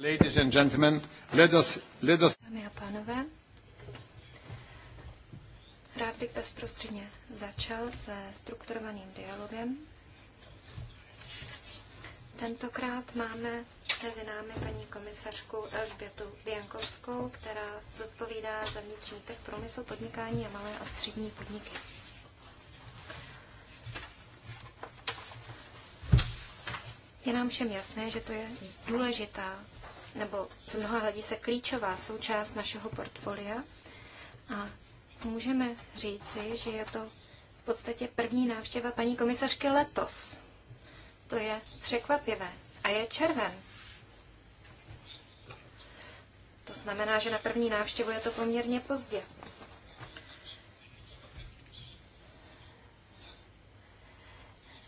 Ladies and gentlemen, let us, let us... Dámy a pánové, rád bych bezprostředně začal se strukturovaným dialogem. Tentokrát máme mezi námi paní komisařku Elžbětu Věnkovskou, která zodpovídá za vnitřní trh, průmysl, podnikání a malé a střední podniky. Je nám všem jasné, že to je důležitá nebo z mnoha hledisek klíčová součást našeho portfolia a můžeme říci, že je to v podstatě první návštěva paní komisařky letos. To je překvapivé. A je červen. To znamená, že na první návštěvu je to poměrně pozdě.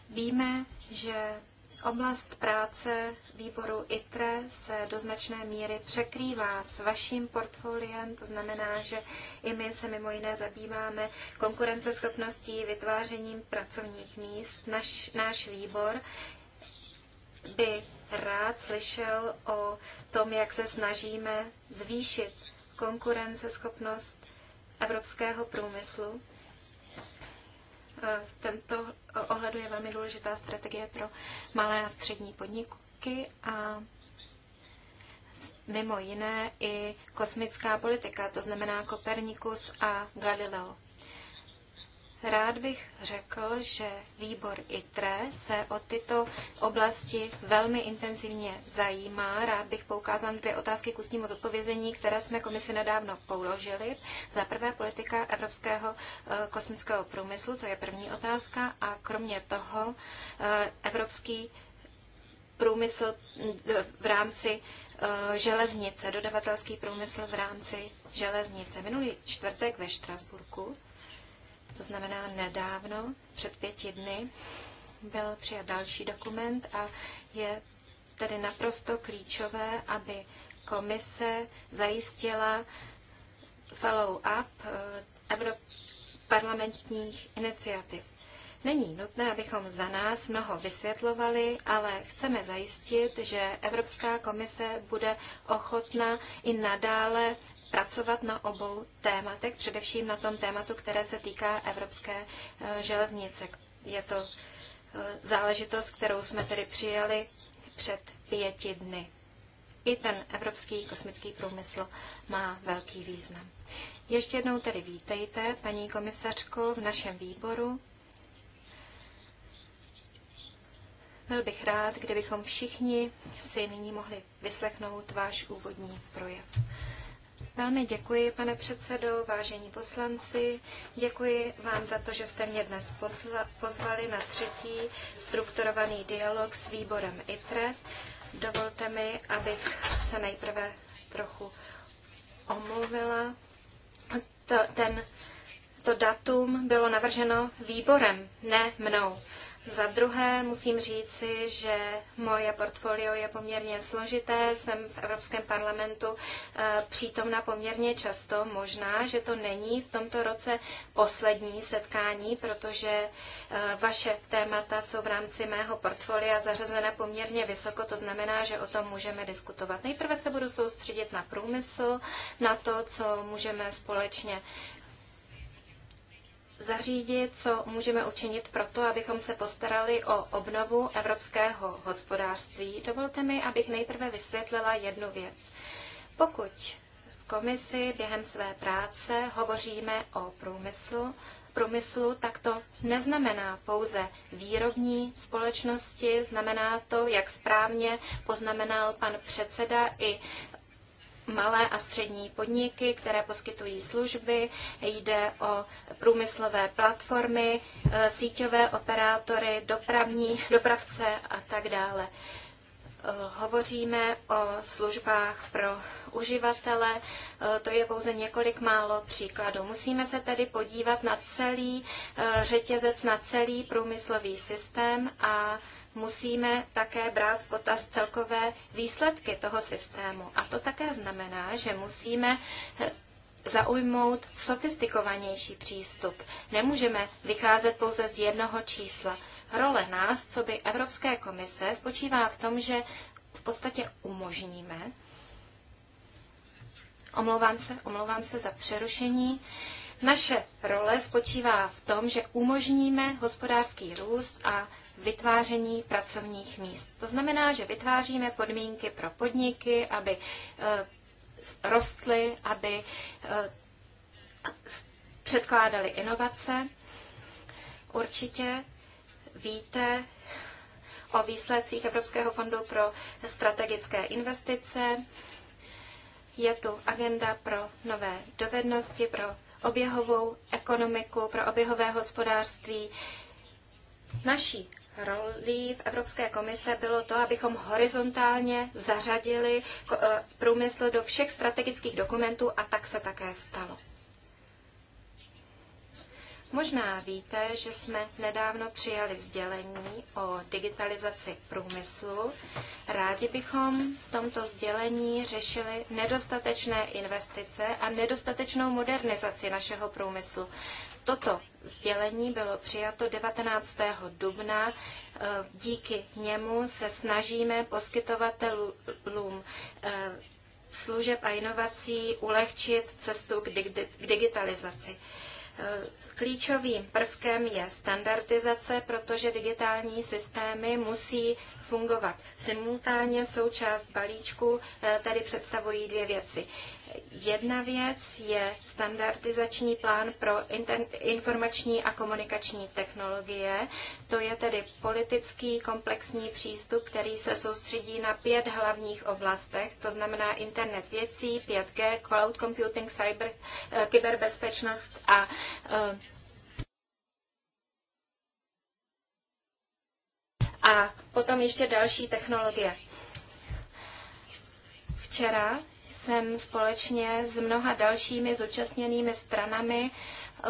Víme, že Oblast práce výboru ITRE se do značné míry překrývá s vaším portfoliem, to znamená, že i my se mimo jiné zabýváme konkurenceschopností, vytvářením pracovních míst. Naš, náš výbor by rád slyšel o tom, jak se snažíme zvýšit konkurenceschopnost evropského průmyslu Eh, v tomto eh, ohledu je velmi důležitá strategie pro malé a střední podniky a mimo jiné i kosmická politika, to znamená Kopernikus a Galileo. Rád bych řekl, že výbor ITRE se o tyto oblasti velmi intenzivně zajímá. Rád bych poukázal dvě otázky k ústnímu zodpovězení, které jsme komisi nedávno položili. Za prvé politika evropského e, kosmického průmyslu, to je první otázka, a kromě toho e, evropský průmysl e, v rámci železnice, dodavatelský průmysl v rámci železnice. Minulý čtvrtek ve Štrasburku to znamená nedávno, před pěti dny, byl přijat další dokument a je tedy naprosto klíčové, aby komise zajistila follow-up eh, parlamentních iniciativ. Není nutné, abychom za nás mnoho vysvětlovali, ale chceme zajistit, že Evropská komise bude ochotna i nadále pracovat na obou tématech, především na tom tématu, které se týká Evropské eh, železnice. Je to eh, záležitost, kterou jsme tedy přijali před pěti dny. I ten evropský kosmický průmysl má velký význam. Ještě jednou tedy vítejte, paní komisařko, v našem výboru. Byl bych rád, kdybychom všichni si nyní mohli vyslechnout váš úvodní projev. Velmi děkuji, pane předsedo, vážení poslanci. Děkuji vám za to, že jste mě dnes pozvali na třetí strukturovaný dialog s výborem ITRE. Dovolte mi, abych se nejprve trochu omluvila. To, ten, to datum bylo navrženo výborem, ne mnou. Za druhé musím říci, že moje portfolio je poměrně složité. Jsem v Evropském parlamentu eh, přítomna poměrně často. Možná, že to není v tomto roce poslední setkání, protože eh, vaše témata jsou v rámci mého portfolia zařazena poměrně vysoko. To znamená, že o tom můžeme diskutovat. Nejprve se budu soustředit na průmysl, na to, co můžeme společně zařídit, co můžeme učinit pro to, abychom se postarali o obnovu evropského hospodářství, dovolte mi, abych nejprve vysvětlila jednu věc. Pokud v komisi během své práce hovoříme o průmyslu, průmyslu, tak to neznamená pouze výrobní společnosti, znamená to, jak správně poznamenal pan předseda, i malé a střední podniky, které poskytují služby, jde o průmyslové platformy, e, síťové operátory, dopravní, dopravce a tak dále. E, hovoříme o službách pro uživatele, e, to je pouze několik málo příkladů. Musíme se tedy podívat na celý řetězec, na celý průmyslový systém a musíme také brát v potaz celkové výsledky toho systému. A to také znamená, že musíme eh, zaujmout sofistikovanější přístup. Nemůžeme vycházet pouze z jednoho čísla. Role nás, co by Evropské komise, spočívá v tom, že v podstatě umožníme. Omlouvám se, omlouvám se za přerušení. Naše role spočívá v tom, že umožníme hospodářský růst a vytváření pracovních míst. To znamená, že vytváříme podmínky pro podniky, aby eh, rostly, aby eh, předkládali inovace. Určitě víte o výsledcích Evropského fondu pro strategické investice. Je tu agenda pro nové dovednosti, pro oběhovou ekonomiku, pro oběhové hospodářství. Naší rolí v Evropské komise bylo to, abychom horizontálně zařadili eh, průmysl do všech strategických dokumentů a tak se také stalo. Možná víte, že jsme nedávno přijali sdělení o digitalizaci průmyslu. Rádi bychom v tomto sdělení řešili nedostatečné investice a nedostatečnou modernizaci našeho průmyslu. Toto sdělení bylo přijato 19. dubna. Eh, díky němu se snažíme poskytovatelům eh, služeb a inovací ulehčit cestu k digitalizaci. Eh, klíčovým prvkem je standardizace, protože digitální systémy musí fungovat simultánně. Součást balíčku tady představují dvě věci. Jedna věc je standardizační plán pro informační a komunikační technologie. To je tedy politický komplexní přístup, který se soustředí na pět hlavních oblastech, to znamená internet věcí, 5G, cloud computing, cyber, eh, kyberbezpečnost a eh, a potom ještě další technologie. Včera jsem společně s mnoha dalšími zúčastněnými stranami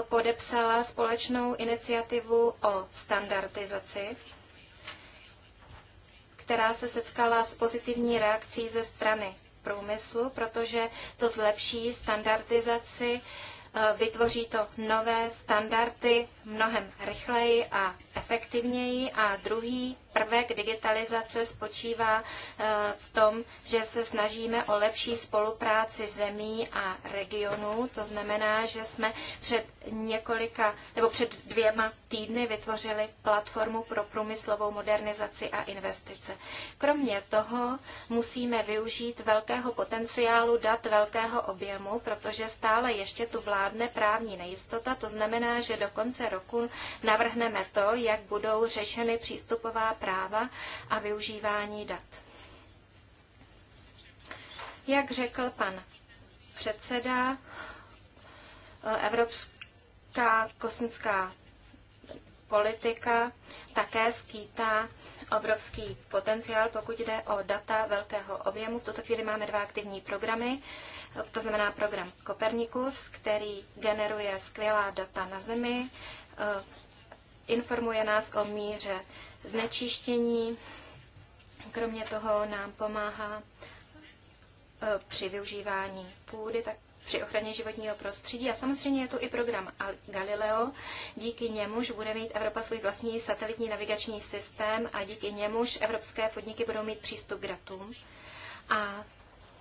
podepsala společnou iniciativu o standardizaci, která se setkala s pozitivní reakcí ze strany průmyslu, protože to zlepší standardizaci, eh, vytvoří to nové standardy mnohem rychleji a efektivněji. A druhý prvek digitalizace spočívá e, v tom, že se snažíme o lepší spolupráci zemí a regionů. To znamená, že jsme před několika nebo před dvěma týdny vytvořili platformu pro průmyslovou modernizaci a investice. Kromě toho musíme využít velkého potenciálu dat velkého objemu, protože stále ještě tu vládne právní nejistota. To znamená, že do konce roku navrhneme to, jak budou řešeny přístupová práva a využívání dat. Jak řekl pan předseda, Evropská kosmická politika také skýtá obrovský potenciál, pokud jde o data velkého objemu. V tuto chvíli máme dva aktivní programy, to znamená program Kopernikus, který generuje skvělá data na Zemi, informuje nás o míře znečištění. Kromě toho nám pomáhá e, při využívání půdy, tak při ochraně životního prostředí. A samozřejmě je tu i program Galileo. Díky němuž bude mít Evropa svůj vlastní satelitní navigační systém a díky němuž evropské podniky budou mít přístup k datům. A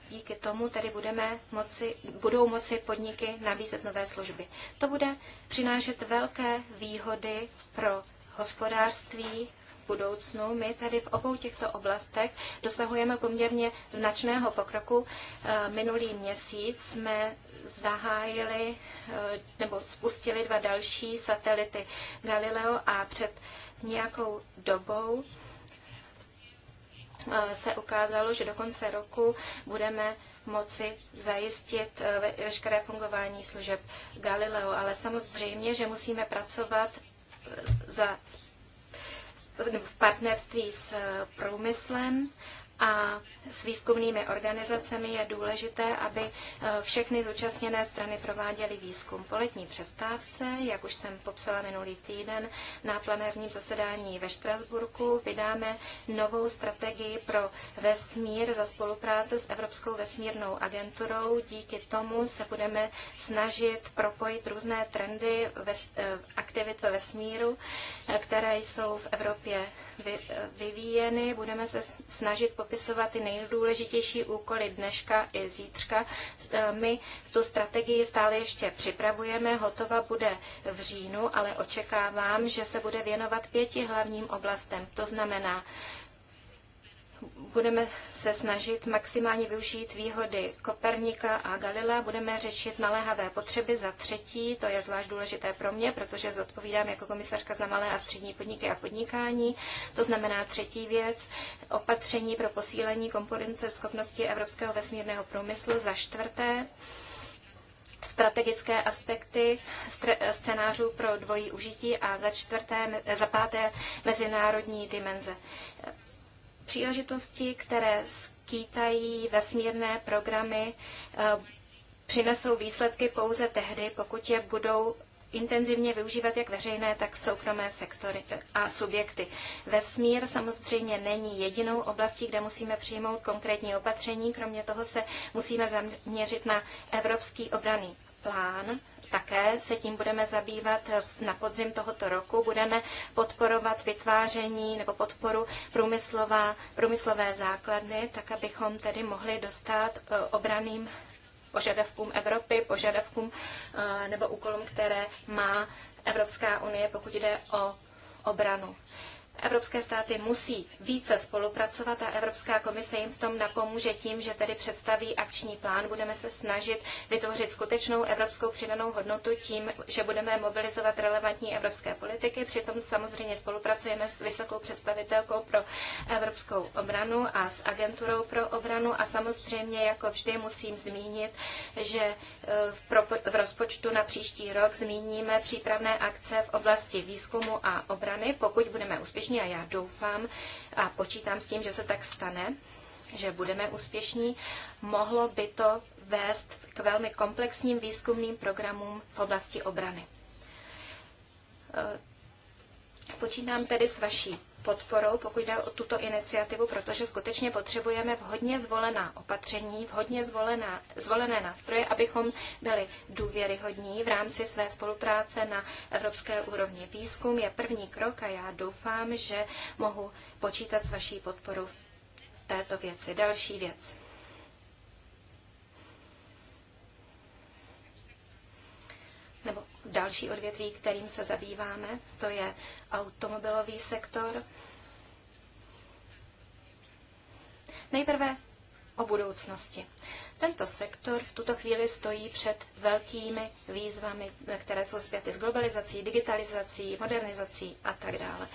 díky tomu tedy budeme moci, budou moci podniky nabízet nové služby. To bude přinášet velké výhody pro hospodářství budoucnu. My tady v obou těchto oblastech dosahujeme poměrně značného pokroku. Eh, minulý měsíc jsme zahájili eh, nebo spustili dva další satelity Galileo a před nějakou dobou eh, se ukázalo, že do konce roku budeme moci zajistit veškeré fungování služeb Galileo, ale samozřejmě, že musíme pracovat za v partnerství s eh, průmyslem a s výzkumnými organizacemi je důležité, aby eh, všechny zúčastněné strany prováděly výzkum. Po letní přestávce, jak už jsem popsala minulý týden na plenárním zasedání ve Štrasburku, vydáme novou strategii pro vesmír za spolupráce s Evropskou vesmírnou agenturou. Díky tomu se budeme snažit propojit různé trendy eh, aktivit ve vesmíru, eh, které jsou v Evropě vyvíjeny. Budeme se snažit popisovat ty nejdůležitější úkoly dneška i zítřka. E, my tu strategii stále ještě připravujeme, hotova bude v říjnu, ale očekávám, že se bude věnovat pěti hlavním oblastem. To znamená, budeme se snažit maximálně využít výhody Kopernika a Galilea, budeme řešit naléhavé potřeby. Za třetí, to je zvlášť důležité pro mě, protože zodpovídám jako komisařka za malé a střední podniky a podnikání. To znamená třetí věc, opatření pro posílení konkurence schopnosti evropského vesmírného průmyslu. Za čtvrté, strategické aspekty scénářů pro dvojí užití a za, čtvrté, za páté mezinárodní dimenze. Příležitosti, které skýtají vesmírné programy, eh, přinesou výsledky pouze tehdy, pokud je budou intenzivně využívat jak veřejné, tak soukromé sektory a subjekty. Vesmír samozřejmě není jedinou oblastí, kde musíme přijmout konkrétní opatření. Kromě toho se musíme zaměřit na evropský obraný plán také se tím budeme zabývat na podzim tohoto roku. Budeme podporovat vytváření nebo podporu průmyslová, průmyslové základny, tak abychom tedy mohli dostat eh, obraným požadavkům Evropy, požadavkům eh, nebo úkolům, které má Evropská unie, pokud jde o obranu. Evropské státy musí více spolupracovat a Evropská komise jim v tom napomůže tím, že tedy představí akční plán. Budeme se snažit vytvořit skutečnou evropskou přidanou hodnotu tím, že budeme mobilizovat relevantní evropské politiky. Přitom samozřejmě spolupracujeme s vysokou představitelkou pro evropskou obranu a s agenturou pro obranu a samozřejmě jako vždy musím zmínit, že eh, v, rozpočtu na příští rok zmíníme přípravné akce v oblasti výzkumu a obrany, pokud budeme úspěšní úspěšní a já doufám a počítám s tím, že se tak stane, že budeme úspěšní. Mohlo by to vést k velmi komplexním výzkumným programům v oblasti obrany. Eh, počítám tedy s vaší podporou, pokud jde o tuto iniciativu, protože skutečně potřebujeme vhodně zvolená opatření, vhodně zvolená, zvolené nástroje, abychom byli důvěryhodní v rámci své spolupráce na evropské úrovni. Výzkum je první krok a já doufám, že mohu počítat s vaší podporou v této věci. Další věc. Nebo další odvětví, kterým se zabýváme, to je automobilový sektor. Nejprve o budoucnosti. Tento sektor v tuto chvíli stojí před velkými výzvami, které jsou zpěty s globalizací, digitalizací, modernizací a tak dále.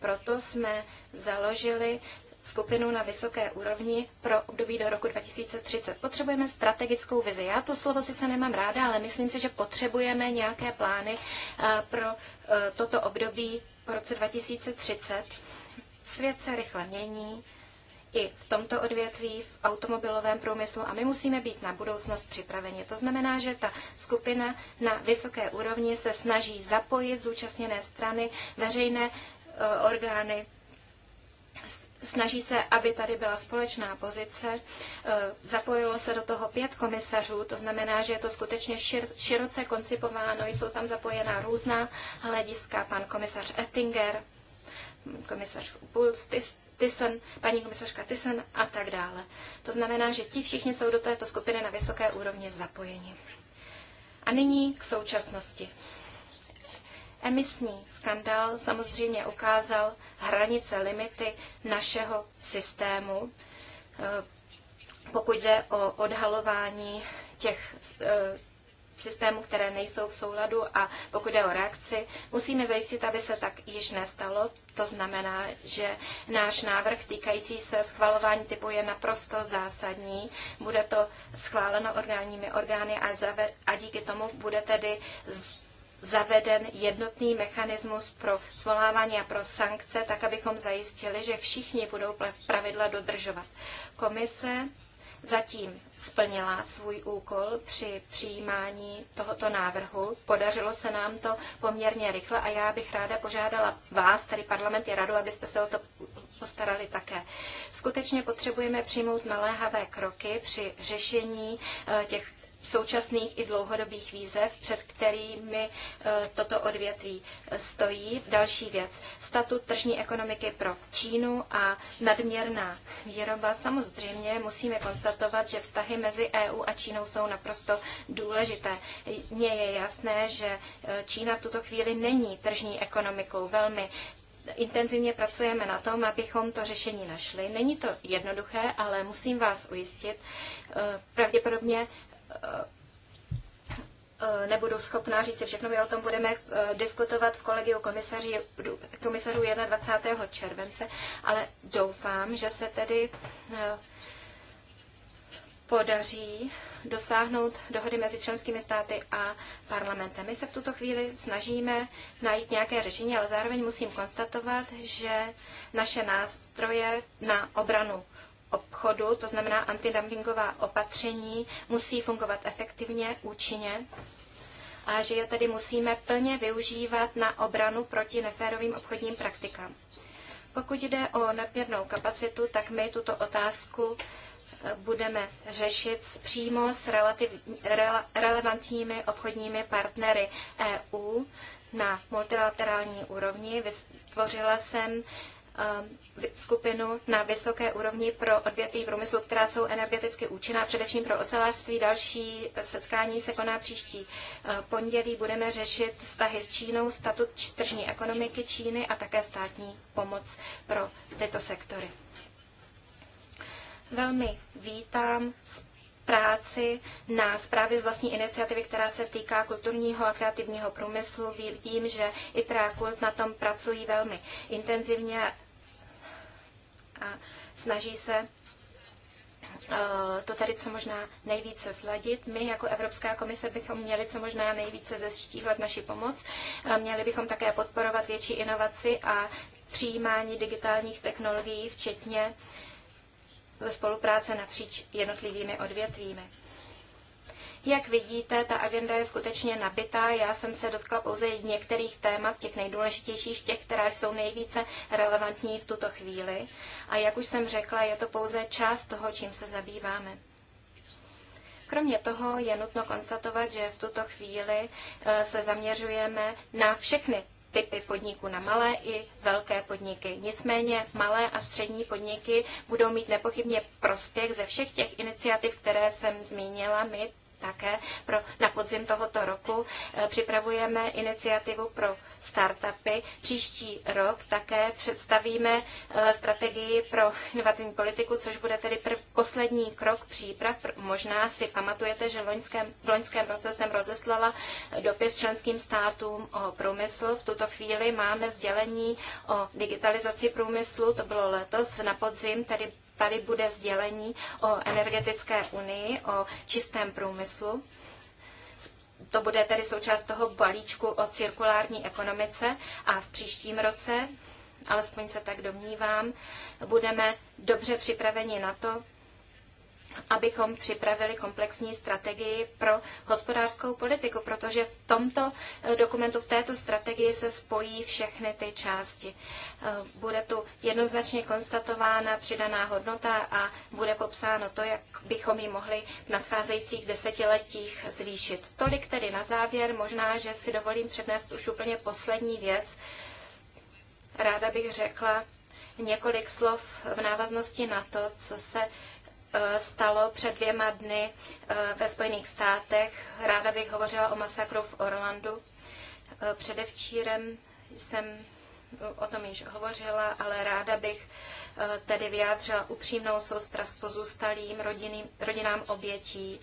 Proto jsme založili skupinu na vysoké úrovni pro období do roku 2030. Potřebujeme strategickou vizi. Já to slovo sice nemám ráda, ale myslím si, že potřebujeme nějaké plány eh, pro eh, toto období po roce 2030. Svět se rychle mění, i v tomto odvětví, v automobilovém průmyslu a my musíme být na budoucnost připraveni. To znamená, že ta skupina na vysoké úrovni se snaží zapojit zúčastněné strany, veřejné eh, orgány, Snaží se, aby tady byla společná pozice. E, zapojilo se do toho pět komisařů, to znamená, že je to skutečně šir, široce koncipováno, jsou tam zapojená různá hlediska, pan komisař Ettinger, komisař Puls, Tyson, paní komisařka Tyson a tak dále. To znamená, že ti všichni jsou do této skupiny na vysoké úrovni zapojeni. A nyní k současnosti. Emisní skandál samozřejmě ukázal hranice, limity našeho systému, eh, pokud jde o odhalování těch eh, systémů, které nejsou v souladu a pokud jde o reakci, musíme zajistit, aby se tak již nestalo. To znamená, že náš návrh týkající se schvalování typu je naprosto zásadní. Bude to schváleno orgánními orgány a, zave- a díky tomu bude tedy z- zaveden jednotný mechanismus pro svolávání a pro sankce, tak abychom zajistili, že všichni budou pravidla dodržovat. Komise zatím splnila svůj úkol při přijímání tohoto návrhu. Podařilo se nám to poměrně rychle a já bych ráda požádala vás, tady parlament i radu, abyste se o to postarali také. Skutečně potřebujeme přijmout naléhavé kroky při řešení eh, těch současných i dlouhodobých výzev, před kterými e, toto odvětví e, stojí. Další věc, statut tržní ekonomiky pro Čínu a nadměrná výroba. Samozřejmě musíme konstatovat, že vztahy mezi EU a Čínou jsou naprosto důležité. Mně je jasné, že e, Čína v tuto chvíli není tržní ekonomikou. Velmi intenzivně pracujeme na tom, abychom to řešení našli. Není to jednoduché, ale musím vás ujistit, pravděpodobně Eh, nebudu schopná říct si všechno. My o tom budeme eh, diskutovat v kolegiu komisaři, komisařů 21. července, ale doufám, že se tedy eh, podaří dosáhnout dohody mezi členskými státy a parlamentem. My se v tuto chvíli snažíme najít nějaké řešení, ale zároveň musím konstatovat, že naše nástroje na obranu obchodu, to znamená antidumpingová opatření, musí fungovat efektivně, účinně a že je tedy musíme plně využívat na obranu proti neférovým obchodním praktikám. Pokud jde o nadměrnou kapacitu, tak my tuto otázku eh, budeme řešit přímo s relativ, rele, relevantními obchodními partnery EU na multilaterální úrovni. Vytvořila jsem Eh, skupinu na vysoké úrovni pro odvětví průmyslu, která jsou energeticky účinná, především pro ocelářství. Další setkání se koná příští eh, pondělí. Budeme řešit vztahy s Čínou, statut tržní ekonomiky Číny a také státní pomoc pro tyto sektory. Velmi vítám práci na zprávě z vlastní iniciativy, která se týká kulturního a kreativního průmyslu. Vidím, že i Kult na tom pracují velmi intenzivně a snaží se eh, to tady co možná nejvíce sladit. My jako Evropská komise bychom měli co možná nejvíce zeštíhlet naši pomoc. Eh, měli bychom také podporovat větší inovaci a přijímání digitálních technologií, včetně eh, spolupráce napříč jednotlivými odvětvími. Jak vidíte, ta agenda je skutečně nabitá. Já jsem se dotkla pouze některých témat, těch nejdůležitějších, těch, která jsou nejvíce relevantní v tuto chvíli. A jak už jsem řekla, je to pouze část toho, čím se zabýváme. Kromě toho je nutno konstatovat, že v tuto chvíli eh, se zaměřujeme na všechny typy podniků na malé i velké podniky. Nicméně malé a střední podniky budou mít nepochybně prospěch ze všech těch iniciativ, které jsem zmínila. My také pro, na podzim tohoto roku eh, připravujeme iniciativu pro startupy. Příští rok také představíme eh, strategii pro inovativní politiku, což bude tedy prv, poslední krok příprav. Možná si pamatujete, že loňském, v loňském roce jsem rozeslala eh, dopis členským státům o průmyslu. V tuto chvíli máme sdělení o digitalizaci průmyslu, to bylo letos na podzim, tedy tady bude sdělení o energetické unii, o čistém průmyslu. To bude tedy součást toho balíčku o cirkulární ekonomice a v příštím roce, alespoň se tak domnívám, budeme dobře připraveni na to, abychom připravili komplexní strategii pro hospodářskou politiku, protože v tomto eh, dokumentu, v této strategii se spojí všechny ty části. Eh, bude tu jednoznačně konstatována přidaná hodnota a bude popsáno to, jak bychom ji mohli v nadcházejících desetiletích zvýšit. Tolik tedy na závěr, možná, že si dovolím přednést už úplně poslední věc. Ráda bych řekla několik slov v návaznosti na to, co se Eh, stalo před dvěma dny eh, ve Spojených státech. Ráda bych hovořila o masakru v Orlandu. Eh, předevčírem jsem no, o tom již hovořila, ale ráda bych tedy vyjádřila upřímnou soustrast pozůstalým rodinným, rodinám obětí.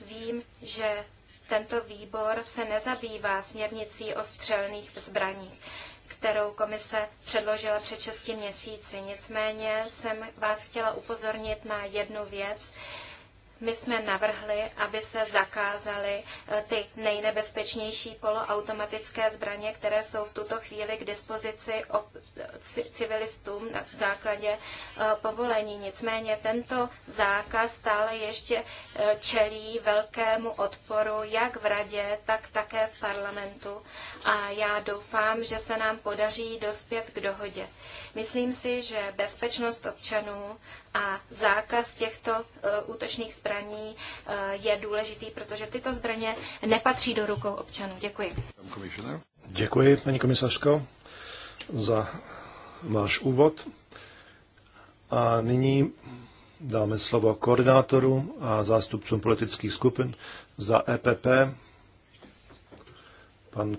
Vím, že tento výbor se nezabývá směrnicí o střelných zbraních kterou komise předložila před 6 měsíci. Nicméně jsem vás chtěla upozornit na jednu věc, my jsme navrhli, aby se zakázaly eh, ty nejnebezpečnější poloautomatické zbraně, které jsou v tuto chvíli k dispozici civilistům na základě eh, povolení. Nicméně tento zákaz stále ještě eh, čelí velkému odporu jak v radě, tak také v parlamentu. A já doufám, že se nám podaří dospět k dohodě. Myslím si, že bezpečnost občanů a zákaz těchto eh, útočných zbraní eh, je důležitý, protože tyto zbraně nepatří do rukou občanů. Děkuji. Děkuji, paní komisařko, za váš úvod. A nyní dáme slovo koordinátorům a zástupcům politických skupin za EPP, pan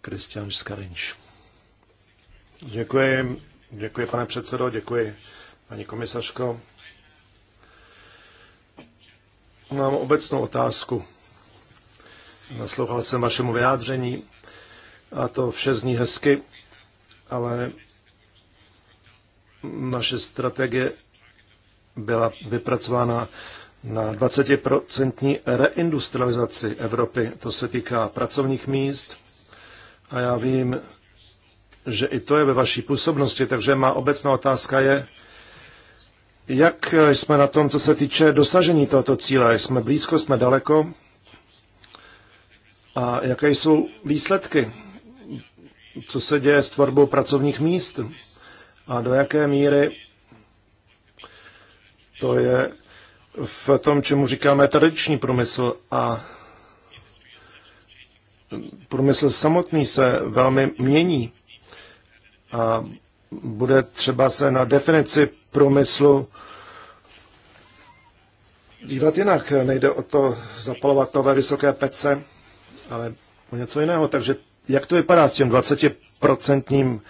Kristian Skarinč. Děkuji, děkuji pane předsedo, děkuji Paní komisařko, mám obecnou otázku. Naslouchal jsem vašemu vyjádření a to vše zní hezky, ale naše strategie byla vypracována na 20% reindustrializaci Evropy. To se týká pracovních míst a já vím, že i to je ve vaší působnosti, takže má obecná otázka je, jak jsme na tom, co se týče dosažení tohoto cíle? Jsme blízko, jsme daleko? A jaké jsou výsledky? Co se děje s tvorbou pracovních míst? A do jaké míry to je v tom, čemu říkáme tradiční průmysl a průmysl samotný se velmi mění. A bude třeba se na definici průmyslu dívat jinak. Nejde o to zapalovat nové vysoké pece, ale o něco jiného. Takže jak to vypadá s tím 20%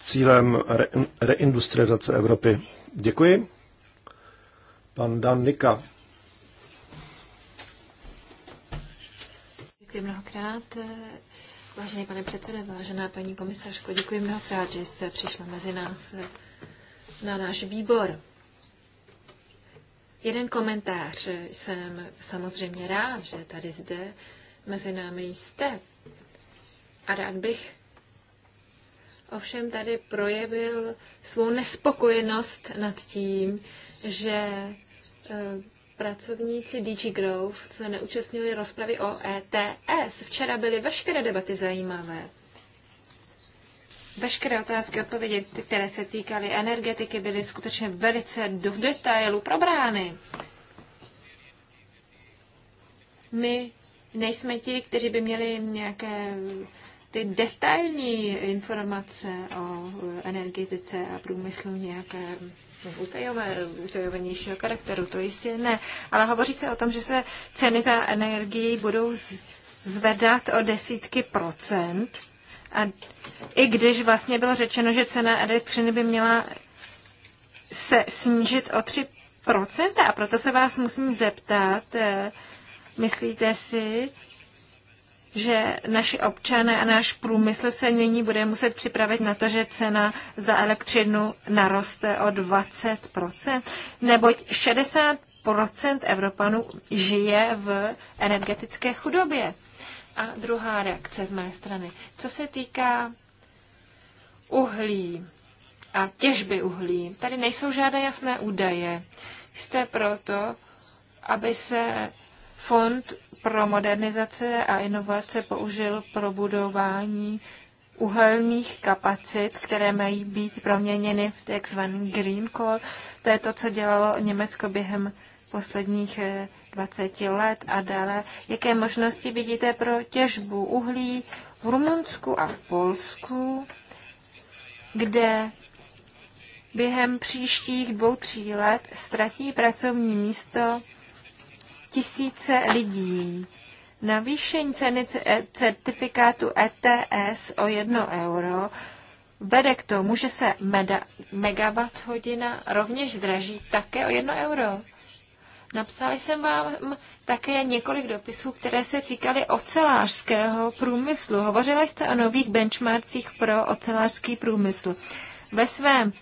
cílem re- reindustrializace Evropy? Děkuji. Pan Dan Nika. Děkuji mnohokrát. Vážený pane předsedo, vážená paní komisařko, děkuji mnohokrát, že jste přišla mezi nás eh, na náš výbor. Jeden komentář. Jsem samozřejmě rád, že tady zde mezi námi jste. A rád bych ovšem tady projevil svou nespokojenost nad tím, že eh, pracovníci DG Growth se neúčastnili rozpravy o ETS. Včera byly veškeré debaty zajímavé. Veškeré otázky, odpovědi, které se týkaly energetiky, byly skutečně velice do detailu probrány. My nejsme ti, kteří by měli nějaké ty detailní informace o energetice a průmyslu nějaké utajové, utajovanějšího charakteru, to jistě ne. Ale hovoří se o tom, že se ceny za energii budou zvedat o desítky procent. A i když vlastně bylo řečeno, že cena elektřiny by měla se snížit o 3 procenta. A proto se vás musím zeptat, eh, myslíte si, že naši občané a náš průmysl se nyní bude muset připravit na to, že cena za elektřinu naroste o 20%, neboť 60% Evropanů žije v energetické chudobě. A druhá reakce z mé strany. Co se týká uhlí a těžby uhlí, tady nejsou žádné jasné údaje. Jste proto, aby se Fond pro modernizace a inovace použil pro budování uhelných kapacit, které mají být proměněny v tzv. green call. To je to, co dělalo Německo během posledních 20 eh, let a dále. Jaké možnosti vidíte pro těžbu uhlí v Rumunsku a v Polsku, kde během příštích dvou, tří let ztratí pracovní místo tisíce lidí. Navýšení ceny e- certifikátu ETS o 1 euro vede k tomu, že se meda, megawatt hodina rovněž draží také o 1 euro. Napsali jsem vám také několik dopisů, které se týkaly ocelářského průmyslu. Hovořila jste o nových benchmarkcích pro ocelářský průmysl. Ve svém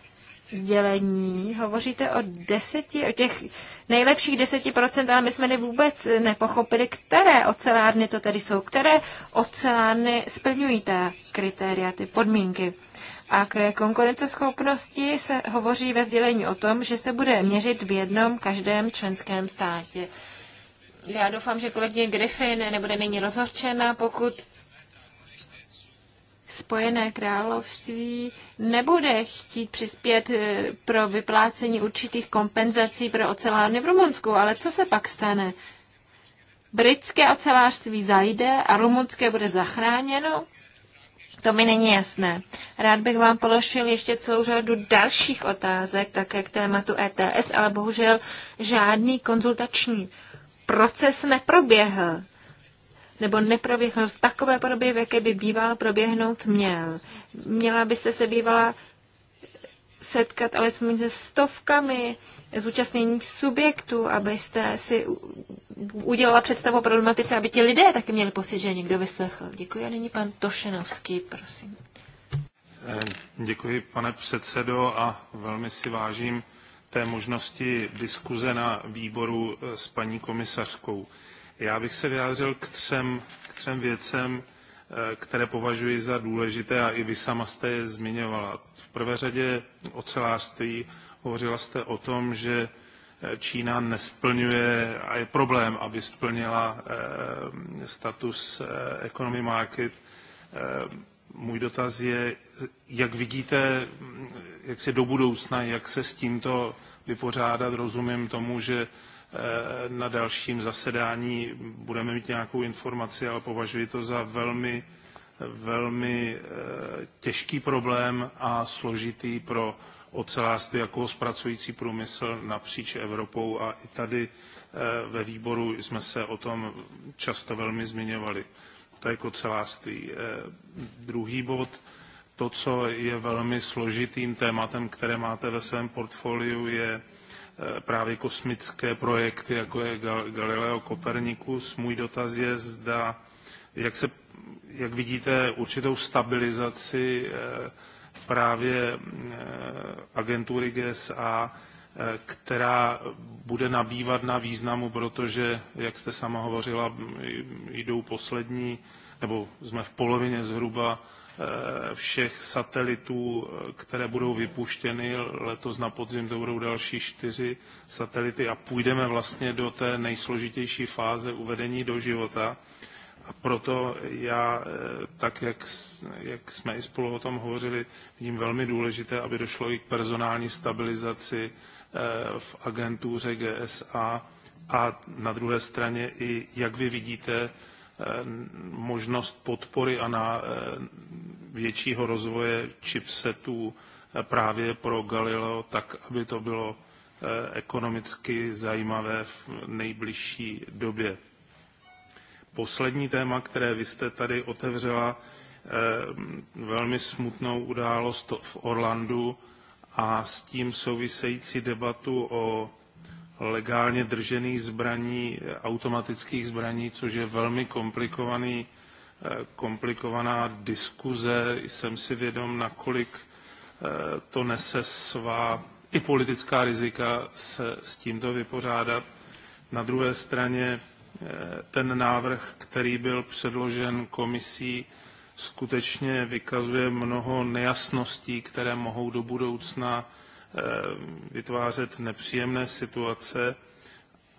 sdělení hovoříte o deseti, o těch nejlepších deseti procent, ale my jsme ne vůbec nepochopili, které ocelárny to tedy jsou, které ocelárny splňují ta kritéria, ty podmínky. A k konkurenceschopnosti se hovoří ve sdělení o tom, že se bude měřit v jednom každém členském státě. Já doufám, že kolegyně Griffin nebude nyní rozhorčena, pokud Spojené království nebude chtít přispět eh, pro vyplácení určitých kompenzací pro ocelárny v Rumunsku, ale co se pak stane? Britské ocelářství zajde a rumunské bude zachráněno? To mi není jasné. Rád bych vám položil ještě celou řadu dalších otázek, také k tématu ETS, ale bohužel žádný konzultační proces neproběhl nebo neproběhl v takové podobě, v jaké by býval proběhnout měl. Měla byste se bývala setkat alespoň se stovkami zúčastněných subjektů, abyste si udělala představu o problematice, aby ti lidé taky měli pocit, že někdo vyslechl. Děkuji a nyní pan Tošenovský, prosím. Eh, děkuji, pane předsedo, a velmi si vážím té možnosti diskuze na výboru eh, s paní komisařkou. Já bych se vyjádřil k třem, k třem věcem, eh, které považuji za důležité a i vy sama jste je zmiňovala. V prvé řadě ocelářství. Hovořila jste o tom, že eh, Čína nesplňuje a je problém, aby splnila eh, status economy market. Můj dotaz je, jak vidíte, hm, jak se do budoucna, jak se s tímto vypořádat. Rozumím tomu, že Eh, na dalším zasedání budeme mít nějakou informaci, ale považuji to za velmi, velmi eh, těžký problém a složitý pro ocelářství jako zpracující průmysl napříč Evropou a i tady eh, ve výboru jsme se o tom často velmi zmiňovali. To je ocelářství. Druhý bod, to, co je velmi složitým tématem, které máte ve svém portfoliu, je Eh, právě kosmické projekty, jako je Galileo Copernicus. Můj dotaz je, zda, jak, se, jak vidíte určitou stabilizaci eh, právě eh, agentury GSA, která bude nabývat na významu, protože, jak jste sama hovořila, jdou poslední, nebo jsme v polovině zhruba Eh, všech satelitů, eh, které budou vypuštěny. Letos na podzim to budou další čtyři satelity a půjdeme vlastně do té nejsložitější fáze uvedení do života. A proto já, eh, tak jak, jak jsme i spolu o tom hovořili, vidím velmi důležité, aby došlo i k personální stabilizaci v agentuře GSA a na druhé straně i, jak vy vidíte, možnost podpory a na eh, většího rozvoje chipsetů eh, právě pro Galileo, tak aby to bylo eh, ekonomicky zajímavé v nejbližší době. Poslední téma, které vy jste tady otevřela, velmi smutnou událost v Orlandu a s tím související debatu o legálně držených zbraní, automatických zbraní, což je velmi komplikovaný, eh, komplikovaná diskuze. Jsem si vědom, nakolik eh, to nese svá i politická rizika se s tímto vypořádat. Na druhé straně eh, ten návrh, který byl předložen komisí, skutečně vykazuje mnoho nejasností, které mohou do budoucna Eh, vytvářet nepříjemné situace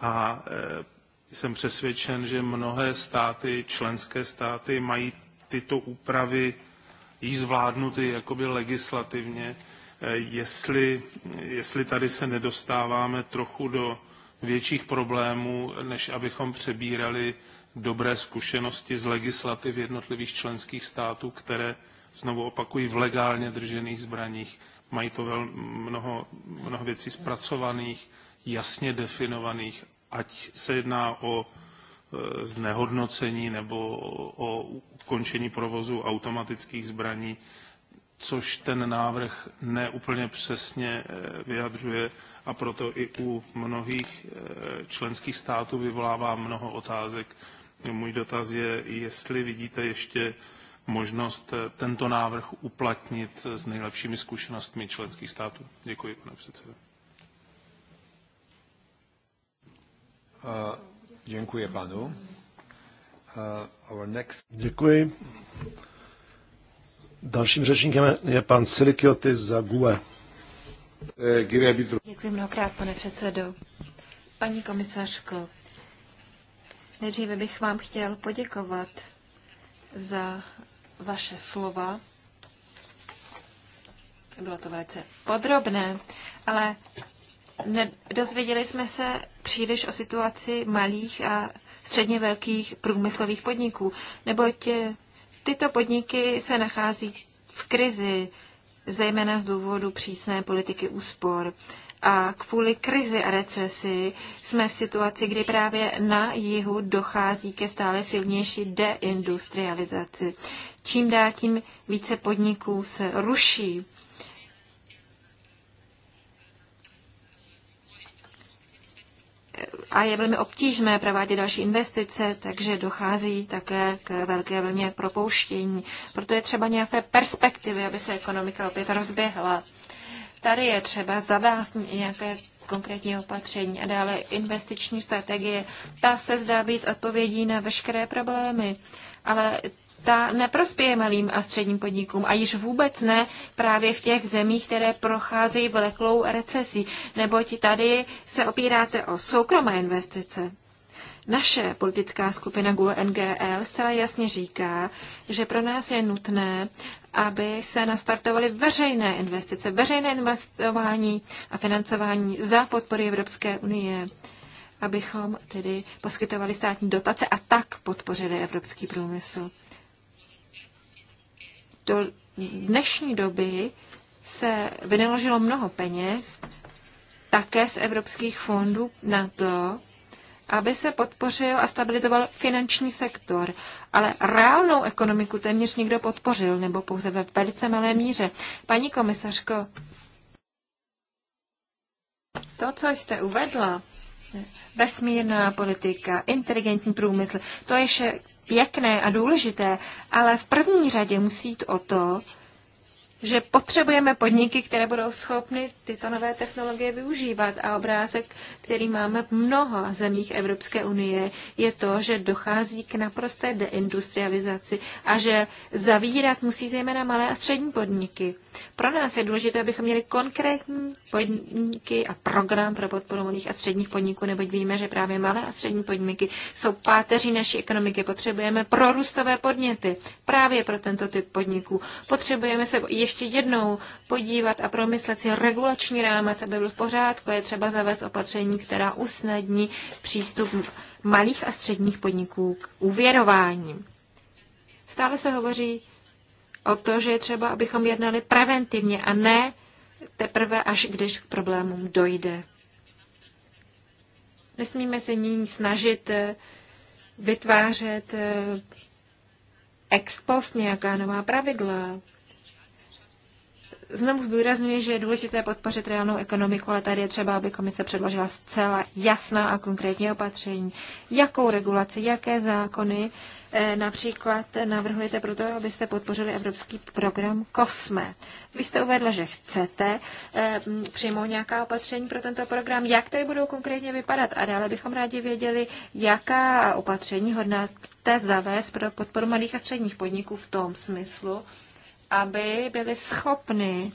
a eh, jsem přesvědčen, že mnohé státy, členské státy mají tyto úpravy již zvládnuty jakoby legislativně. Eh, jestli, jestli tady se nedostáváme trochu do větších problémů, než abychom přebírali dobré zkušenosti z legislativ jednotlivých členských států, které, znovu opakují, v legálně držených zbraních mají to vel, mnoho, mnoho věcí zpracovaných, jasně definovaných, ať se jedná o e, znehodnocení nebo o ukončení provozu automatických zbraní, což ten návrh neúplně přesně e, vyjadřuje a proto i u mnohých e, členských států vyvolává mnoho otázek. Můj dotaz je, jestli vidíte ještě možnost eh, tento návrh uplatnit eh, s nejlepšími zkušenostmi členských států. Děkuji, pane předsedo. Eh, děkuji panu. Děkuji. Dalším řečníkem je pan za Zagule. Děkuji mnohokrát, pane předsedo. Paní komisařko, nejdříve bych vám chtěl poděkovat za vaše slova. Bylo to velice podrobné, ale dozvěděli jsme se příliš o situaci malých a středně velkých průmyslových podniků, neboť tyto podniky se nachází v krizi, zejména z důvodu přísné politiky úspor. A kvůli krizi a recesi jsme v situaci, kdy právě na jihu dochází ke stále silnější deindustrializaci. Čím dál tím více podniků se ruší. a je velmi obtížné provádět další investice, takže dochází také k velké vlně propouštění. Proto je třeba nějaké perspektivy, aby se ekonomika opět rozběhla tady je třeba zavést nějaké konkrétní opatření a dále investiční strategie. Ta se zdá být odpovědí na veškeré problémy, ale ta neprospěje malým a středním podnikům a již vůbec ne právě v těch zemích, které procházejí vleklou recesí, neboť tady se opíráte o soukromé investice. Naše politická skupina GUE NGL zcela jasně říká, že pro nás je nutné, aby se nastartovaly veřejné investice, veřejné investování a financování za podpory Evropské unie, abychom tedy poskytovali státní dotace a tak podpořili evropský průmysl. Do dnešní doby se vynaložilo mnoho peněz také z evropských fondů na to, aby se podpořil a stabilizoval finanční sektor, ale reálnou ekonomiku téměř nikdo podpořil, nebo pouze ve velice malé míře. Paní komisařko, to, co jste uvedla, vesmírná politika, inteligentní průmysl, to je vše pěkné a důležité, ale v první řadě musí jít o to, že potřebujeme podniky, které budou schopny tyto nové technologie využívat. A obrázek, který máme v mnoha zemích Evropské unie, je to, že dochází k naprosté deindustrializaci a že zavírat musí zejména malé a střední podniky. Pro nás je důležité, abychom měli konkrétní podniky a program pro podporu malých a středních podniků, neboť víme, že právě malé a střední podniky jsou páteří naší ekonomiky. Potřebujeme prorůstové podněty právě pro tento typ podniků. Potřebujeme se ještě ještě jednou podívat a promyslet si regulační rámec, aby byl v pořádku. Je třeba zavést opatření, která usnadní přístup malých a středních podniků k uvěrování. Stále se hovoří o to, že je třeba, abychom jednali preventivně a ne teprve až když k problémům dojde. Nesmíme se nyní snažit eh, vytvářet eh, ex post nějaká nová pravidla. Znovu zdůrazňuji, že je důležité podpořit reálnou ekonomiku, ale tady je třeba, aby komise předložila zcela jasná a konkrétní opatření. Jakou regulaci, jaké zákony eh, například navrhujete pro to, abyste podpořili evropský program COSME. Vy jste uvedla, že chcete eh, přijmout nějaká opatření pro tento program. Jak tedy budou konkrétně vypadat? A dále bychom rádi věděli, jaká opatření hodnáte zavést pro podporu malých a středních podniků v tom smyslu, aby byli schopni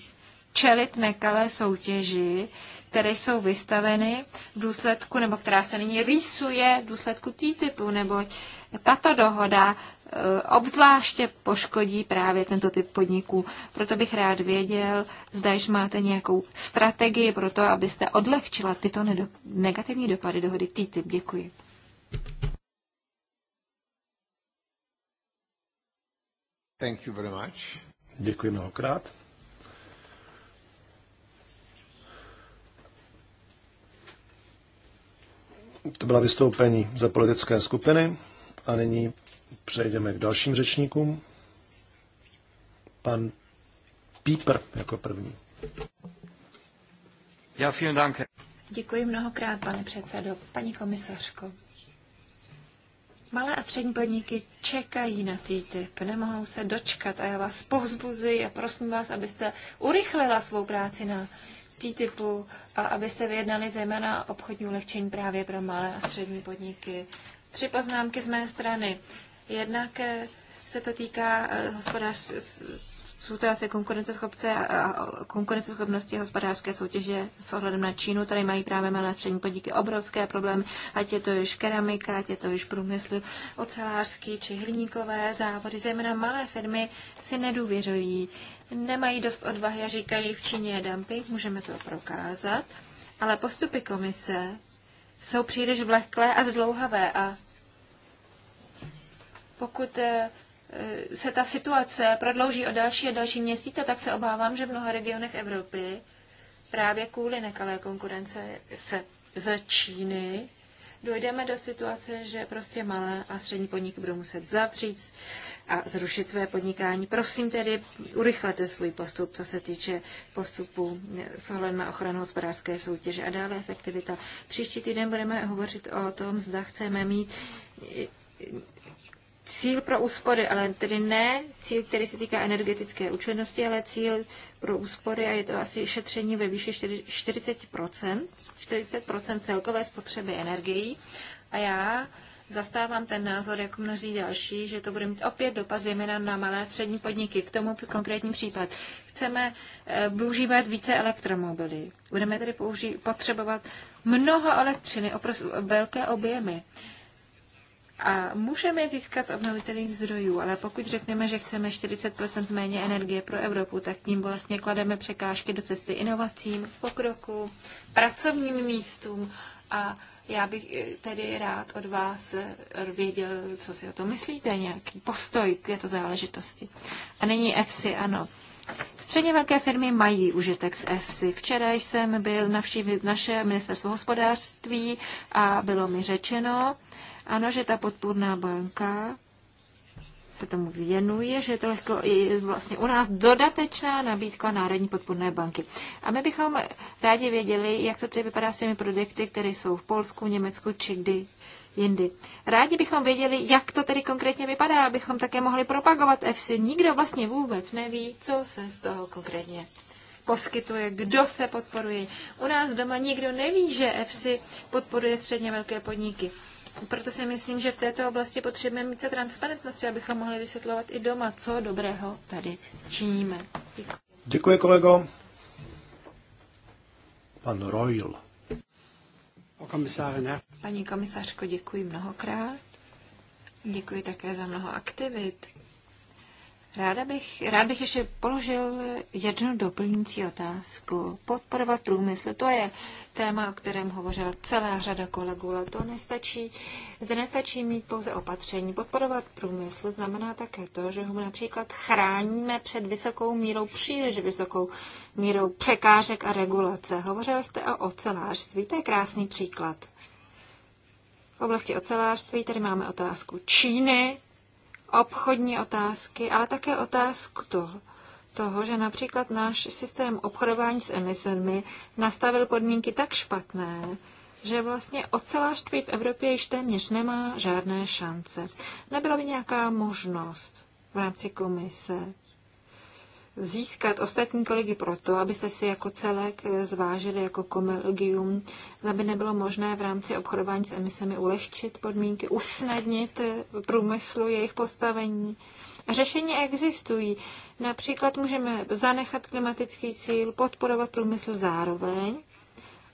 čelit nekalé soutěži, které jsou vystaveny v důsledku, nebo která se nyní rýsuje v důsledku TTIPu, nebo tato dohoda e, obzvláště poškodí právě tento typ podniků. Proto bych rád věděl, zda již máte nějakou strategii pro to, abyste odlehčila tyto negativní dopady dohody TTIP. Děkuji. Thank you very much. Děkuji mnohokrát. To byla vystoupení za politické skupiny a nyní přejdeme k dalším řečníkům. Pan Píper jako první. Já vielen Děkuji mnohokrát, pane předsedo, paní komisařko. Malé a střední podniky čekají na TTIP, nemohou se dočkat a já vás povzbuzuji a prosím vás, abyste urychlila svou práci na TTIPu a abyste vyjednali zejména obchodní ulehčení právě pro malé a střední podniky. Tři poznámky z mé strany. Jednak eh, se to týká eh, hospodářství jsou to asi konkurenceschopce a konkurenceschopnosti hospodářské soutěže s ohledem na Čínu. Tady mají právě malé střední podniky obrovské problémy, ať je to již keramika, ať je to již průmysl ocelářský či hliníkové závody. Zejména malé firmy si nedůvěřují, nemají dost odvahy a říkají, v Číně je dumping, můžeme to prokázat, ale postupy komise jsou příliš vlehklé a zdlouhavé a pokud eh, Eh, se ta situace prodlouží o další a další měsíce, tak se obávám, že v mnoha regionech Evropy právě kvůli nekalé konkurence se ze Číny dojdeme do situace, že prostě malé a střední podniky budou muset zavřít a zrušit své podnikání. Prosím tedy, urychlete svůj postup, co se týče postupu s ohledem na ochranu hospodářské soutěže a dále efektivita. Příští týden budeme hovořit o tom, zda chceme mít cíl pro úspory, ale tedy ne cíl, který se týká energetické účinnosti, ale cíl pro úspory a je to asi šetření ve výši 40%, 40% celkové spotřeby energií. A já zastávám ten názor, jako mnozí další, že to bude mít opět dopad zejména na malé a střední podniky. K tomu konkrétní případ. Chceme používat eh, více elektromobily. Budeme tedy použí- potřebovat mnoho elektřiny, opravdu velké objemy. A můžeme je získat z obnovitelných zdrojů, ale pokud řekneme, že chceme 40 méně energie pro Evropu, tak tím vlastně klademe překážky do cesty inovacím, pokroku, pracovním místům a já bych eh, tedy rád od vás eh, věděl, co si o to myslíte, nějaký postoj k této záležitosti. A nyní EFSI, ano. Středně velké firmy mají užitek z EFSI. Včera jsem byl navštívit naše ministerstvo hospodářství a bylo mi řečeno, ano, že ta podpůrná banka se tomu věnuje, že je to lehko i vlastně u nás dodatečná nabídka Národní podporné banky. A my bychom rádi věděli, jak to tedy vypadá s těmi produkty, které jsou v Polsku, Německu či kdy jindy. Rádi bychom věděli, jak to tedy konkrétně vypadá, abychom také mohli propagovat FC. Nikdo vlastně vůbec neví, co se z toho konkrétně poskytuje, kdo se podporuje. U nás doma nikdo neví, že EFSI podporuje středně velké podniky. Proto si myslím, že v této oblasti potřebujeme více transparentnosti, abychom mohli vysvětlovat i doma, co dobrého tady činíme. Děkuji. Děkuji, kolego. Pan Royal. Paní komisařko, děkuji mnohokrát. Děkuji také za mnoho aktivit, Ráda bych, rád bych ještě položil jednu doplňující otázku. Podporovat průmysl, to je téma, o kterém hovořila celá řada kolegů, ale to nestačí. Zde nestačí mít pouze opatření. Podporovat průmysl znamená také to, že ho například chráníme před vysokou mírou, příliš vysokou mírou překážek a regulace. Hovořil jste o ocelářství, to je krásný příklad. V oblasti ocelářství tady máme otázku Číny, obchodní otázky, ale také otázku toho, toho, že například náš systém obchodování s emisemi nastavil podmínky tak špatné, že vlastně ocelářství v Evropě již téměř nemá žádné šance. Nebyla by nějaká možnost v rámci komise získat ostatní kolegy proto, abyste si jako celek eh, zvážili jako kolegium, aby nebylo možné v rámci obchodování s emisemi ulehčit podmínky, usnadnit eh, průmyslu jejich postavení. Řešení existují. Například můžeme zanechat klimatický cíl, podporovat průmysl zároveň,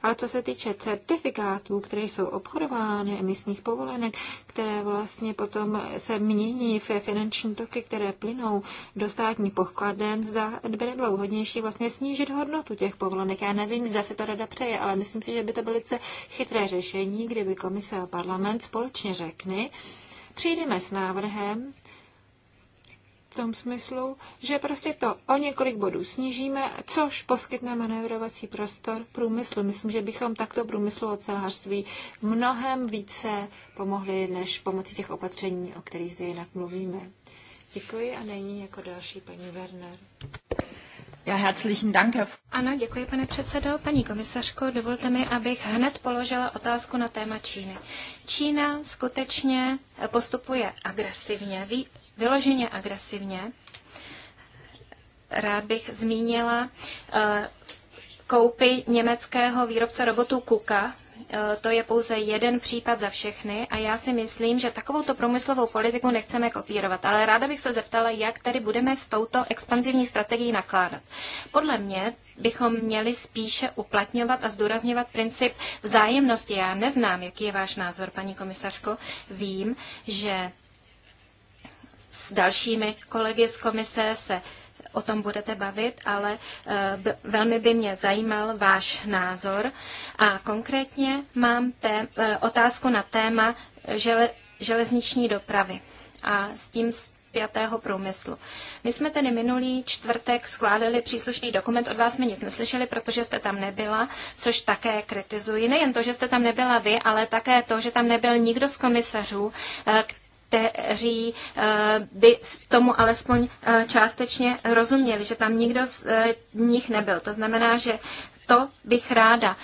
ale co se týče certifikátů, které jsou obchodovány, emisních povolenek, které vlastně potom se mění v finanční toky, které plynou do státní pokladen, zda by nebylo vhodnější vlastně snížit hodnotu těch povolenek. Já nevím, zda se to rada přeje, ale myslím si, že by to bylo velice chytré řešení, kdyby komise a parlament společně řekny, přijdeme s návrhem, v tom smyslu, že prostě to o několik bodů snížíme, což poskytne manévrovací prostor průmyslu. Myslím, že bychom takto průmyslu ocelářství mnohem více pomohli, než pomocí těch opatření, o kterých zde jinak mluvíme. Děkuji a není jako další paní Werner. Ja, herzlichen Dank, Herr... Ano, děkuji, pane předsedo. Paní komisařko, dovolte mi, abych hned položila otázku na téma Číny. Čína skutečně postupuje agresivně. Ví, vyloženě agresivně. Rád bych zmínila eh, koupy německého výrobce robotů Kuka, eh, to je pouze jeden případ za všechny a já si myslím, že takovouto průmyslovou politiku nechceme kopírovat. Ale ráda bych se zeptala, jak tedy budeme s touto expanzivní strategií nakládat. Podle mě bychom měli spíše uplatňovat a zdůrazňovat princip vzájemnosti. Já neznám, jaký je váš názor, paní komisařko. Vím, že s dalšími kolegy z komise se o tom budete bavit, ale eh, velmi by mě zajímal váš názor. A konkrétně mám té, eh, otázku na téma žele, železniční dopravy a s tím zpětého průmyslu. My jsme tedy minulý čtvrtek schválili příslušný dokument, od vás jsme nic neslyšeli, protože jste tam nebyla, což také kritizuji. Nejen to, že jste tam nebyla vy, ale také to, že tam nebyl nikdo z komisařů, eh, kteří eh, by tomu alespoň eh, částečně rozuměli, že tam nikdo z eh, nich nebyl. To znamená, že to bych ráda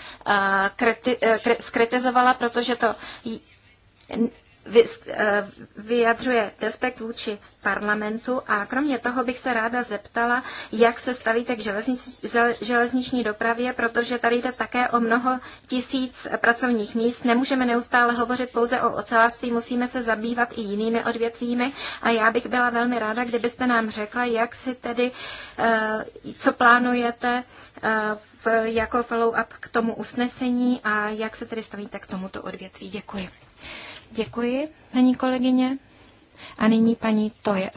skritizovala, protože to Eh, vyjadřuje respekt vůči parlamentu a kromě toho bych se ráda zeptala, jak se stavíte k železniční dopravě, protože tady jde také o mnoho tisíc pracovních míst. Nemůžeme neustále hovořit pouze o ocelářství, musíme se zabývat i jinými odvětvími a já bych byla velmi ráda, kdybyste nám řekla, jak si tedy, eh, co plánujete eh, jako follow-up k tomu usnesení a jak se tedy stavíte k tomuto odvětví. Děkuji. Děkuji, paní kolegyně. A nyní paní Tojer,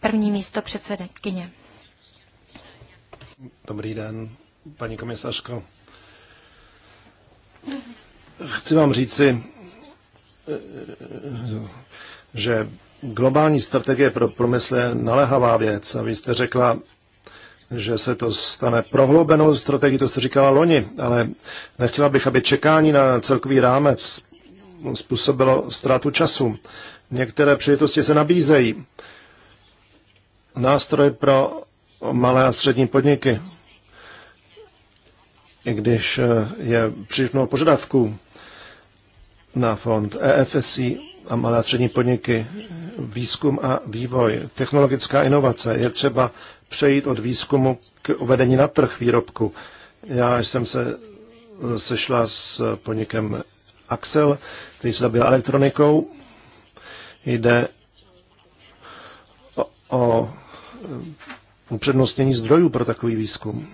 první místo předsedkyně. Dobrý den, paní komisařko. Chci vám říci, eh, eh, že globální strategie pro promysl je naléhavá věc. A vy jste řekla, že se to stane prohloubenou strategií, to se říkala loni, ale nechtěla bych, aby čekání na celkový rámec způsobilo ztrátu času. Některé příležitosti se nabízejí. Nástroj pro malé a střední podniky, i když eh, je příliš mnoho požadavků na fond EFSI a malé a střední podniky, výzkum a vývoj, technologická inovace, je třeba přejít od výzkumu k uvedení na trh výrobku. Já jsem se eh, sešla s podnikem Axel, který se zabývá elektronikou. Jde o, o upřednostnění zdrojů pro takový výzkum.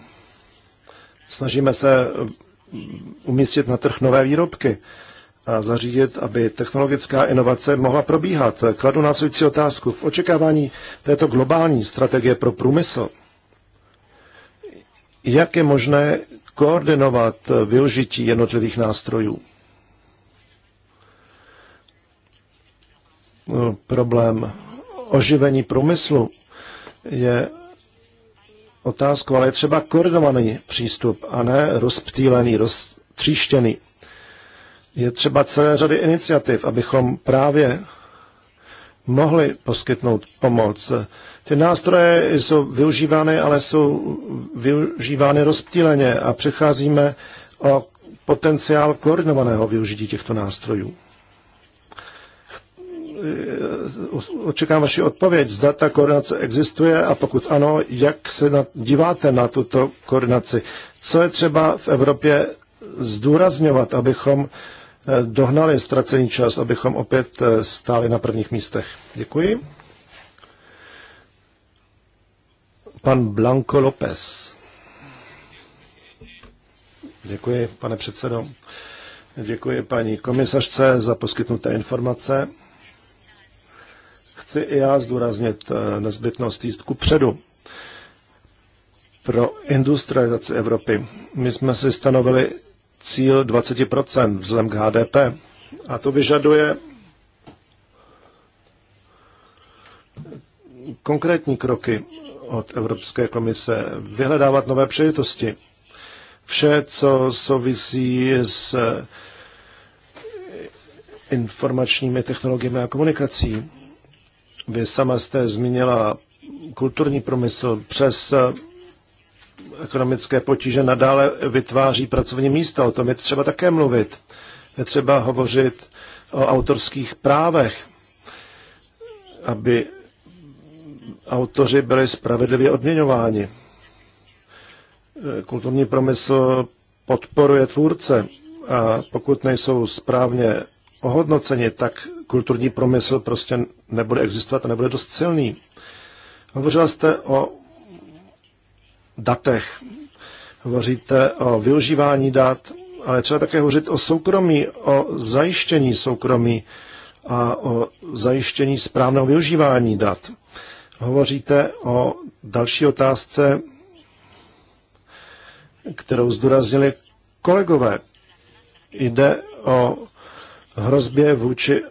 Snažíme se umístit na trh nové výrobky a zařídit, aby technologická inovace mohla probíhat. Kladu následující otázku. V očekávání této globální strategie pro průmysl, jak je možné koordinovat využití jednotlivých nástrojů? Eh, problém oživení průmyslu je otázkou, ale je třeba koordinovaný přístup a ne rozptýlený, roztříštěný. Je třeba celé řady iniciativ, abychom právě mohli poskytnout pomoc. Ty nástroje jsou využívány, ale jsou využívány rozptýleně a přecházíme o potenciál koordinovaného využití těchto nástrojů. Eh, očekám vaši odpověď. Zda ta koordinace existuje a pokud ano, jak se na, díváte na tuto koordinaci? Co je třeba v Evropě zdůrazňovat, abychom eh, dohnali ztracený čas, abychom opět eh, stáli na prvních místech? Děkuji. Pan Blanco López. Děkuji, pane předsedo. Děkuji paní komisařce za poskytnuté informace. Chci i já zdůraznit eh, nezbytnost jíst ku předu pro industrializaci Evropy. My jsme si stanovili cíl 20% vzhledem k HDP a to vyžaduje konkrétní kroky od Evropské komise, vyhledávat nové příležitosti. Vše, co souvisí s informačními technologiemi a komunikací, vy sama jste zmínila kulturní průmysl přes eh, ekonomické potíže nadále vytváří pracovní místa. O tom je třeba také mluvit. Je třeba hovořit o autorských právech, aby autoři byli spravedlivě odměňováni. Eh, kulturní promysl podporuje tvůrce a pokud nejsou správně ohodnoceni, tak kulturní promysl prostě nebude existovat a nebude dost silný. Hovořila jste o datech, hovoříte o využívání dat, ale třeba také hovořit o soukromí, o zajištění soukromí a o zajištění správného využívání dat. Hovoříte o další otázce, kterou zdůraznili kolegové. Jde o hrozbě vůči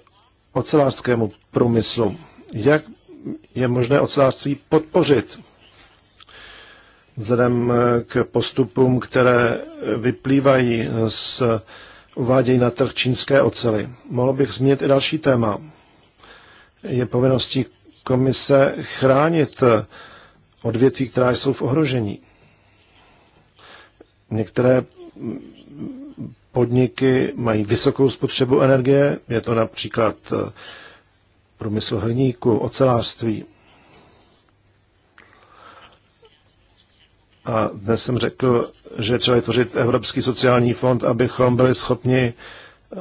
ocelářskému průmyslu. Jak je možné ocelářství podpořit vzhledem eh, k postupům, které vyplývají z uvádějí na trh čínské ocely. Mohl bych změnit i další téma. Je povinností komise chránit eh, odvětví, která jsou v ohrožení. Některé podniky mají vysokou spotřebu energie, je to například eh, průmysl hliníku, ocelářství. A dnes jsem řekl, že třeba tvořit Evropský sociální fond, abychom byli schopni eh,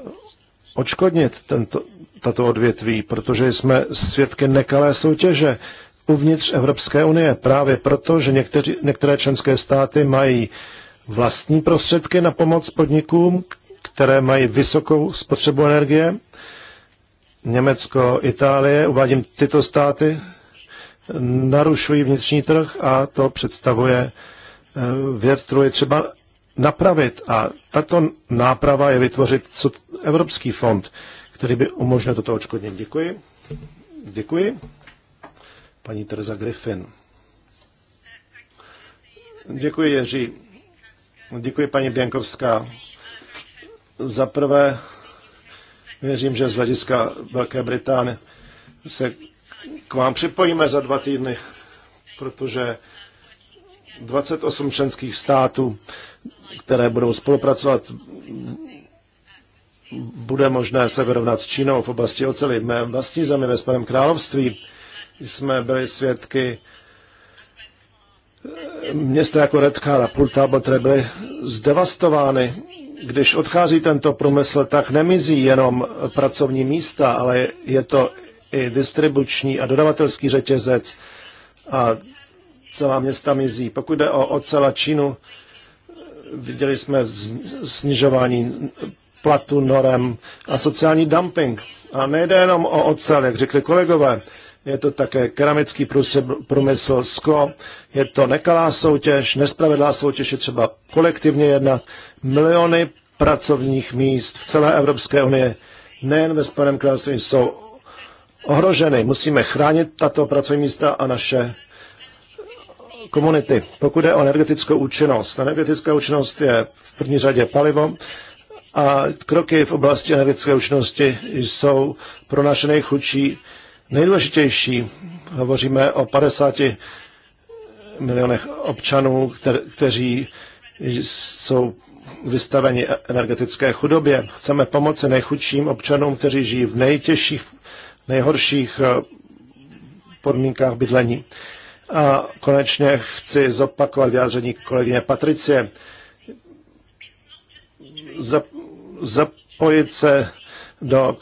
odškodnit tento, tato odvětví, protože jsme svědky nekalé soutěže uvnitř Evropské unie. Právě proto, že někteři, některé členské státy mají uh, vlastní prostředky na pomoc podnikům, které mají vysokou spotřebu energie. Německo, Itálie, uvádím tyto státy, narušují vnitřní trh a to představuje eh, věc, kterou je třeba napravit. A tato náprava je vytvořit Evropský fond, který by umožnil toto očkodnění. Děkuji. Děkuji. Paní Teresa Griffin. Děkuji, Jiří. No, děkuji, paní Běnkovská. Za prvé, věřím, že z hlediska Velké Británie se k vám připojíme za dva týdny, protože 28 členských států, které budou spolupracovat, bude možné se vyrovnat s Čínou v oblasti oceli. V mé vlastní zemi ve Spojeném království jsme byli svědky města jako Redcar a Pultaba, byly zdevastovány. Když odchází tento průmysl, tak nemizí jenom pracovní místa, ale je to i distribuční a dodavatelský řetězec a celá města mizí. Pokud jde o ocel a Čínu, viděli jsme snižování platu norem a sociální dumping. A nejde jenom o ocel, jak řekli kolegové, je to také keramický průmysl, sklo, je to nekalá soutěž, nespravedlá soutěž, je třeba kolektivně jedna miliony pracovních míst v celé Evropské unii, nejen ve Spojeném království, jsou ohroženy. Musíme chránit tato pracovní místa a naše komunity. Pokud je o energetickou účinnost, energetická účinnost je v první řadě palivo a kroky v oblasti energetické účinnosti jsou pro naše nejchudší nejdůležitější. Hovoříme o 50 milionech občanů, kteří jsou vystaveni energetické chudobě. Chceme pomoci nejchudším občanům, kteří žijí v nejtěžších, nejhorších eh, podmínkách bydlení. A konečně chci zopakovat vyjádření kolegyně Patricie. Zapojit se do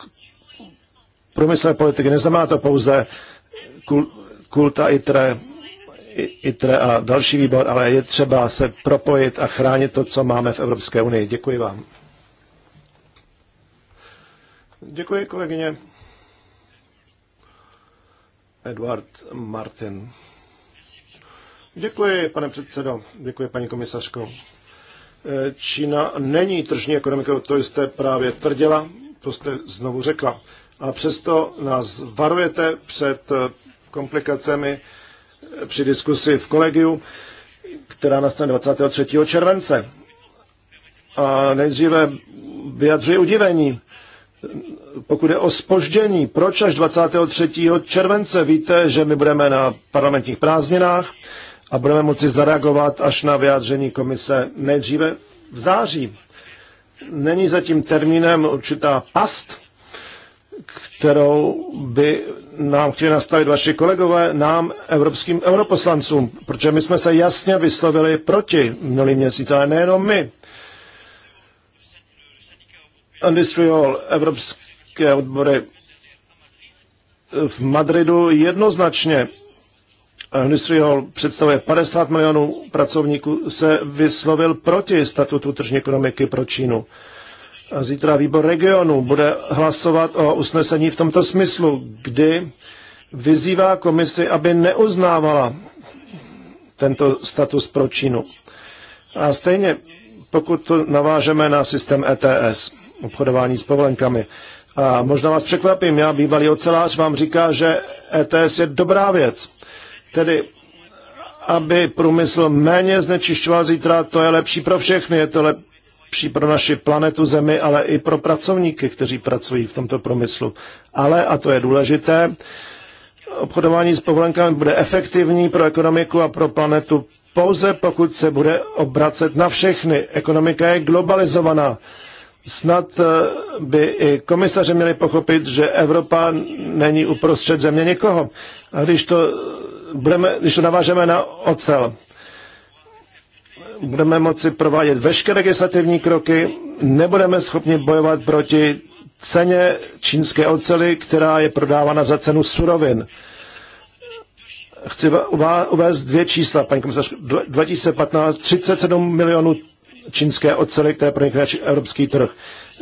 průmyslové politiky. Neznamená to pouze kulta ITRE, ITRE a další výbor, ale je třeba se propojit a chránit to, co máme v Evropské unii. Děkuji vám. Děkuji, kolegyně. Edward Martin. Děkuji, pane předsedo. Děkuji, paní komisařko. Čína není tržní ekonomikou, to jste právě tvrdila, to jste znovu řekla a přesto nás varujete před eh, komplikacemi eh, při diskusi v kolegiu, která nastane 23. července. A nejdříve vyjadřuje udivení, pokud je o spoždění, proč až 23. července víte, že my budeme na parlamentních prázdninách a budeme moci zareagovat až na vyjádření komise nejdříve v září. Není zatím termínem určitá past, kterou by nám chtěli nastavit vaši kolegové, nám, evropským europoslancům, protože my jsme se jasně vyslovili proti minulý měsíc, ale nejenom my. Industry Hall, evropské odbory v Madridu jednoznačně Industry Hall představuje 50 milionů pracovníků, se vyslovil proti statutu tržní ekonomiky pro Čínu. Zítra výbor regionu bude hlasovat o usnesení v tomto smyslu, kdy vyzývá komisi, aby neuznávala tento status pro Čínu. A stejně, pokud to navážeme na systém ETS, obchodování s povolenkami, a možná vás překvapím, já bývalý ocelář vám říká, že ETS je dobrá věc. Tedy, aby průmysl méně znečišťoval zítra, to je lepší pro všechny, je to lep, lepší pro naši planetu Zemi, ale i pro pracovníky, kteří pracují v tomto promyslu. Ale, a to je důležité, obchodování s povolenkami bude efektivní pro ekonomiku a pro planetu pouze pokud se bude obracet na všechny. Ekonomika je globalizovaná. Snad eh, by i komisaři měli pochopit, že Evropa není uprostřed země někoho. A když to, budeme, když to navážeme na ocel, budeme moci provádět veškeré legislativní kroky, nebudeme schopni bojovat proti ceně čínské ocely, která je prodávána za cenu surovin. Chci uvést dvě čísla, paní komisař. 2015 37 milionů čínské ocely, které pronikne evropský trh.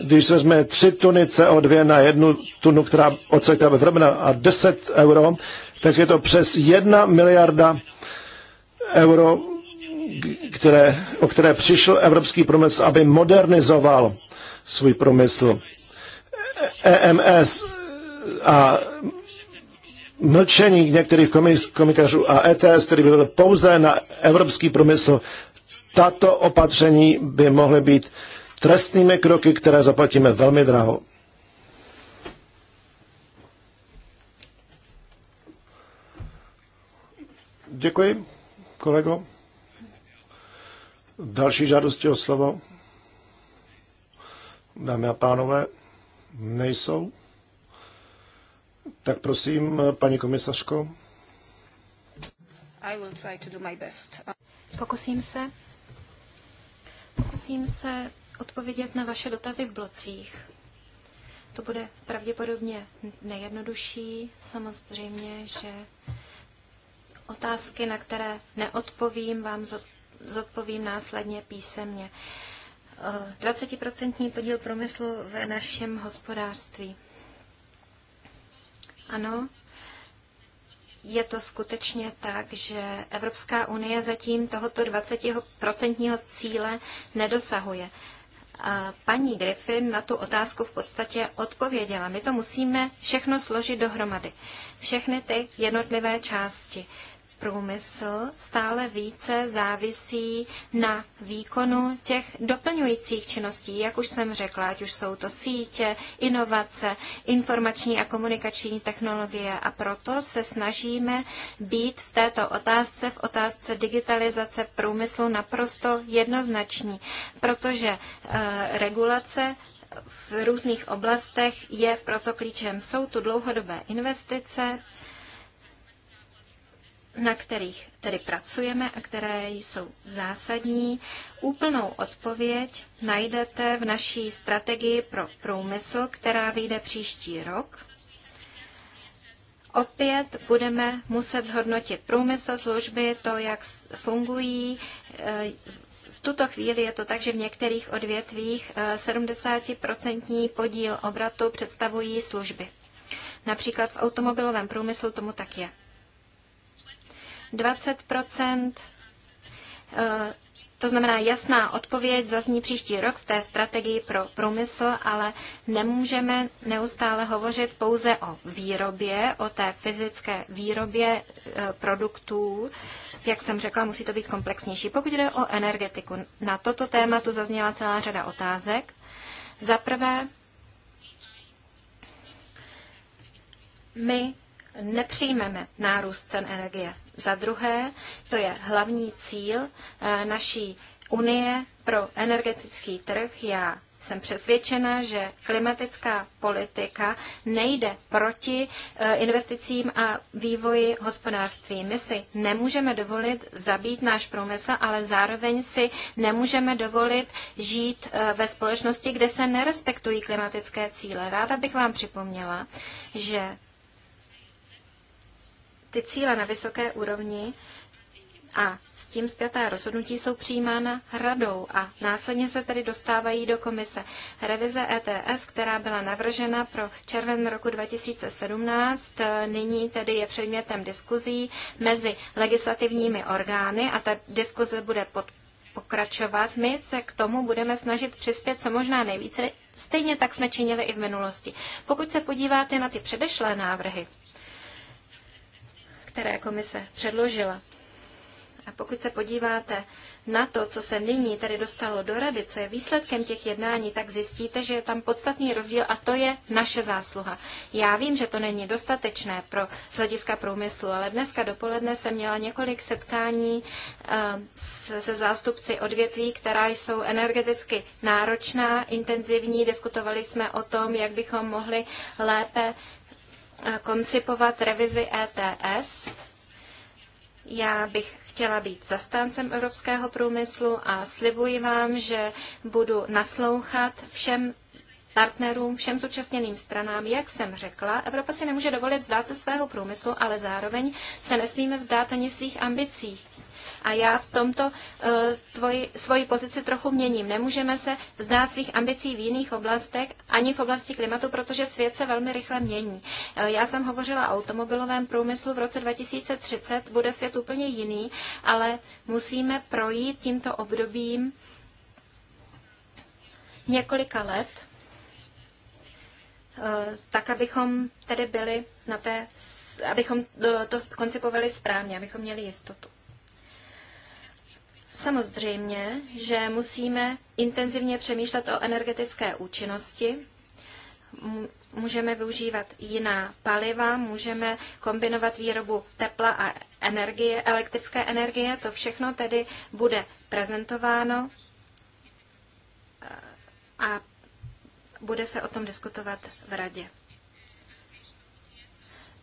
Když se vezme 3 tuny CO2 na jednu tunu, která ocel, která by vyrobena, a 10 euro, tak je to přes 1 miliarda euro které, o které přišel evropský průmysl, aby modernizoval svůj průmysl. EMS e a mlčení některých komikařů a ETS, který by byl pouze na evropský průmysl, tato opatření by mohly být trestnými kroky, které zaplatíme velmi draho. Děkuji, kolego. Další žádosti o slovo, dámy a pánové, nejsou. Tak prosím, paní komisařko. I will try to do my best. Pokusím se. Pokusím se odpovědět na vaše dotazy v blocích. To bude pravděpodobně nejjednodušší. Samozřejmě, že otázky, na které neodpovím, vám zodpovím zodpovím následně písemně. 20% podíl průmyslu ve našem hospodářství. Ano, je to skutečně tak, že Evropská unie zatím tohoto 20% cíle nedosahuje. A paní Griffin na tu otázku v podstatě odpověděla. My to musíme všechno složit dohromady. Všechny ty jednotlivé části průmysl stále více závisí na výkonu těch doplňujících činností, jak už jsem řekla, ať už jsou to sítě, inovace, informační a komunikační technologie a proto se snažíme být v této otázce, v otázce digitalizace průmyslu naprosto jednoznační, protože e, regulace v různých oblastech je proto klíčem. Jsou tu dlouhodobé investice, na kterých tedy pracujeme a které jsou zásadní. Úplnou odpověď najdete v naší strategii pro průmysl, která vyjde příští rok. Opět budeme muset zhodnotit průmysl, služby, to, jak fungují. E, v tuto chvíli je to tak, že v některých odvětvích 70% e, podíl obratu představují služby. Například v automobilovém průmyslu tomu tak je. 20 eh, to znamená, jasná odpověď zazní příští rok v té strategii pro průmysl, ale nemůžeme neustále hovořit pouze o výrobě, o té fyzické výrobě eh, produktů. Jak jsem řekla, musí to být komplexnější. Pokud jde o energetiku, na toto téma tu zazněla celá řada otázek. Za prvé, my nepřijmeme nárůst cen energie. Za druhé, to je hlavní cíl eh, naší Unie pro energetický trh. Já jsem přesvědčena, že klimatická politika nejde proti eh, investicím a vývoji hospodářství. My si nemůžeme dovolit zabít náš průmysl, ale zároveň si nemůžeme dovolit žít eh, ve společnosti, kde se nerespektují klimatické cíle. Ráda bych vám připomněla, že ty cíle na vysoké úrovni a s tím zpětá rozhodnutí jsou přijímána radou a následně se tedy dostávají do komise. Revize ETS, která byla navržena pro červen roku 2017, nyní tedy je předmětem diskuzí mezi legislativními orgány a ta diskuze bude pod pokračovat. My se k tomu budeme snažit přispět co možná nejvíce. Stejně tak jsme činili i v minulosti. Pokud se podíváte na ty předešlé návrhy, které komise předložila, a pokud se podíváte na to, co se nyní tady dostalo do rady, co je výsledkem těch jednání, tak zjistíte, že je tam podstatný rozdíl a to je naše zásluha. Já vím, že to není dostatečné pro z hlediska průmyslu, ale dneska dopoledne jsem měla několik setkání eh, se zástupci odvětví, která jsou energeticky náročná, intenzivní. Diskutovali jsme o tom, jak bychom mohli lépe Eh, koncipovat revizi ETS. Já bych chtěla být zastáncem evropského průmyslu a slibuji vám, že budu naslouchat všem partnerům, všem zúčastněným stranám. Jak jsem řekla, Evropa si nemůže dovolit vzdát se svého průmyslu, ale zároveň se nesmíme vzdát ani svých ambicí a já v tomto uh, tvoji, svoji pozici trochu měním. Nemůžeme se vzdát svých ambicí v jiných oblastech, ani v oblasti klimatu, protože svět se velmi rychle mění. Uh, já jsem hovořila o automobilovém průmyslu v roce 2030, bude svět úplně jiný, ale musíme projít tímto obdobím několika let, eh, tak abychom tedy byli na té, abychom to koncipovali správně, abychom měli jistotu. Samozřejmě, že musíme intenzivně přemýšlet o energetické účinnosti. Můžeme využívat jiná paliva, můžeme kombinovat výrobu tepla a energie, elektrické energie. To všechno tedy bude prezentováno eh, a bude se o tom diskutovat v radě.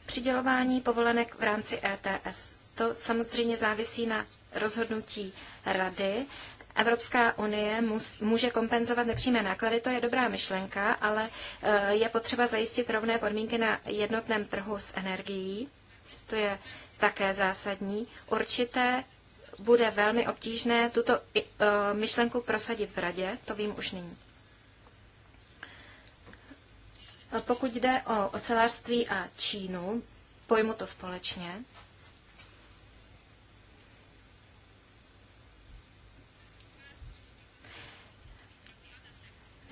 Přidělování povolenek v rámci ETS. To samozřejmě závisí na rozhodnutí Rady. Evropská unie může kompenzovat nepřímé náklady, to je dobrá myšlenka, ale eh, je potřeba zajistit rovné podmínky na jednotném trhu s energií. To je také zásadní. Určité bude velmi obtížné tuto eh, myšlenku prosadit v radě, to vím už nyní. Pokud jde o ocelářství a Čínu, pojmu to společně.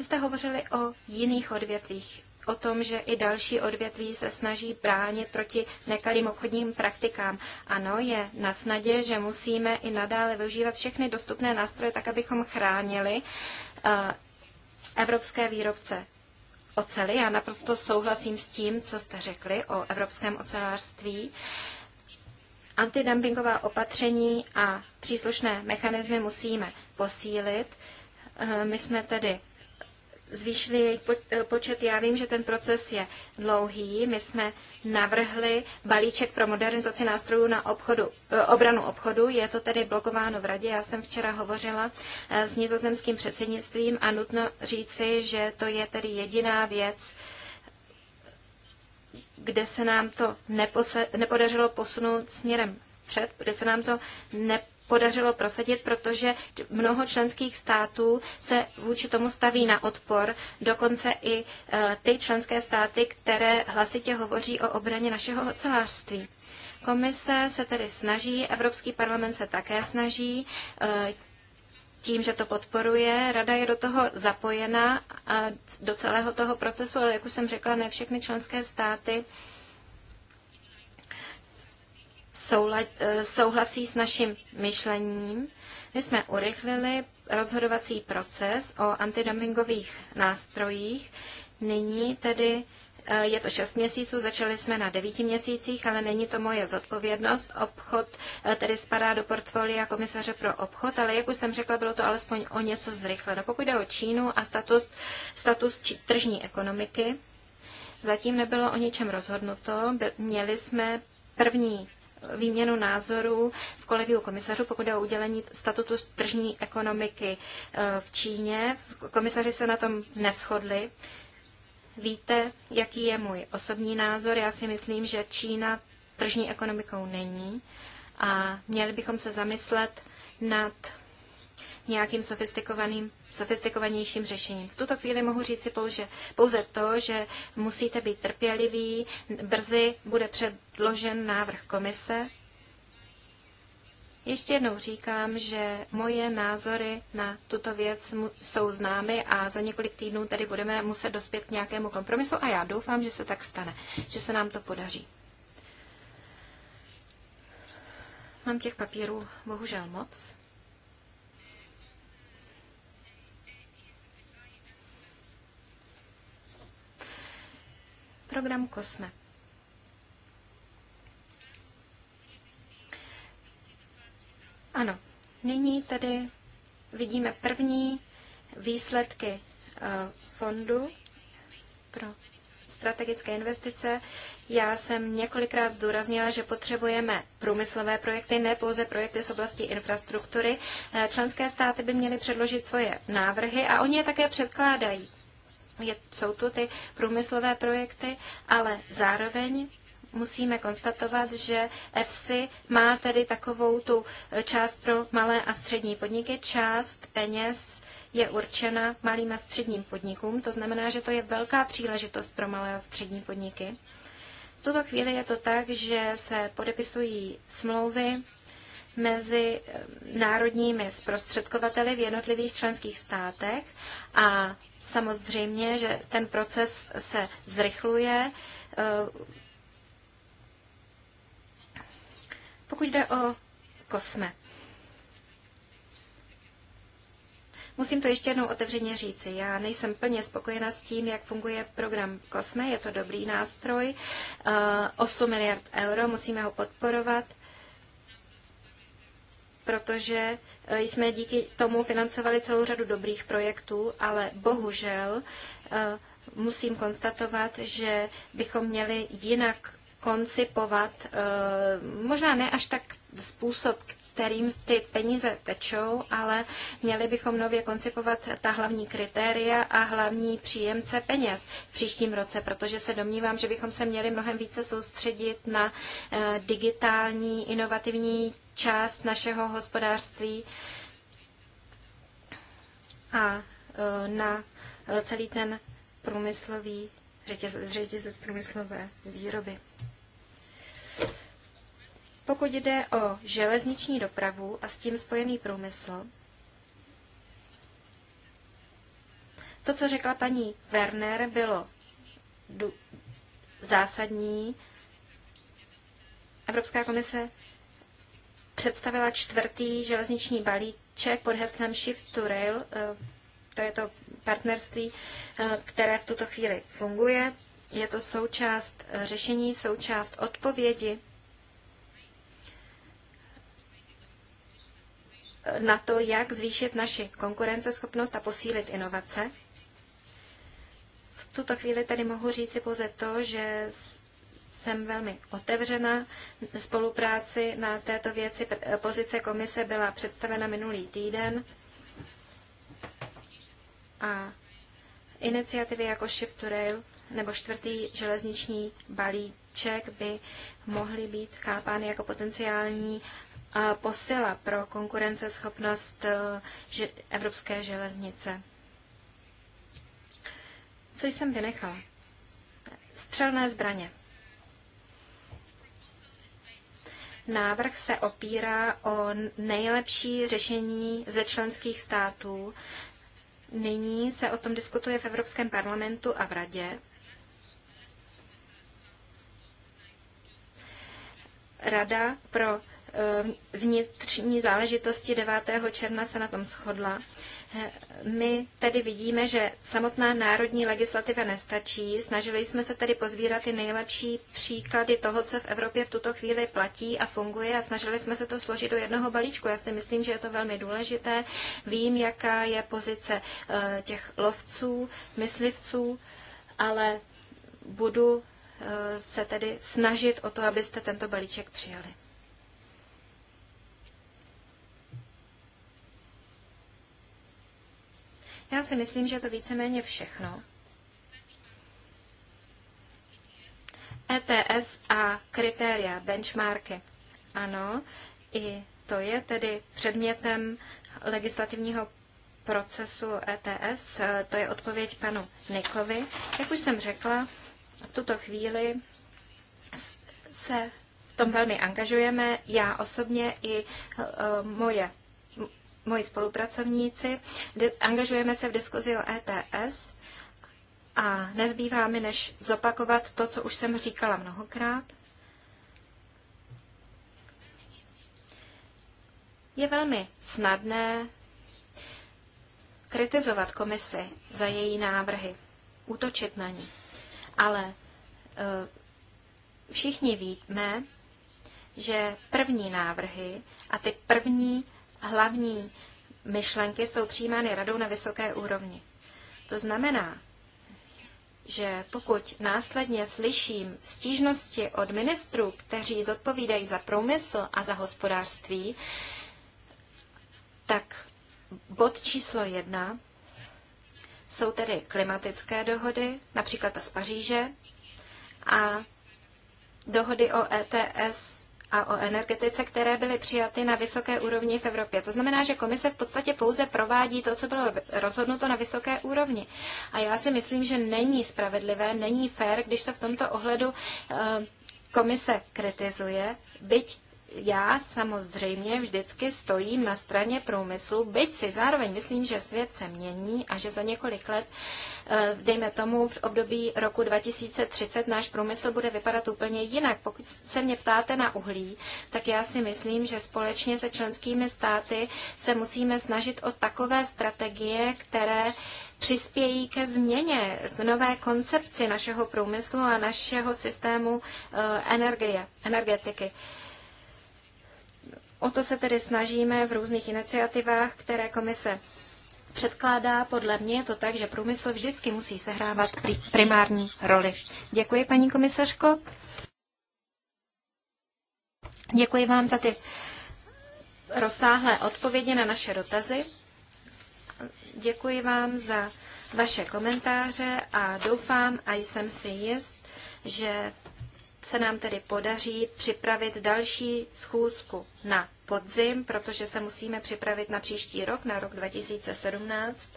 Vy jste hovořili o jiných odvětvích, o tom, že i další odvětví se snaží bránit proti nekalým obchodním praktikám. Ano, je na snadě, že musíme i nadále využívat všechny dostupné nástroje, tak abychom chránili uh, evropské výrobce oceli. Já naprosto souhlasím s tím, co jste řekli o evropském ocelářství. Antidumpingová opatření a příslušné mechanismy musíme posílit. Eh, my jsme tedy zvýšili jejich eh, počet. Já vím, že ten proces je dlouhý. My jsme navrhli balíček pro modernizaci nástrojů na obchodu, eh, obranu obchodu. Je to tedy blokováno v radě. Já jsem včera hovořila eh, s nizozemským předsednictvím a nutno říci, že to je tedy jediná věc, kde se nám to nepodařilo posunout směrem vpřed, kde se nám to nepodařilo podařilo prosadit, protože mnoho členských států se vůči tomu staví na odpor, dokonce i e, ty členské státy, které hlasitě hovoří o obraně našeho ocelářství. Komise se tedy snaží, Evropský parlament se také snaží, e, tím, že to podporuje. Rada je do toho zapojena do celého toho procesu, ale jak už jsem řekla, ne všechny členské státy Eh, souhlasí s naším myšlením. My jsme urychlili rozhodovací proces o antidumpingových nástrojích. Nyní tedy eh, je to 6 měsíců, začali jsme na 9 měsících, ale není to moje zodpovědnost. Obchod eh, tedy spadá do portfolia komisaře pro obchod, ale jak už jsem řekla, bylo to alespoň o něco zrychleno. Pokud jde o Čínu a status, status či, tržní ekonomiky, zatím nebylo o ničem rozhodnuto. Měli jsme první výměnu názorů v kolegiu komisařů, pokud je o udělení statutu tržní ekonomiky e, v Číně. Komisaři se na tom neschodli. Víte, jaký je můj osobní názor? Já si myslím, že Čína tržní ekonomikou není a měli bychom se zamyslet nad nějakým sofistikovaným, sofistikovanějším řešením. V tuto chvíli mohu říci pouze, pouze to, že musíte být trpěliví, brzy bude předložen návrh komise. Ještě jednou říkám, že moje názory na tuto věc jsou známy a za několik týdnů tady budeme muset dospět k nějakému kompromisu a já doufám, že se tak stane, že se nám to podaří. Mám těch papírů bohužel moc. program Kosme. Ano, nyní tedy vidíme první výsledky eh, fondu pro strategické investice. Já jsem několikrát zdůraznila, že potřebujeme průmyslové projekty, ne pouze projekty z oblasti infrastruktury. Eh, členské státy by měly předložit svoje návrhy a oni je také předkládají je, jsou tu ty průmyslové projekty, ale zároveň musíme konstatovat, že EFSI má tedy takovou tu e, část pro malé a střední podniky, část peněz je určena malým a středním podnikům. To znamená, že to je velká příležitost pro malé a střední podniky. V tuto chvíli je to tak, že se podepisují smlouvy mezi e, národními zprostředkovateli v jednotlivých členských státech a Samozřejmě, že ten proces se zrychluje. Eh, pokud jde o kosme, Musím to ještě jednou otevřeně říci. Já nejsem plně spokojena s tím, jak funguje program Kosme. Je to dobrý nástroj, 8 eh, miliard euro, musíme ho podporovat protože eh, jsme díky tomu financovali celou řadu dobrých projektů, ale bohužel eh, musím konstatovat, že bychom měli jinak koncipovat, eh, možná ne až tak způsob, kterým ty peníze tečou, ale měli bychom nově koncipovat ta hlavní kritéria a hlavní příjemce peněz v příštím roce, protože se domnívám, že bychom se měli mnohem více soustředit na digitální inovativní část našeho hospodářství a e, na celý ten průmyslový řetěz, řetězec průmyslové výroby. Pokud jde o železniční dopravu a s tím spojený průmysl, to, co řekla paní Werner, bylo zásadní. Evropská komise představila čtvrtý železniční balíček pod heslem Shift to Rail. Eh, to je to partnerství, eh, které v tuto chvíli funguje. Je to součást eh, řešení, součást odpovědi na to, jak zvýšit naši konkurenceschopnost a posílit inovace. V tuto chvíli tady mohu říci pouze to, že jsem velmi otevřena spolupráci na této věci. Pozice komise byla představena minulý týden a iniciativy jako Shift to Rail nebo čtvrtý železniční balíček by mohly být chápány jako potenciální posila pro konkurenceschopnost e, evropské železnice. Co jsem vynechala? Střelné zbraně. návrh se opírá o nejlepší řešení ze členských států. Nyní se o tom diskutuje v Evropském parlamentu a v Radě. Rada pro eh, vnitřní záležitosti 9. června se na tom shodla. My tedy vidíme, že samotná národní legislativa nestačí. Snažili jsme se tedy pozvírat ty nejlepší příklady toho, co v Evropě v tuto chvíli platí a funguje a snažili jsme se to složit do jednoho balíčku. Já si myslím, že je to velmi důležité. Vím, jaká je pozice eh, těch lovců, myslivců, ale budu eh, se tedy snažit o to, abyste tento balíček přijali. Já si myslím, že to víceméně všechno. ETS a kritéria, benchmarky. Ano, i to je tedy předmětem legislativního procesu ETS. To je odpověď panu Nikovi. Jak už jsem řekla, v tuto chvíli se v tom velmi angažujeme, já osobně i e, moje moji spolupracovníci. Angažujeme se v diskuzi o ETS a nezbývá mi, než zopakovat to, co už jsem říkala mnohokrát. Je velmi snadné kritizovat komisi za její návrhy, útočit na ní. Ale e, všichni víme, že první návrhy a ty první hlavní myšlenky jsou přijímány radou na vysoké úrovni. To znamená, že pokud následně slyším stížnosti od ministrů, kteří zodpovídají za průmysl a za hospodářství, tak bod číslo jedna jsou tedy klimatické dohody, například ta z Paříže, a dohody o ETS a o energetice, které byly přijaty na vysoké úrovni v Evropě. To znamená, že komise v podstatě pouze provádí to, co bylo rozhodnuto na vysoké úrovni. A já si myslím, že není spravedlivé, není fér, když se v tomto ohledu eh, komise kritizuje, byť já samozřejmě vždycky stojím na straně průmyslu, byť si zároveň myslím, že svět se mění a že za několik let, eh, dejme tomu v období roku 2030, náš průmysl bude vypadat úplně jinak. Pokud se mě ptáte na uhlí, tak já si myslím, že společně se členskými státy se musíme snažit o takové strategie, které přispějí ke změně, k nové koncepci našeho průmyslu a našeho systému eh, energie, energetiky. O to se tedy snažíme v různých iniciativách, které komise předkládá. Podle mě je to tak, že průmysl vždycky musí sehrávat primární roli. Děkuji, paní komisařko. Děkuji vám za ty rozsáhlé odpovědi na naše dotazy. Děkuji vám za vaše komentáře a doufám a jsem si jist, že se nám tedy podaří připravit další schůzku na podzim, protože se musíme připravit na příští rok, na rok 2017.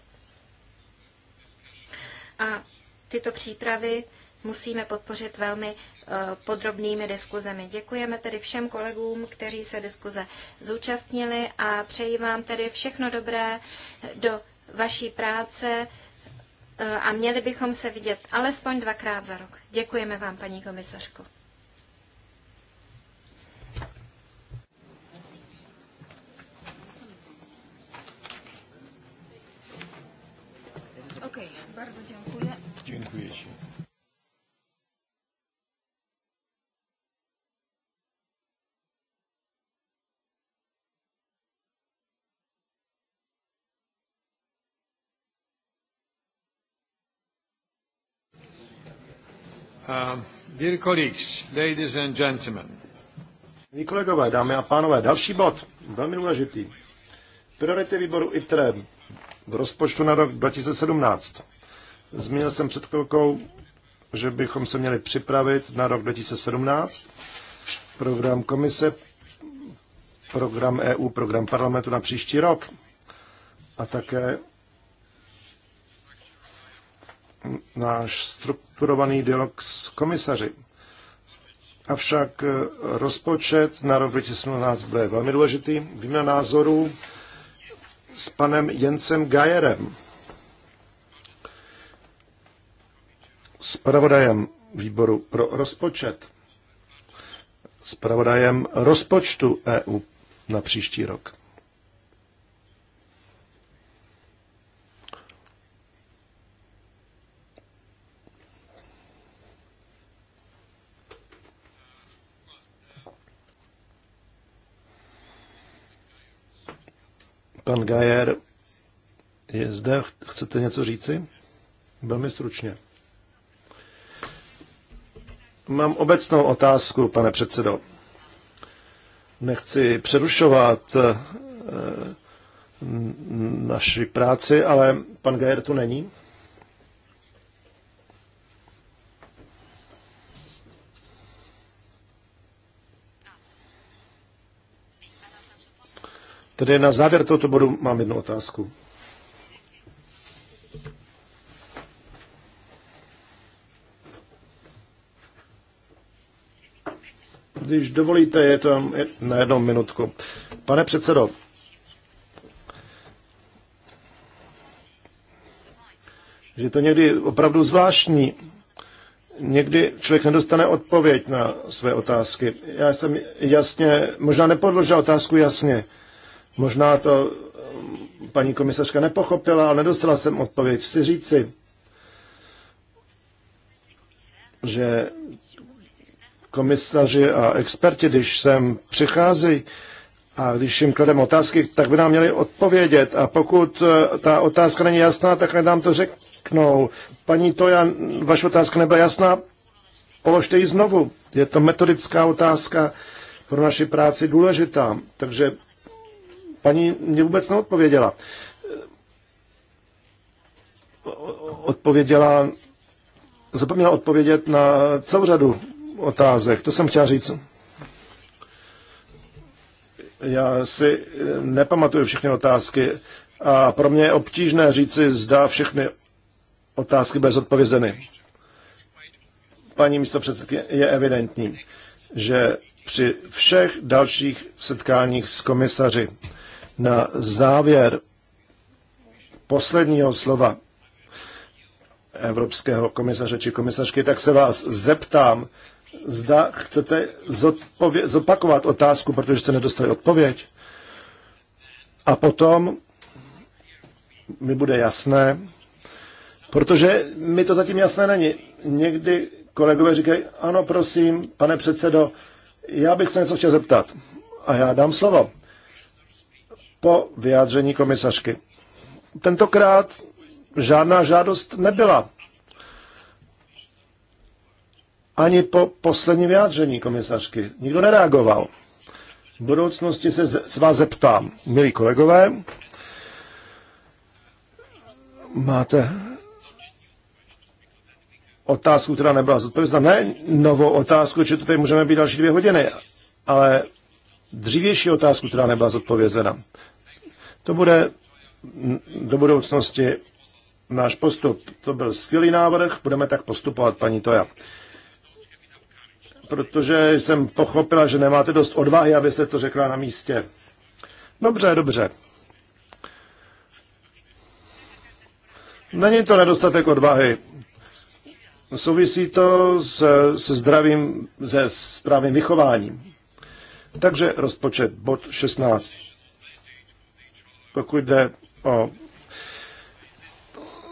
A tyto přípravy musíme podpořit velmi eh, podrobnými diskuzemi. Děkujeme tedy všem kolegům, kteří se diskuze zúčastnili a přeji vám tedy všechno dobré do vaší práce eh, a měli bychom se vidět alespoň dvakrát za rok. Děkujeme vám, paní komisařko. Um, Milí kolegové, dámy a pánové, další bod, velmi důležitý. Priority výboru ITRE v rozpočtu na rok 2017. Zmínil jsem před chvilkou, že bychom se měli připravit na rok 2017. Program komise, program EU, program parlamentu na příští rok. A také náš strukturovaný dialog s komisaři. Avšak eh, rozpočet na rok 2017 bude velmi důležitý. Víme názorů s panem Jencem Gajerem, zpravodajem výboru pro rozpočet, zpravodajem rozpočtu EU na příští rok. Pan Gajer je zde. Chcete něco říci? Velmi stručně. Mám obecnou otázku, pane předsedo. Nechci přerušovat eh, naši práci, ale pan Gajer tu není. Tedy na závěr tohoto bodu mám jednu otázku. Když dovolíte, je to na jednu minutku. Pane předsedo, že to někdy opravdu zvláštní. Někdy člověk nedostane odpověď na své otázky. Já jsem jasně, možná nepodložil otázku jasně. Možná to eh, paní komisařka nepochopila, ale nedostala jsem odpověď. Chci říci, že komisaři a experti, když sem přicházejí a když jim kladem otázky, tak by nám měli odpovědět. A pokud eh, ta otázka není jasná, tak nám to řeknou. Paní Toja, vaše otázka nebyla jasná, položte ji znovu. Je to metodická otázka pro naši práci důležitá. Takže Paní mě vůbec neodpověděla. Odpověděla, zapomněla odpovědět na celou řadu otázek. To jsem chtěla říct. Já si nepamatuju všechny otázky a pro mě je obtížné říci, zda všechny otázky byly zodpovězeny. Paní místo předsedky je evidentní, že při všech dalších setkáních s komisaři na závěr posledního slova evropského komisaře či komisařky, tak se vás zeptám, zda chcete zopakovat otázku, protože jste nedostali odpověď. A potom mi bude jasné, protože mi to zatím jasné není. Někdy kolegové říkají, ano, prosím, pane předsedo, já bych se něco chtěl zeptat. A já dám slovo po vyjádření komisařky. Tentokrát žádná žádost nebyla. Ani po poslední vyjádření komisařky. Nikdo nereagoval. V budoucnosti se s vás zeptám, milí kolegové, máte otázku, která nebyla zodpovězna, Ne novou otázku, či to můžeme být další dvě hodiny, ale dřívější otázku, která nebyla zodpovězena. To bude do budoucnosti náš postup. To byl skvělý návrh, budeme tak postupovat, paní Toja. Protože jsem pochopila, že nemáte dost odvahy, abyste to řekla na místě. Dobře, dobře. Není to nedostatek odvahy. Souvisí to se, se zdravým, se správným vychováním. Takže rozpočet bod 16. Pokud jde o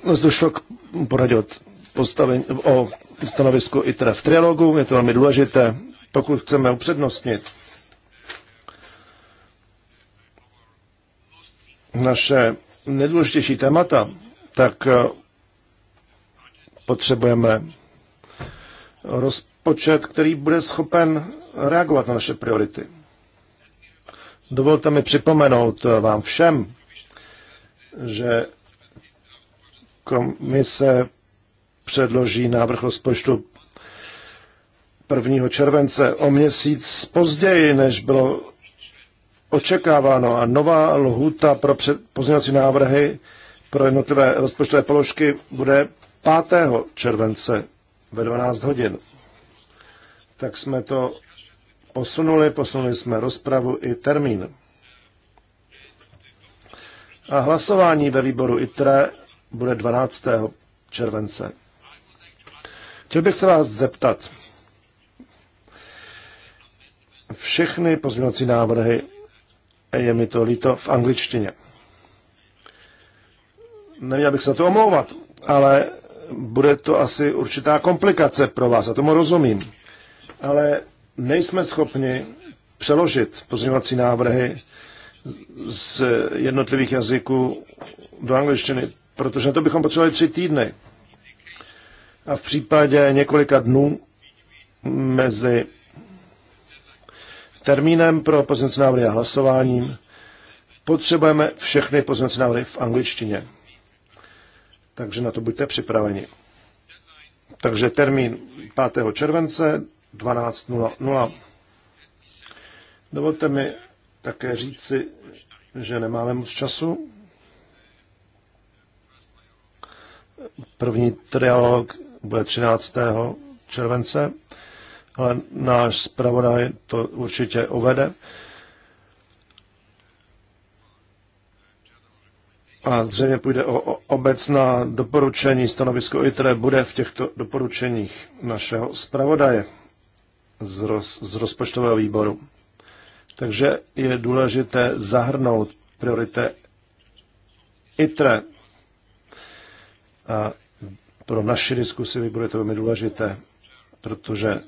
no, došlo k poradě od postavení, o stanovisku teda v trialogu, je to velmi důležité, pokud chceme upřednostnit naše nejdůležitější témata, tak eh, potřebujeme rozpočet, který bude schopen reagovat na naše priority. Dovolte mi připomenout vám všem, že komise předloží návrh rozpočtu 1. července o měsíc později, než bylo očekáváno a nová lhuta pro pozměňovací návrhy pro jednotlivé rozpočtové položky bude 5. července ve 12 hodin. Tak jsme to posunuli, posunuli jsme rozpravu i termín. A hlasování ve výboru ITRE bude 12. července. Chtěl bych se vás zeptat. Všechny pozměňovací návrhy, je mi to líto, v angličtině. Neměl bych se to omlouvat, ale bude to asi určitá komplikace pro vás, a tomu rozumím. Ale nejsme schopni přeložit pozměňovací návrhy z jednotlivých jazyků do angličtiny, protože na to bychom potřebovali tři týdny. A v případě několika dnů mezi termínem pro pozměňovací návrhy a hlasováním potřebujeme všechny pozměňovací návrhy v angličtině. Takže na to buďte připraveni. Takže termín 5. července 12.00. Dovolte mi také říci, že nemáme moc času. První trialog bude 13. července, ale náš zpravodaj to určitě uvede. A zřejmě půjde o obecná doporučení, stanovisko ITRE bude v těchto doporučeních našeho zpravodaje z, roz, z rozpočtového výboru. Takže je důležité zahrnout priority ITRE. A pro naši diskusi vy bude to velmi důležité, protože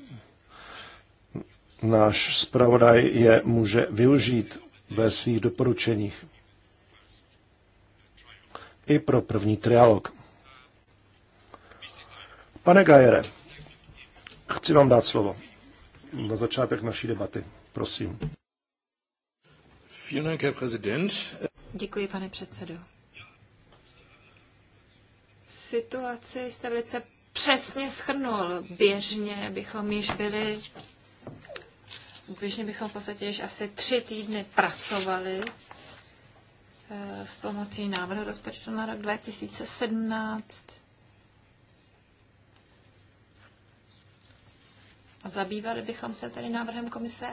náš zpravodaj je může využít ve svých doporučeních i pro první trialog. Pane Gajere, chci vám dát slovo na začátek naší debaty. Prosím. Děkuji, pane předsedo. Situaci jste velice přesně schrnul. Běžně bychom již byli, běžně bychom v podstatě již asi tři týdny pracovali eh, s pomocí návrhu rozpočtu na rok 2017. Zabývali bychom se tedy návrhem komise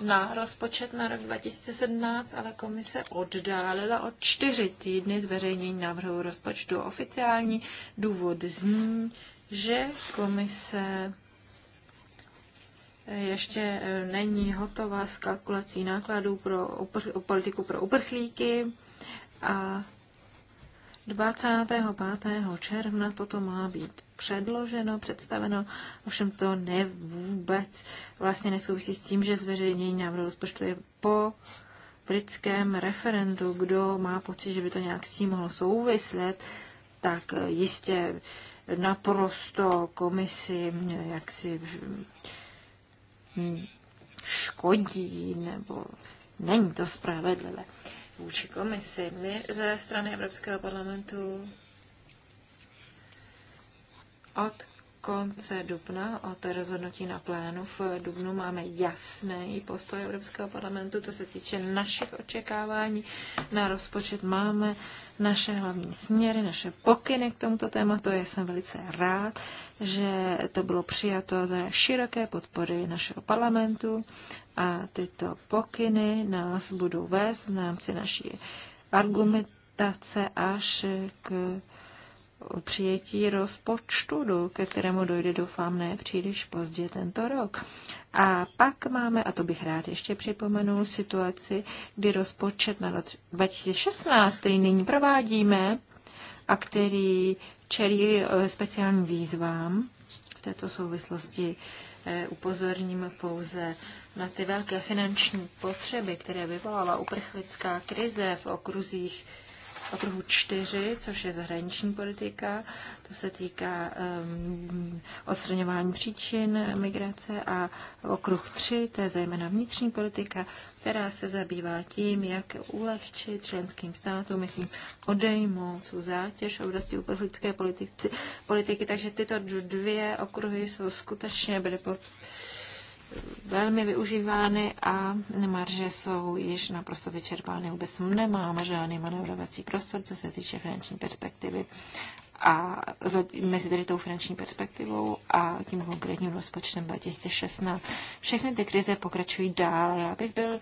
na rozpočet na rok 2017, ale komise oddálila od čtyři týdny zveřejnění návrhu rozpočtu. Oficiální důvod zní, že komise eh, ještě eh, není hotová s kalkulací nákladů pro, upr- politiku pro uprchlíky a 25. června toto má být předloženo, představeno, ovšem to ne vůbec vlastně nesouvisí s tím, že zveřejnění návrhu rozpočtu je po britském referendu. Kdo má pocit, že by to nějak s tím mohlo souviset, tak jistě naprosto komisi jaksi škodí nebo není to spravedlivé vůči komisi. My ze strany Evropského parlamentu od konce dubna o té rozhodnutí na plénu. V dubnu máme jasný postoj Evropského parlamentu, co se týče našich očekávání na rozpočet. Máme naše hlavní směry, naše pokyny k tomuto tématu. Já jsem velice rád, že to bylo přijato za široké podpory našeho parlamentu a tyto pokyny nás budou vést v rámci naší argumentace až k přijetí rozpočtu, ke kterému dojde, doufám, ne příliš pozdě tento rok. A pak máme, a to bych rád ještě připomenul, situaci, kdy rozpočet na 2016, který nyní provádíme a který čelí eh, speciálním výzvám v této souvislosti, eh, upozorním pouze na ty velké finanční potřeby, které vyvolala uprchlická krize v okruzích okruhu čtyři, což je zahraniční politika. To se týká um, odstraňování příčin migrace a okruh tři, to je zejména vnitřní politika, která se zabývá tím, jak ulehčit členským státům, jak jim odejmout tu zátěž v oblasti uprchlické politiky, politiky. Takže tyto dvě okruhy jsou skutečně byly pod velmi využívány a marže jsou již naprosto vyčerpány. Vůbec nemáme žádný manevrovací prostor, co se týče finanční perspektivy a mezi tedy tou finanční perspektivou a tím konkrétním rozpočtem 2016. Všechny ty krize pokračují dál. Já bych byl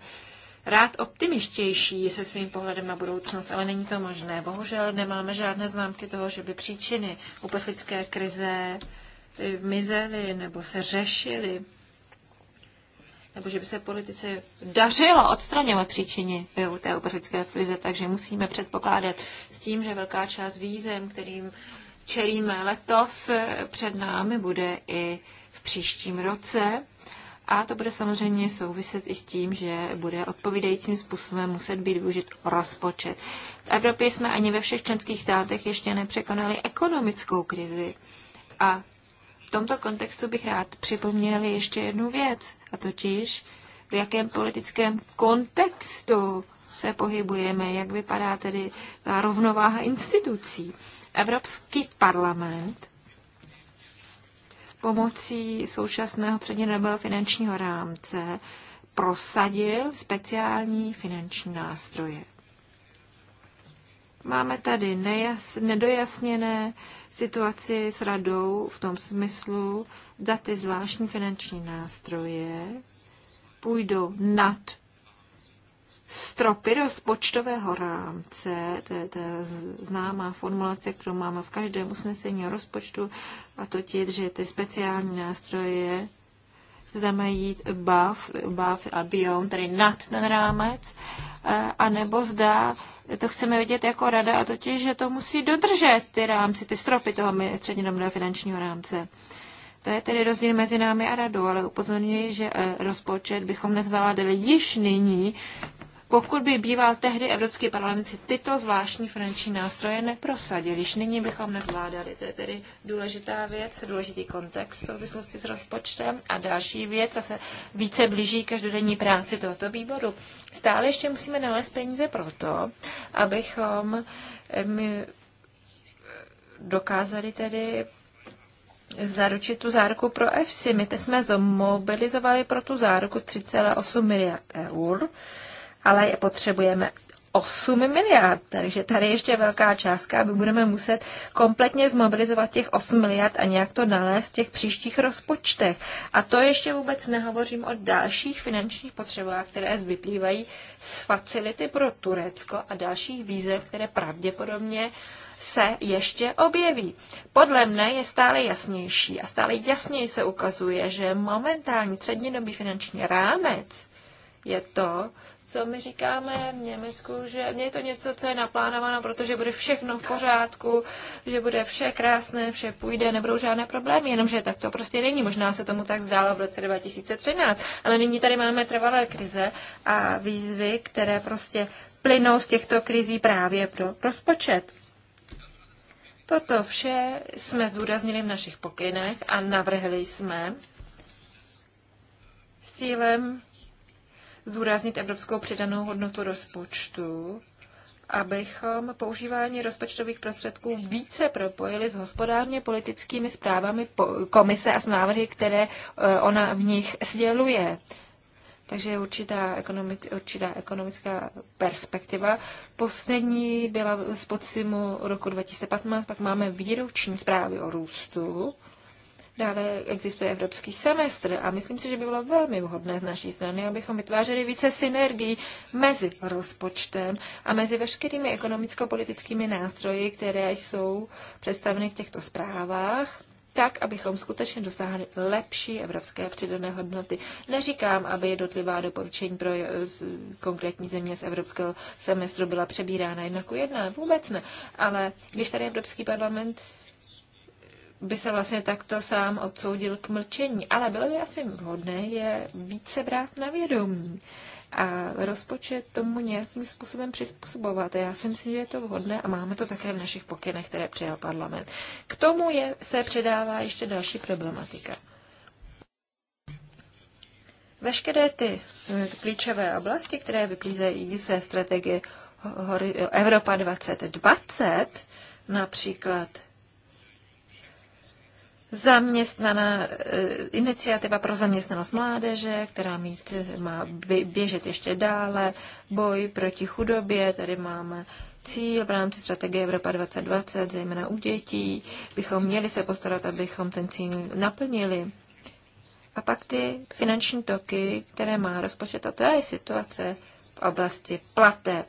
rád optimištější se svým pohledem na budoucnost, ale není to možné. Bohužel nemáme žádné známky toho, že by příčiny uprchlické krize mizely nebo se řešily nebo že by se politice dařilo odstraňovat příčiny té uprchlické krize, takže musíme předpokládat s tím, že velká část výzem, kterým čelíme letos, před námi bude i v příštím roce. A to bude samozřejmě souviset i s tím, že bude odpovídajícím způsobem muset být využit rozpočet. V Evropě jsme ani ve všech členských státech ještě nepřekonali ekonomickou krizi. A v tomto kontextu bych rád připomněl ještě jednu věc a totiž v jakém politickém kontextu se pohybujeme, jak vypadá tedy ta rovnováha institucí. Evropský parlament pomocí současného střednědobého finančního rámce prosadil speciální finanční nástroje. Máme tady nejas, nedojasněné situaci s radou v tom smyslu, zda ty zvláštní finanční nástroje půjdou nad stropy rozpočtového rámce, to je ta známá formulace, kterou máme v každém usnesení o rozpočtu, a totiž, že ty speciální nástroje chceme mají jít above, above a beyond, tedy nad ten rámec, eh, a nebo zda to chceme vidět jako rada, a totiž, že to musí dodržet ty rámci, ty stropy toho střednědobého finančního rámce. To je tedy rozdíl mezi námi a radou, ale upozorňuji, že eh, rozpočet bychom nezvládali již nyní, pokud by býval tehdy Evropský parlament si tyto zvláštní finanční nástroje neprosadil. Již nyní bychom nezvládali. To je tedy důležitá věc, důležitý kontext v souvislosti s rozpočtem. A další věc, a se více blíží každodenní práci tohoto výboru. Stále ještě musíme nalézt peníze pro to, abychom eh, my eh, dokázali tedy zaručit tu záruku pro EFSI. My jsme zmobilizovali pro tu záruku 3,8 miliard eur ale potřebujeme 8 miliard, takže tady ještě velká částka, aby budeme muset kompletně zmobilizovat těch 8 miliard a nějak to nalézt v těch příštích rozpočtech. A to ještě vůbec nehovořím o dalších finančních potřebách, které vyplývají z facility pro Turecko a dalších výzev, které pravděpodobně se ještě objeví. Podle mne je stále jasnější a stále jasněji se ukazuje, že momentální střednědobý finanční rámec je to, co my říkáme v Německu, že mě je to něco, co je naplánováno, protože bude všechno v pořádku, že bude vše krásné, vše půjde, nebudou žádné problémy, jenomže tak to prostě není. Možná se tomu tak zdálo v roce 2013, ale nyní tady máme trvalé krize a výzvy, které prostě plynou z těchto krizí právě pro rozpočet. Toto vše jsme zdůraznili v našich pokynech a navrhli jsme s cílem zdůraznit evropskou přidanou hodnotu rozpočtu, abychom používání rozpočtových prostředků více propojili s hospodárně politickými zprávami komise a s návrhy, které e, ona v nich sděluje. Takže je určitá, ekonomic, určitá ekonomická perspektiva. Poslední byla z podzimu roku 2015, pak máme výroční zprávy o růstu Dále existuje evropský semestr a myslím si, že by bylo velmi vhodné z naší strany, abychom vytvářeli více synergií mezi rozpočtem a mezi veškerými ekonomicko-politickými nástroji, které jsou představeny v těchto zprávách tak, abychom skutečně dosáhli lepší evropské přidané hodnoty. Neříkám, aby jednotlivá doporučení pro eh, konkrétní země z evropského semestru byla přebírána jako jednak u jedné, vůbec ne. Ale když tady Evropský parlament by se vlastně takto sám odsoudil k mlčení. Ale bylo by asi vhodné je více brát na vědomí a rozpočet tomu nějakým způsobem přizpůsobovat. Já si myslím, že je to vhodné a máme to také v našich pokynech, které přijal parlament. K tomu je, se předává ještě další problematika. Veškeré ty eh, klíčové oblasti, které vyplízejí ze strategie Evropa 2020, například zaměstnaná, eh, iniciativa pro zaměstnanost mládeže, která mít, eh, má běžet ještě dále, boj proti chudobě, tady máme cíl v rámci strategie Evropa 2020, zejména u dětí, bychom měli se postarat, abychom ten cíl naplnili. A pak ty finanční toky, které má rozpočet, a to je situace, v oblasti plateb.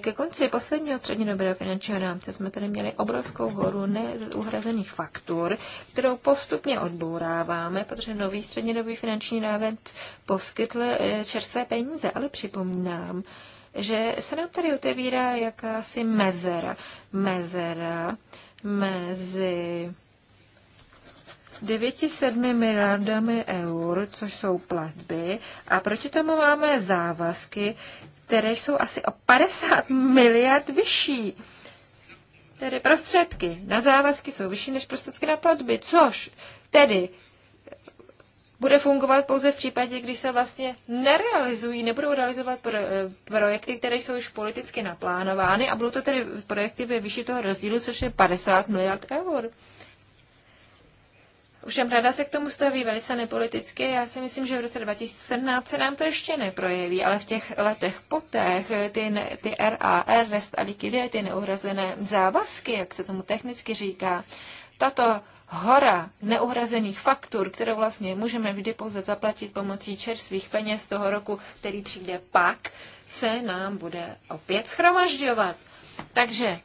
Ke konci posledního dobrého finančního rámce jsme tady měli obrovskou horu neuhrazených faktur, kterou postupně odbouráváme, protože nový střednědobý finanční rámec poskytl eh, čerstvé peníze, ale připomínám, že se nám tady otevírá jakási mezera. Mezera mezi 9,7 miliardami eur, což jsou platby, a proti tomu máme závazky, které jsou asi o 50 miliard vyšší. Tedy prostředky na závazky jsou vyšší než prostředky na platby, což tedy bude fungovat pouze v případě, kdy se vlastně nerealizují, nebudou realizovat pro, eh, projekty, které jsou už politicky naplánovány a budou to tedy projekty ve vyšší toho rozdílu, což je 50 miliard eur. Ovšem rada se k tomu staví velice nepoliticky. Já si myslím, že v roce 2017 se nám to ještě neprojeví, ale v těch letech poté ty, ty RAR, rest a liquide, ty neuhrazené závazky, jak se tomu technicky říká, tato hora neuhrazených faktur, kterou vlastně můžeme vždy pouze zaplatit pomocí čerstvých peněz toho roku, který přijde pak, se nám bude opět schromažďovat. Takže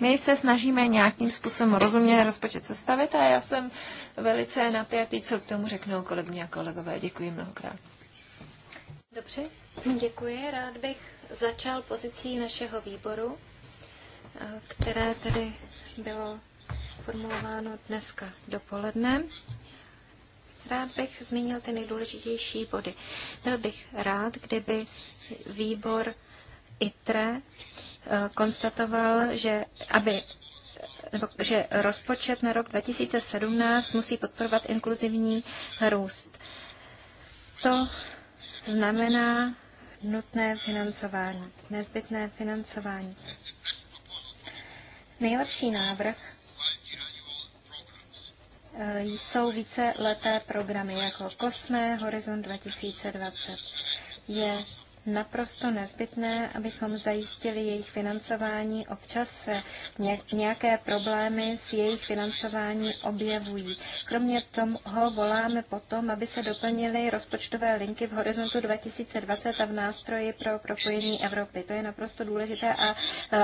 my se snažíme nějakým způsobem rozumně rozpočet sestavit a já jsem velice napjatý, co k tomu řeknou kolegyně a kolegové. Děkuji mnohokrát. Dobře, děkuji. Rád bych začal pozicí našeho výboru, eh, které tedy bylo formulováno dneska dopoledne. Rád bych zmínil ty nejdůležitější body. Byl bych rád, kdyby výbor ITRE Eh, konstatoval, že aby nebo že rozpočet na rok 2017 musí podporovat inkluzivní růst. To znamená nutné financování, nezbytné financování. Nejlepší návrh eh, jsou více leté programy jako Kosme, Horizon 2020. Je naprosto nezbytné, abychom zajistili jejich financování. Občas se nějaké problémy s jejich financování objevují. Kromě toho voláme potom, aby se doplnily rozpočtové linky v horizontu 2020 a v nástroji pro propojení Evropy. To je naprosto důležité a e,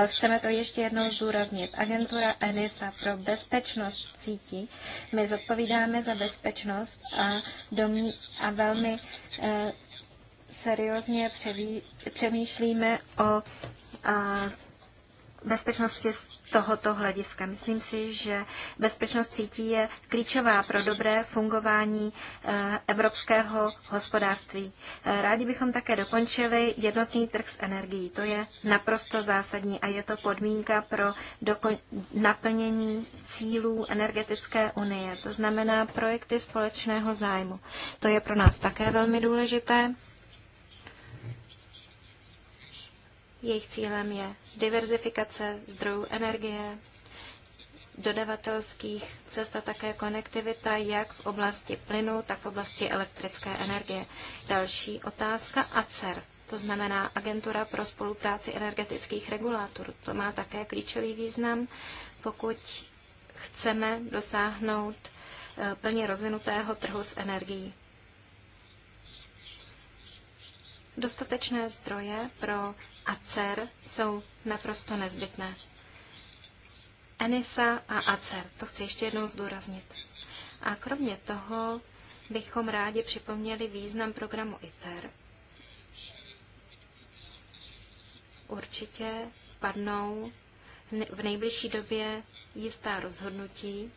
chceme to ještě jednou zdůraznit. Agentura ENISA pro bezpečnost cítí. My zodpovídáme za bezpečnost a, domní, a velmi e, seriózně přemýšlíme o a, bezpečnosti z tohoto hlediska. Myslím si, že bezpečnost sítí je klíčová pro dobré fungování e, evropského hospodářství. E, rádi bychom také dokončili jednotný trh s energií. To je naprosto zásadní a je to podmínka pro naplnění cílů energetické unie. To znamená projekty společného zájmu. To je pro nás také velmi důležité. Jejich cílem je diverzifikace zdrojů energie, dodavatelských cest a také konektivita jak v oblasti plynu, tak v oblasti elektrické energie. Další otázka ACER, to znamená Agentura pro spolupráci energetických regulátorů. To má také klíčový význam, pokud chceme dosáhnout eh, plně rozvinutého trhu s energií. Dostatečné zdroje pro a CER jsou naprosto nezbytné. ENISA a ACER, to chci ještě jednou zdůraznit. A kromě toho bychom rádi připomněli význam programu ITER. Určitě padnou v nejbližší době jistá rozhodnutí.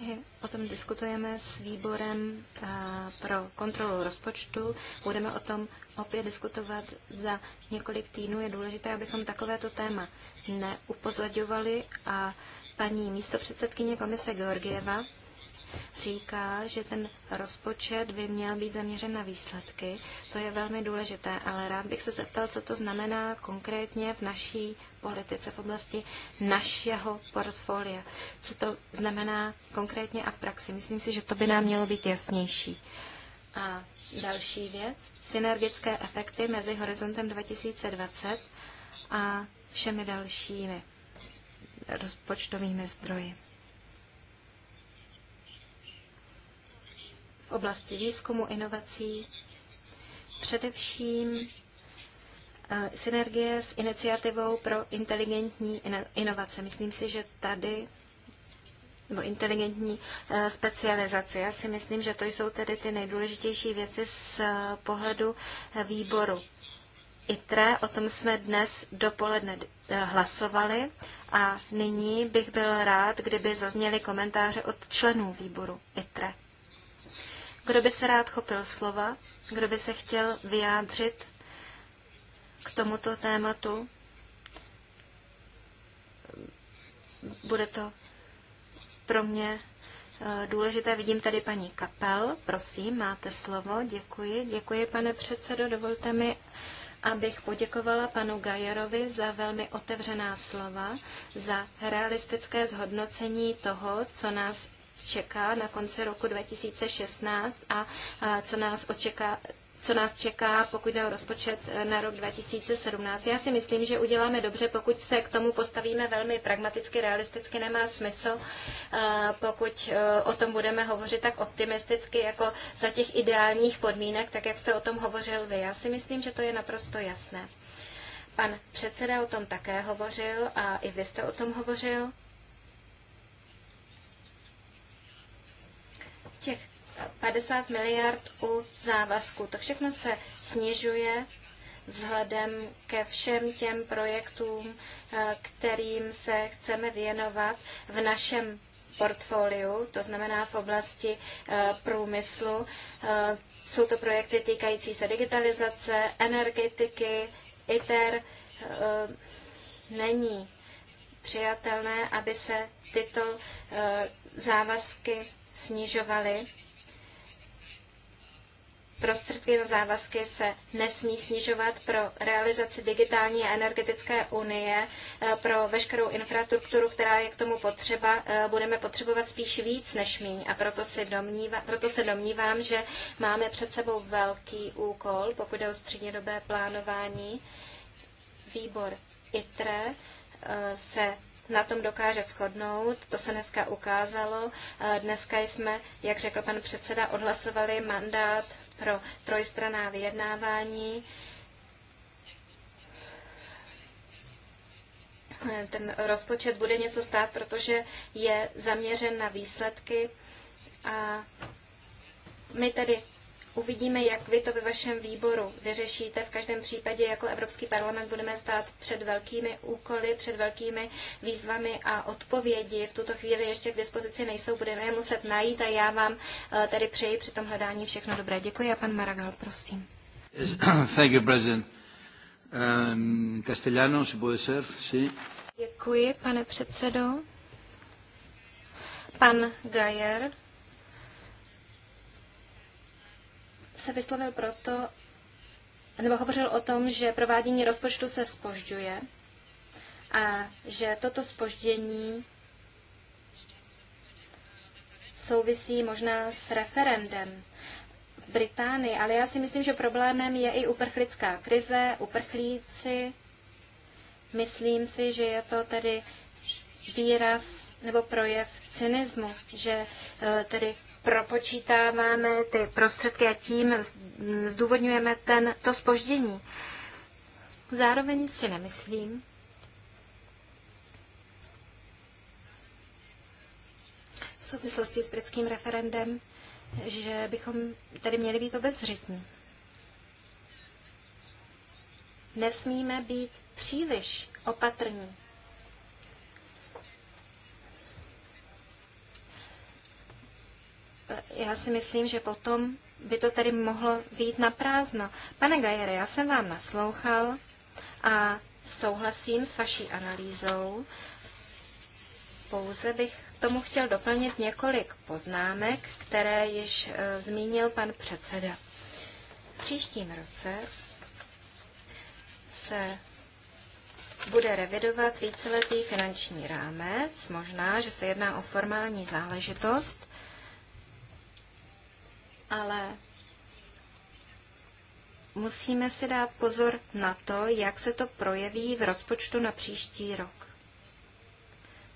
My o tom diskutujeme s výborem eh, pro kontrolu rozpočtu. Budeme o tom opět diskutovat za několik týdnů, je důležité, abychom takovéto téma neupozadovali a paní místopředsedkyně komise Georgieva říká, že ten rozpočet by měl být zaměřen na výsledky. To je velmi důležité, ale rád bych se zeptal, co to znamená konkrétně v naší politice, v oblasti našeho portfolia. Co to znamená konkrétně a v praxi. Myslím si, že to by nám mělo být jasnější. A další věc, synergické efekty mezi horizontem 2020 a všemi dalšími rozpočtovými zdroji. V oblasti výzkumu, inovací, především e, synergie s iniciativou pro inteligentní inovace. Myslím si, že tady nebo inteligentní eh, specializaci. Já si myslím, že to jsou tedy ty nejdůležitější věci z eh, pohledu eh, výboru ITRE. O tom jsme dnes dopoledne hlasovali a nyní bych byl rád, kdyby zazněly komentáře od členů výboru ITRE. Kdo by se rád chopil slova, kdo by se chtěl vyjádřit k tomuto tématu, bude to pro mě eh, důležité. Vidím tady paní Kapel. Prosím, máte slovo. Děkuji. Děkuji, pane předsedo. Dovolte mi, abych poděkovala panu Gajerovi za velmi otevřená slova, za realistické zhodnocení toho, co nás čeká na konci roku 2016 a co nás očeká, co nás čeká, pokud jde o rozpočet eh, na rok 2017. Já si myslím, že uděláme dobře, pokud se k tomu postavíme velmi pragmaticky, realisticky, nemá smysl, eh, pokud eh, o tom budeme hovořit tak optimisticky, jako za těch ideálních podmínek, tak jak jste o tom hovořil vy. Já si myslím, že to je naprosto jasné. Pan předseda o tom také hovořil a i vy jste o tom hovořil. Těch 50 miliard u závazku. To všechno se snižuje vzhledem ke všem těm projektům, eh, kterým se chceme věnovat v našem portfoliu, to znamená v oblasti eh, průmyslu. Eh, jsou to projekty týkající se digitalizace, energetiky, ITER. Není přijatelné, aby se tyto závazky snižovaly prostředky na závazky se nesmí snižovat pro realizaci digitální a energetické unie, eh, pro veškerou infrastrukturu, která je k tomu potřeba, eh, budeme potřebovat spíš víc než míň. A proto, si domnívá, proto se domnívám, že máme před sebou velký úkol, pokud je o střednědobé plánování. Výbor ITRE eh, se na tom dokáže shodnout. To se dneska ukázalo. Dneska jsme, jak řekl pan předseda, odhlasovali mandát pro trojstraná vyjednávání. Ten rozpočet bude něco stát, protože je zaměřen na výsledky a my tedy Uvidíme, jak vy to ve vašem výboru vyřešíte. V každém případě jako Evropský parlament budeme stát před velkými úkoly, před velkými výzvami a odpovědi. V tuto chvíli ještě k dispozici nejsou, budeme je muset najít a já vám eh, tedy přeji při tom hledání všechno dobré. Děkuji a pan Maragal, prosím. Thank you, President. Um, si bude ser, sí. Děkuji, pane předsedo. Pan Gajer. se vyslovil proto, nebo hovořil o tom, že provádění rozpočtu se spožďuje a že toto spoždění souvisí možná s referendem v Británii, ale já si myslím, že problémem je i uprchlická krize, uprchlíci. Myslím si, že je to tedy výraz nebo projev cynismu, že eh, tedy propočítáváme ty prostředky a tím zdůvodňujeme ten, to spoždění. Zároveň si nemyslím, v souvislosti s britským referendem, že bychom tady měli být obezřetní. Nesmíme být příliš opatrní já si myslím, že potom by to tedy mohlo být na prázdno. Pane Gajere, já jsem vám naslouchal a souhlasím s vaší analýzou. Pouze bych k tomu chtěl doplnit několik poznámek, které již e, zmínil pan předseda. V příštím roce se bude revidovat víceletý finanční rámec. Možná, že se jedná o formální záležitost, ale musíme si dát pozor na to, jak se to projeví v rozpočtu na příští rok.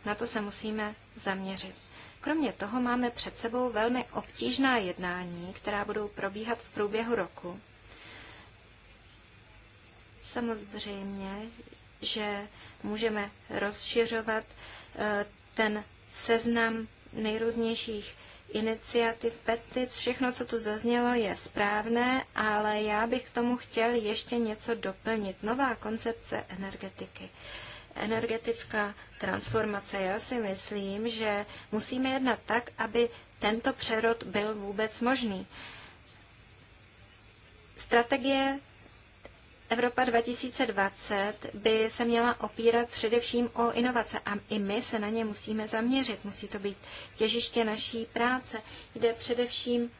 Na to se musíme zaměřit. Kromě toho máme před sebou velmi obtížná jednání, která budou probíhat v průběhu roku. Samozřejmě, že můžeme rozšiřovat eh, ten seznam nejrůznějších iniciativ, petic, všechno, co tu zaznělo, je správné, ale já bych k tomu chtěl ještě něco doplnit. Nová koncepce energetiky. Energetická transformace. Já si myslím, že musíme jednat tak, aby tento přerod byl vůbec možný. Strategie Evropa 2020 by se měla opírat především o inovace a i my se na ně musíme zaměřit. Musí to být těžiště naší práce. Jde především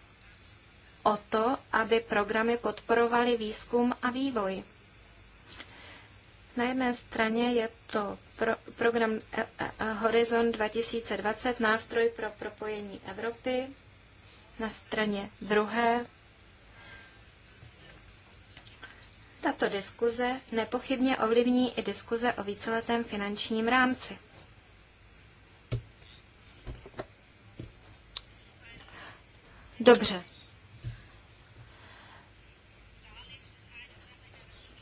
o to, aby programy podporovaly výzkum a vývoj. Na jedné straně je to pro, program eh, eh, Horizon 2020, nástroj pro propojení Evropy. Na straně druhé Tato diskuze nepochybně ovlivní i diskuze o víceletém finančním rámci. Dobře.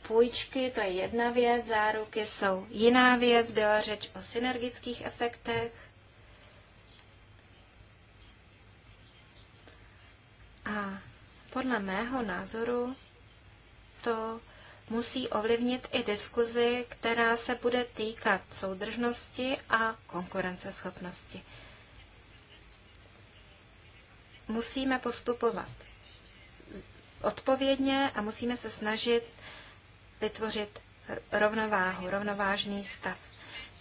Půjčky to je jedna věc, záruky jsou jiná věc, byla řeč o synergických efektech. A podle mého názoru to musí ovlivnit i diskuzi, která se bude týkat soudržnosti a konkurenceschopnosti. Musíme postupovat odpovědně a musíme se snažit vytvořit rovnováhu, rovnovážný stav.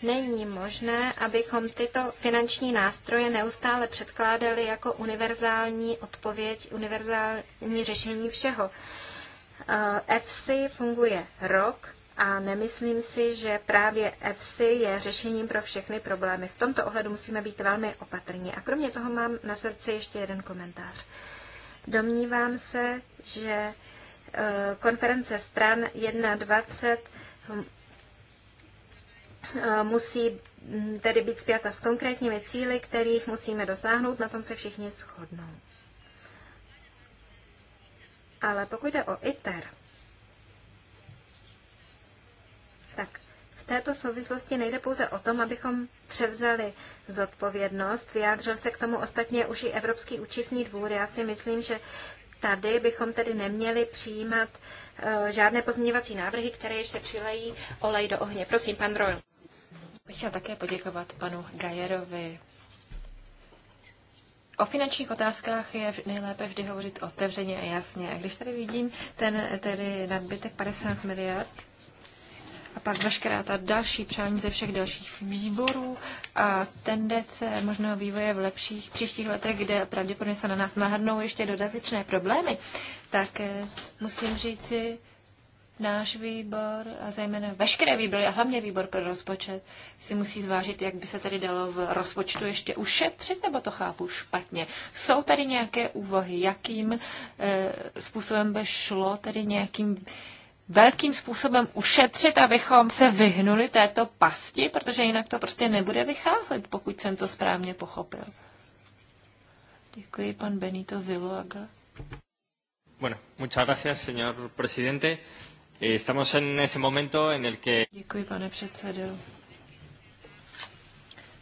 Není možné, abychom tyto finanční nástroje neustále předkládali jako univerzální odpověď, univerzální řešení všeho. EFSI eh, funguje rok a nemyslím si, že právě EFSI je řešením pro všechny problémy. V tomto ohledu musíme být velmi opatrní. A kromě toho mám na srdci ještě jeden komentář. Domnívám se, že eh, konference stran 1.20 eh, musí hm, tedy být spjata s konkrétními cíly, kterých musíme dosáhnout, na tom se všichni shodnou. Ale pokud jde o ITER, tak v této souvislosti nejde pouze o tom, abychom převzali zodpovědnost. Vyjádřil se k tomu ostatně už i Evropský účetní dvůr. Já si myslím, že tady bychom tedy neměli přijímat eh, žádné pozměňovací návrhy, které ještě přilejí olej do ohně. Prosím, pan Royal. Bych chtěl také poděkovat panu Gajerovi O finančních otázkách je nejlépe vždy hovořit otevřeně a jasně. A když tady vidím ten tedy nadbytek 50 miliard, a pak veškerá ta další přání ze všech dalších výborů a tendence možného vývoje v lepších příštích letech, kde pravděpodobně se na nás nahrnou ještě dodatečné problémy, tak eh, musím říci, náš výbor a zejména veškeré výbory a hlavně výbor pro rozpočet si musí zvážit, jak by se tady dalo v rozpočtu ještě ušetřit, nebo to chápu špatně. Jsou tady nějaké úvahy, jakým e, způsobem by šlo tady nějakým velkým způsobem ušetřit, abychom se vyhnuli této pasti, protože jinak to prostě nebude vycházet, pokud jsem to správně pochopil. Děkuji, pan Benito Ziloaga. Bueno, muchas gracias, señor presidente. Eh, estamos en ese momento en el que... Děkuji, pane předsedo.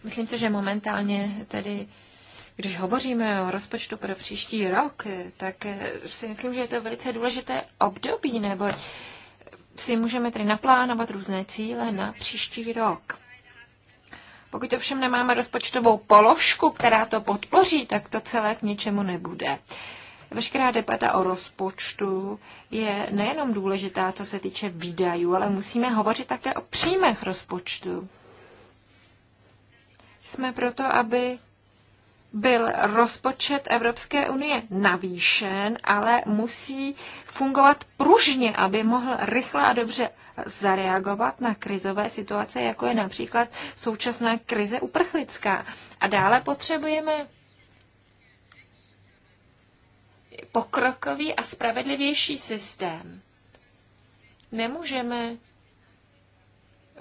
Myslím si, že momentálně tedy, když hovoříme o rozpočtu pro příští rok, eh, tak eh, si myslím, že je to velice důležité období, nebo si můžeme tedy naplánovat různé cíle na příští rok. Pokud ovšem nemáme rozpočtovou položku, která to podpoří, tak to celé k ničemu nebude. Veškerá debata o rozpočtu je nejenom důležitá, co se týče výdajů, ale musíme hovořit také o příjmech rozpočtu. Jsme proto, aby byl rozpočet Evropské unie navýšen, ale musí fungovat pružně, aby mohl rychle a dobře zareagovat na krizové situace, jako je například současná krize uprchlická. A dále potřebujeme pokrokový a spravedlivější systém. Nemůžeme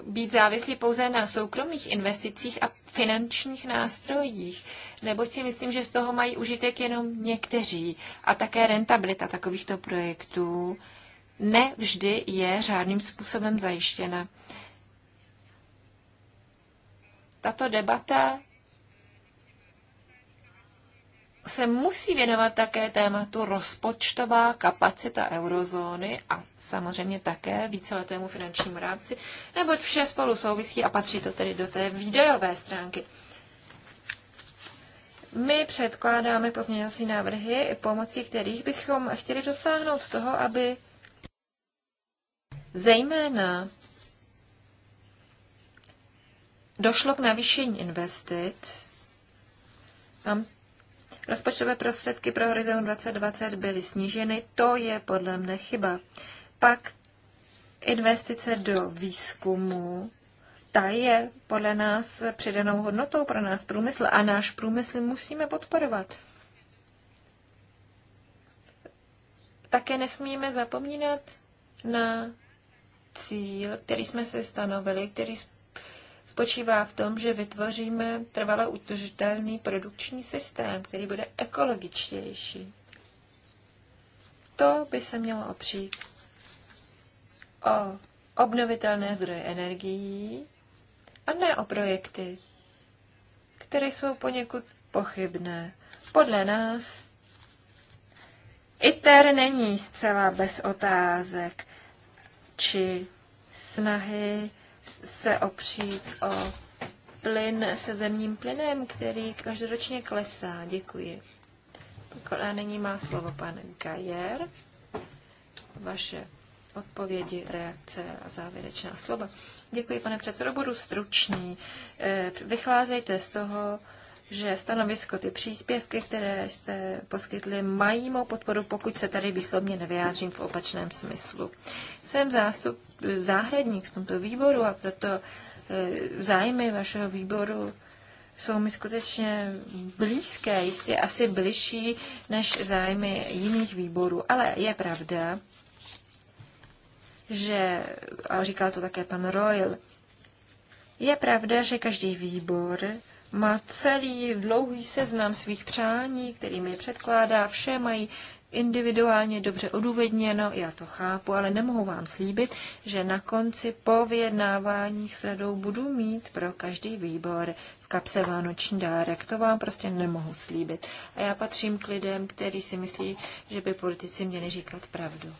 být závislí pouze na soukromých investicích a finančních nástrojích, neboť si myslím, že z toho mají užitek jenom někteří. A také rentabilita takovýchto projektů nevždy je řádným způsobem zajištěna. Tato debata se musí věnovat také tématu rozpočtová kapacita eurozóny a samozřejmě také víceletému finančnímu rámci, neboť vše spolu souvisí a patří to tedy do té výdajové stránky. My předkládáme pozměňovací návrhy, pomocí kterých bychom chtěli dosáhnout toho, aby zejména došlo k navýšení investic. Mám Rozpočtové prostředky pro Horizon 2020 byly sníženy, to je podle mne chyba. Pak investice do výzkumu, ta je podle nás přidanou hodnotou pro nás průmysl a náš průmysl musíme podporovat. Také nesmíme zapomínat na cíl, který jsme si stanovili, který spočívá v tom, že vytvoříme trvale udržitelný produkční systém, který bude ekologičtější. To by se mělo opřít o obnovitelné zdroje energií a ne o projekty, které jsou poněkud pochybné. Podle nás ITER není zcela bez otázek či snahy se opřít o plyn se zemním plynem, který každoročně klesá. Děkuji. A nyní má slovo pan Gajer. Vaše odpovědi, reakce a závěrečná slova. Děkuji, pane předsedo, budu stručný. Eh, vycházejte z toho, že stanovisko, ty příspěvky, které jste poskytli, mají mou podporu, pokud se tady výslovně nevyjádřím v opačném smyslu. Jsem zástup, záhradník v tomto výboru a proto e, zájmy vašeho výboru jsou mi skutečně blízké, jistě asi bližší než zájmy jiných výborů. Ale je pravda, že, a říkal to také pan Royal, je pravda, že každý výbor má celý dlouhý seznam svých přání, kterými je předkládá, vše mají individuálně dobře odůvodněno, já to chápu, ale nemohu vám slíbit, že na konci po vyjednávání s radou budu mít pro každý výbor v kapse vánoční dárek. To vám prostě nemohu slíbit. A já patřím k lidem, kteří si myslí, že by politici měli říkat pravdu.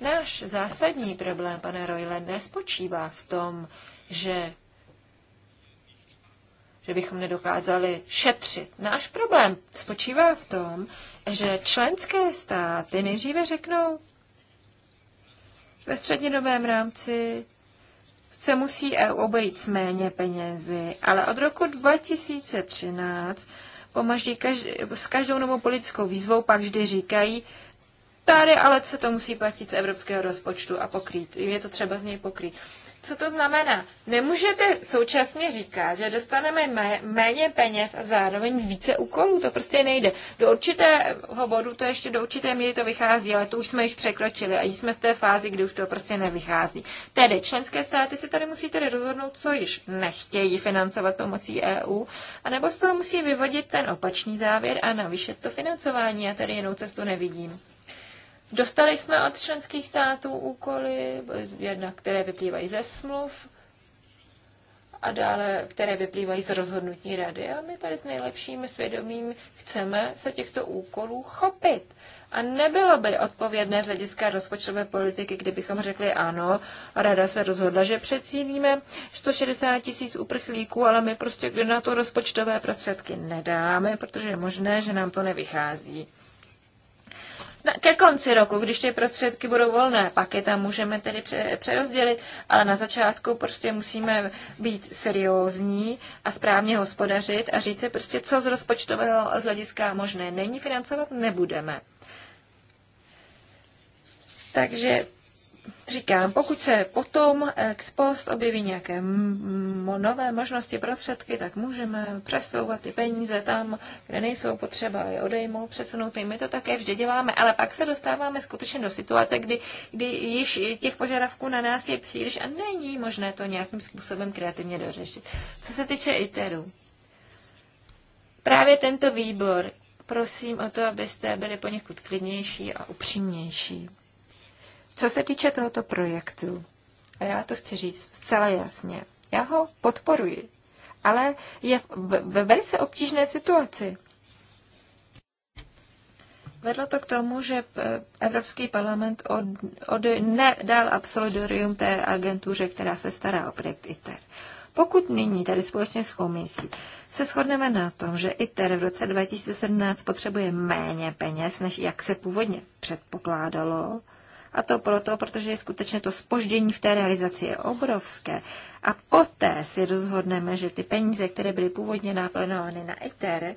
Náš zásadní problém, pane Royle, nespočívá v tom, že kdybychom nedokázali šetřit. Náš no problém spočívá v tom, že členské státy nejdříve řeknou, ve střednědobém rámci se musí EU obejít s méně penězi, ale od roku 2013 pomaždí každý, s každou novou politickou výzvou pak vždy říkají, tady ale co to musí platit z evropského rozpočtu a pokrýt. Je to třeba z něj pokrýt. Co to znamená? Nemůžete současně říkat, že dostaneme méně peněz a zároveň více úkolů. To prostě nejde. Do určitého bodu to ještě do určité míry to vychází, ale to už jsme již překročili a jsme v té fázi, kdy už to prostě nevychází. Tedy členské státy si tady musí tedy rozhodnout, co již nechtějí financovat pomocí EU, anebo z toho musí vyvodit ten opačný závěr a navýšit to financování. Já tady jinou cestu nevidím. Dostali jsme od členských států úkoly, jedna, které vyplývají ze smluv a dále, které vyplývají z rozhodnutí rady. A my tady s nejlepším svědomím chceme se těchto úkolů chopit. A nebylo by odpovědné z hlediska rozpočtové politiky, kdybychom řekli ano, rada se rozhodla, že přecílíme 160 tisíc uprchlíků, ale my prostě na to rozpočtové prostředky nedáme, protože je možné, že nám to nevychází na, ke konci roku, když ty prostředky budou volné, pak je tam můžeme tedy přerozdělit, ale na začátku prostě musíme být seriózní a správně hospodařit a říct si prostě, co z rozpočtového z hlediska možné není financovat, nebudeme. Takže říkám, pokud se potom ex post objeví nějaké nové možnosti, prostředky, tak můžeme přesouvat ty peníze tam, kde nejsou potřeba, je odejmout, přesunout. ty, my to také vždy děláme, ale pak se dostáváme skutečně do situace, kdy, kdy již těch požadavků na nás je příliš a není možné to nějakým způsobem kreativně dořešit. Co se týče ITERu, právě tento výbor prosím o to, abyste byli poněkud klidnější a upřímnější. Co se týče tohoto projektu, a já to chci říct zcela jasně, já ho podporuji, ale je ve velice obtížné situaci. Vedlo to k tomu, že Evropský parlament od, od, nedal absolutorium té agentuře, která se stará o projekt ITER. Pokud nyní tady společně s komisí se shodneme na tom, že ITER v roce 2017 potřebuje méně peněz, než jak se původně předpokládalo, a to proto, protože je skutečně to spoždění v té realizaci je obrovské. A poté si rozhodneme, že ty peníze, které byly původně naplánovány na ITER,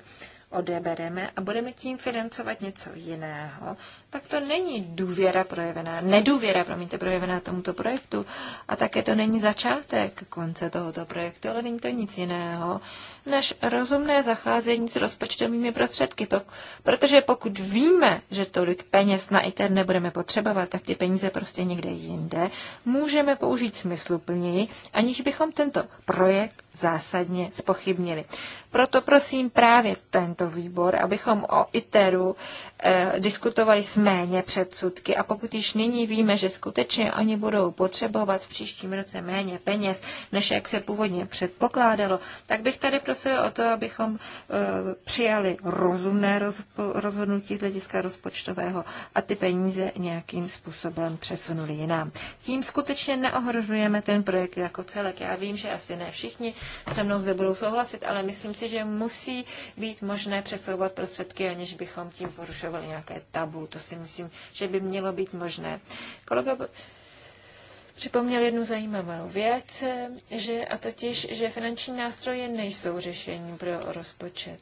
odebereme a budeme tím financovat něco jiného, tak to není důvěra projevená, nedůvěra, promiňte, projevená tomuto projektu a také to není začátek konce tohoto projektu, ale není to nic jiného, než rozumné zacházení s rozpočtovými prostředky, protože pokud víme, že tolik peněz na ITER nebudeme potřebovat, tak ty peníze prostě někde jinde můžeme použít smysluplněji, aniž bychom tento projekt zásadně spochybnili. Proto prosím právě tento výbor, abychom o ITERu e, diskutovali s méně předsudky a pokud již nyní víme, že skutečně oni budou potřebovat v příštím roce méně peněz, než jak se původně předpokládalo, tak bych tady prosil o to, abychom e, přijali rozumné roz, rozhodnutí z hlediska rozpočtového a ty peníze nějakým způsobem přesunuli jinam. Tím skutečně neohrožujeme ten projekt jako celek. Já vím, že asi ne všichni se mnou zde budou souhlasit, ale myslím si, že musí být možné přesouvat prostředky, aniž bychom tím porušovali nějaké tabu. To si myslím, že by mělo být možné. Kolega připomněl jednu zajímavou věc, že, a totiž, že finanční nástroje nejsou řešením pro rozpočet.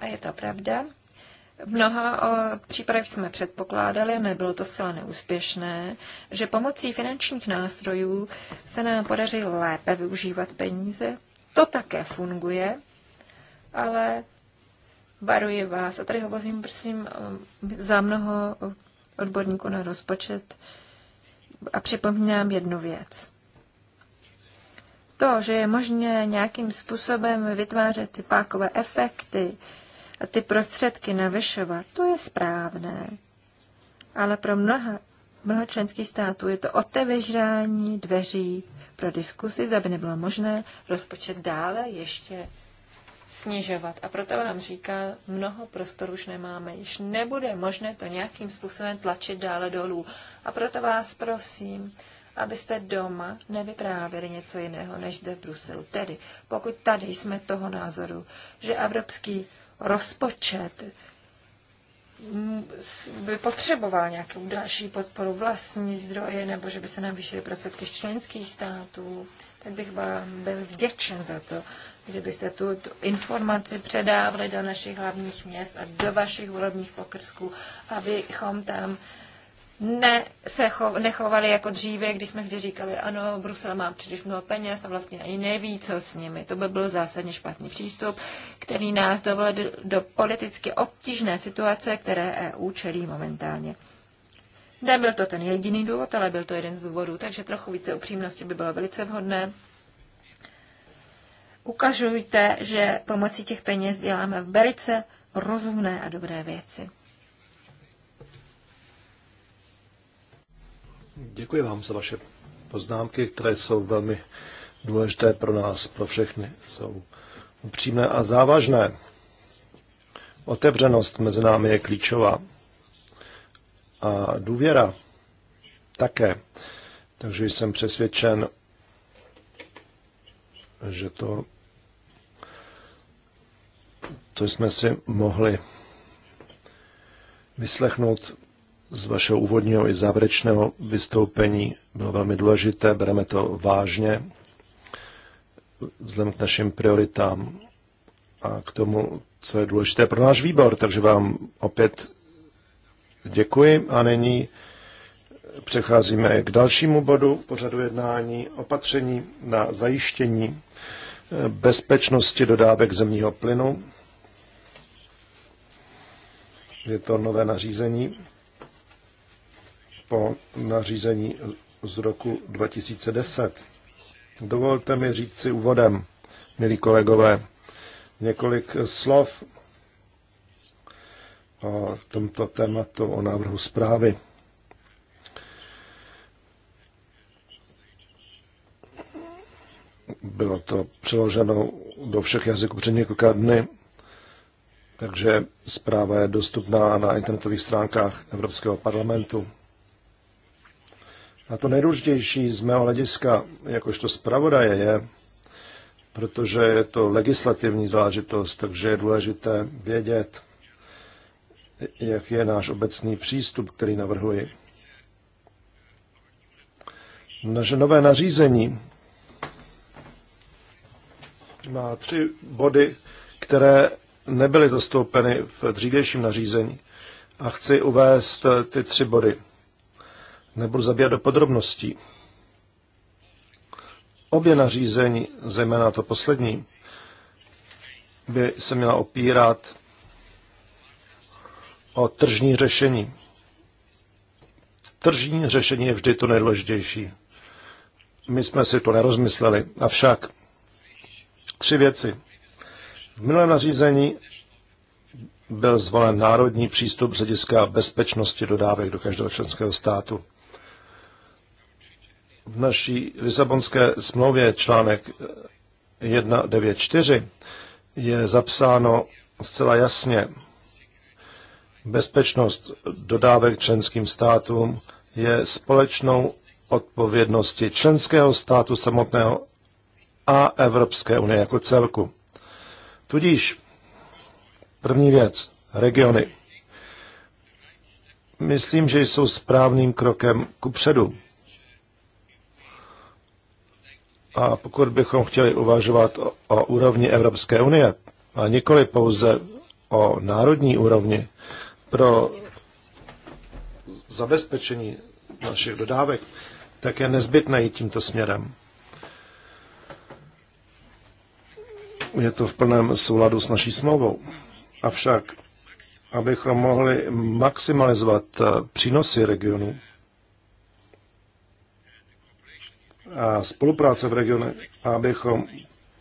A je to pravda. V mnoha případech jsme předpokládali, nebylo to zcela neúspěšné, že pomocí finančních nástrojů se nám podaří lépe využívat peníze. To také funguje, ale varuji vás, a tady hovořím prosím za mnoho odborníků na rozpočet a připomínám jednu věc. To, že je možné nějakým způsobem vytvářet ty pákové efekty, ty prostředky navyšovat, to je správné. Ale pro mnoha, mnoho členských států je to otevírání dveří pro diskusi, zda by nebylo možné rozpočet dále ještě snižovat. A proto vám říká, mnoho prostoru už nemáme, již nebude možné to nějakým způsobem tlačit dále dolů. A proto vás prosím, abyste doma nevyprávěli něco jiného než zde v Bruselu. Tedy, pokud tady jsme toho názoru, že Evropský rozpočet by potřeboval nějakou další podporu vlastní zdroje, nebo že by se nám vyšly prostředky z členských států, tak bych vám byl vděčen za to, kdybyste tu, tu informaci předávali do našich hlavních měst a do vašich volebních pokrsků, abychom tam ne, se cho, nechovali jako dříve, když jsme vždy říkali, ano, Brusel má příliš mnoho peněz a vlastně ani neví, co s nimi. To by byl zásadně špatný přístup, který nás dovedl do politicky obtížné situace, které EU čelí momentálně. Nebyl to ten jediný důvod, ale byl to jeden z důvodů, takže trochu více upřímnosti by bylo velice vhodné. Ukažujte, že pomocí těch peněz děláme velice rozumné a dobré věci. Děkuji vám za vaše poznámky, které jsou velmi důležité pro nás, pro všechny. Jsou upřímné a závažné. Otevřenost mezi námi je klíčová. A důvěra také. Takže jsem přesvědčen, že to, co jsme si mohli vyslechnout, z vašeho úvodního i závěrečného vystoupení. Bylo velmi důležité, bereme to vážně vzhledem k našim prioritám a k tomu, co je důležité pro náš výbor. Takže vám opět děkuji a nyní přecházíme k dalšímu bodu pořadu jednání opatření na zajištění eh, bezpečnosti dodávek zemního plynu. Je to nové nařízení po nařízení z roku 2010. Dovolte mi říct si úvodem, milí kolegové, několik slov o tomto tématu, o návrhu zprávy. Bylo to přeloženo do všech jazyků před několika dny, takže zpráva je dostupná na internetových stránkách Evropského parlamentu. A to nejdůležitější z mého hlediska, jakožto zpravodaje, je, protože je to legislativní záležitost, takže je důležité vědět, jak je náš obecný přístup, který navrhuji. Naše nové nařízení má tři body, které nebyly zastoupeny v dřívějším nařízení. A chci uvést ty tři body nebudu zabíjat do podrobností. Obě nařízení, zejména to poslední, by se měla opírat o tržní řešení. Tržní řešení je vždy to nejdůležitější. My jsme si to nerozmysleli. Avšak tři věci. V minulém nařízení byl zvolen národní přístup z hlediska bezpečnosti dodávek do každého členského státu v naší Lisabonské smlouvě článek 194 je zapsáno zcela jasně. Bezpečnost dodávek členským státům je společnou odpovědnosti členského státu samotného a Evropské unie jako celku. Tudíž první věc, regiony. Myslím, že jsou správným krokem ku předu A pokud bychom chtěli uvažovat o, o úrovni Evropské unie, a nikoli pouze o národní úrovni, pro zabezpečení našich dodávek, tak je nezbytné jít tímto směrem. Je to v plném souladu s naší smlouvou. Avšak, abychom mohli maximalizovat eh, přínosy regionu, a spolupráce v regionu. abychom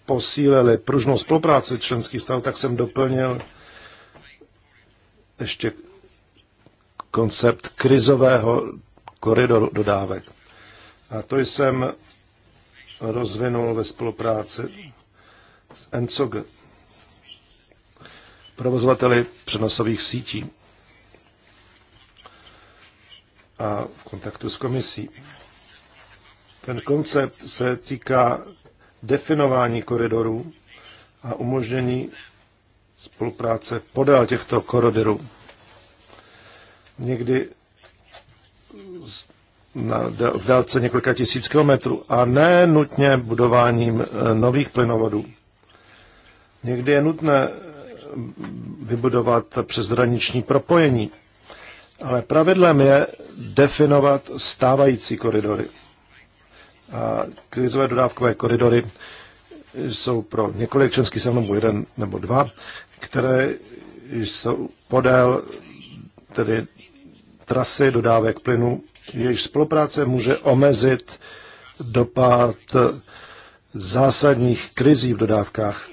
posílili pružnou spolupráci členských států, tak jsem doplnil ještě koncept krizového koridoru dodávek. A to jsem rozvinul ve spolupráci s ENCOG, provozovateli přenosových sítí a v kontaktu s komisí. Ten koncept se týká definování koridorů a umožnění spolupráce podél těchto koridorů. Někdy na v délce několika tisíc kilometrů a ne nutně budováním eh, nových plynovodů. Někdy je nutné eh, vybudovat přezraniční propojení, ale pravidlem je definovat stávající koridory. A krizové dodávkové koridory jsou pro několik členských se mnou jeden nebo dva, které jsou podél tedy trasy dodávek plynu, jejich spolupráce může omezit dopad zásadních krizí v dodávkách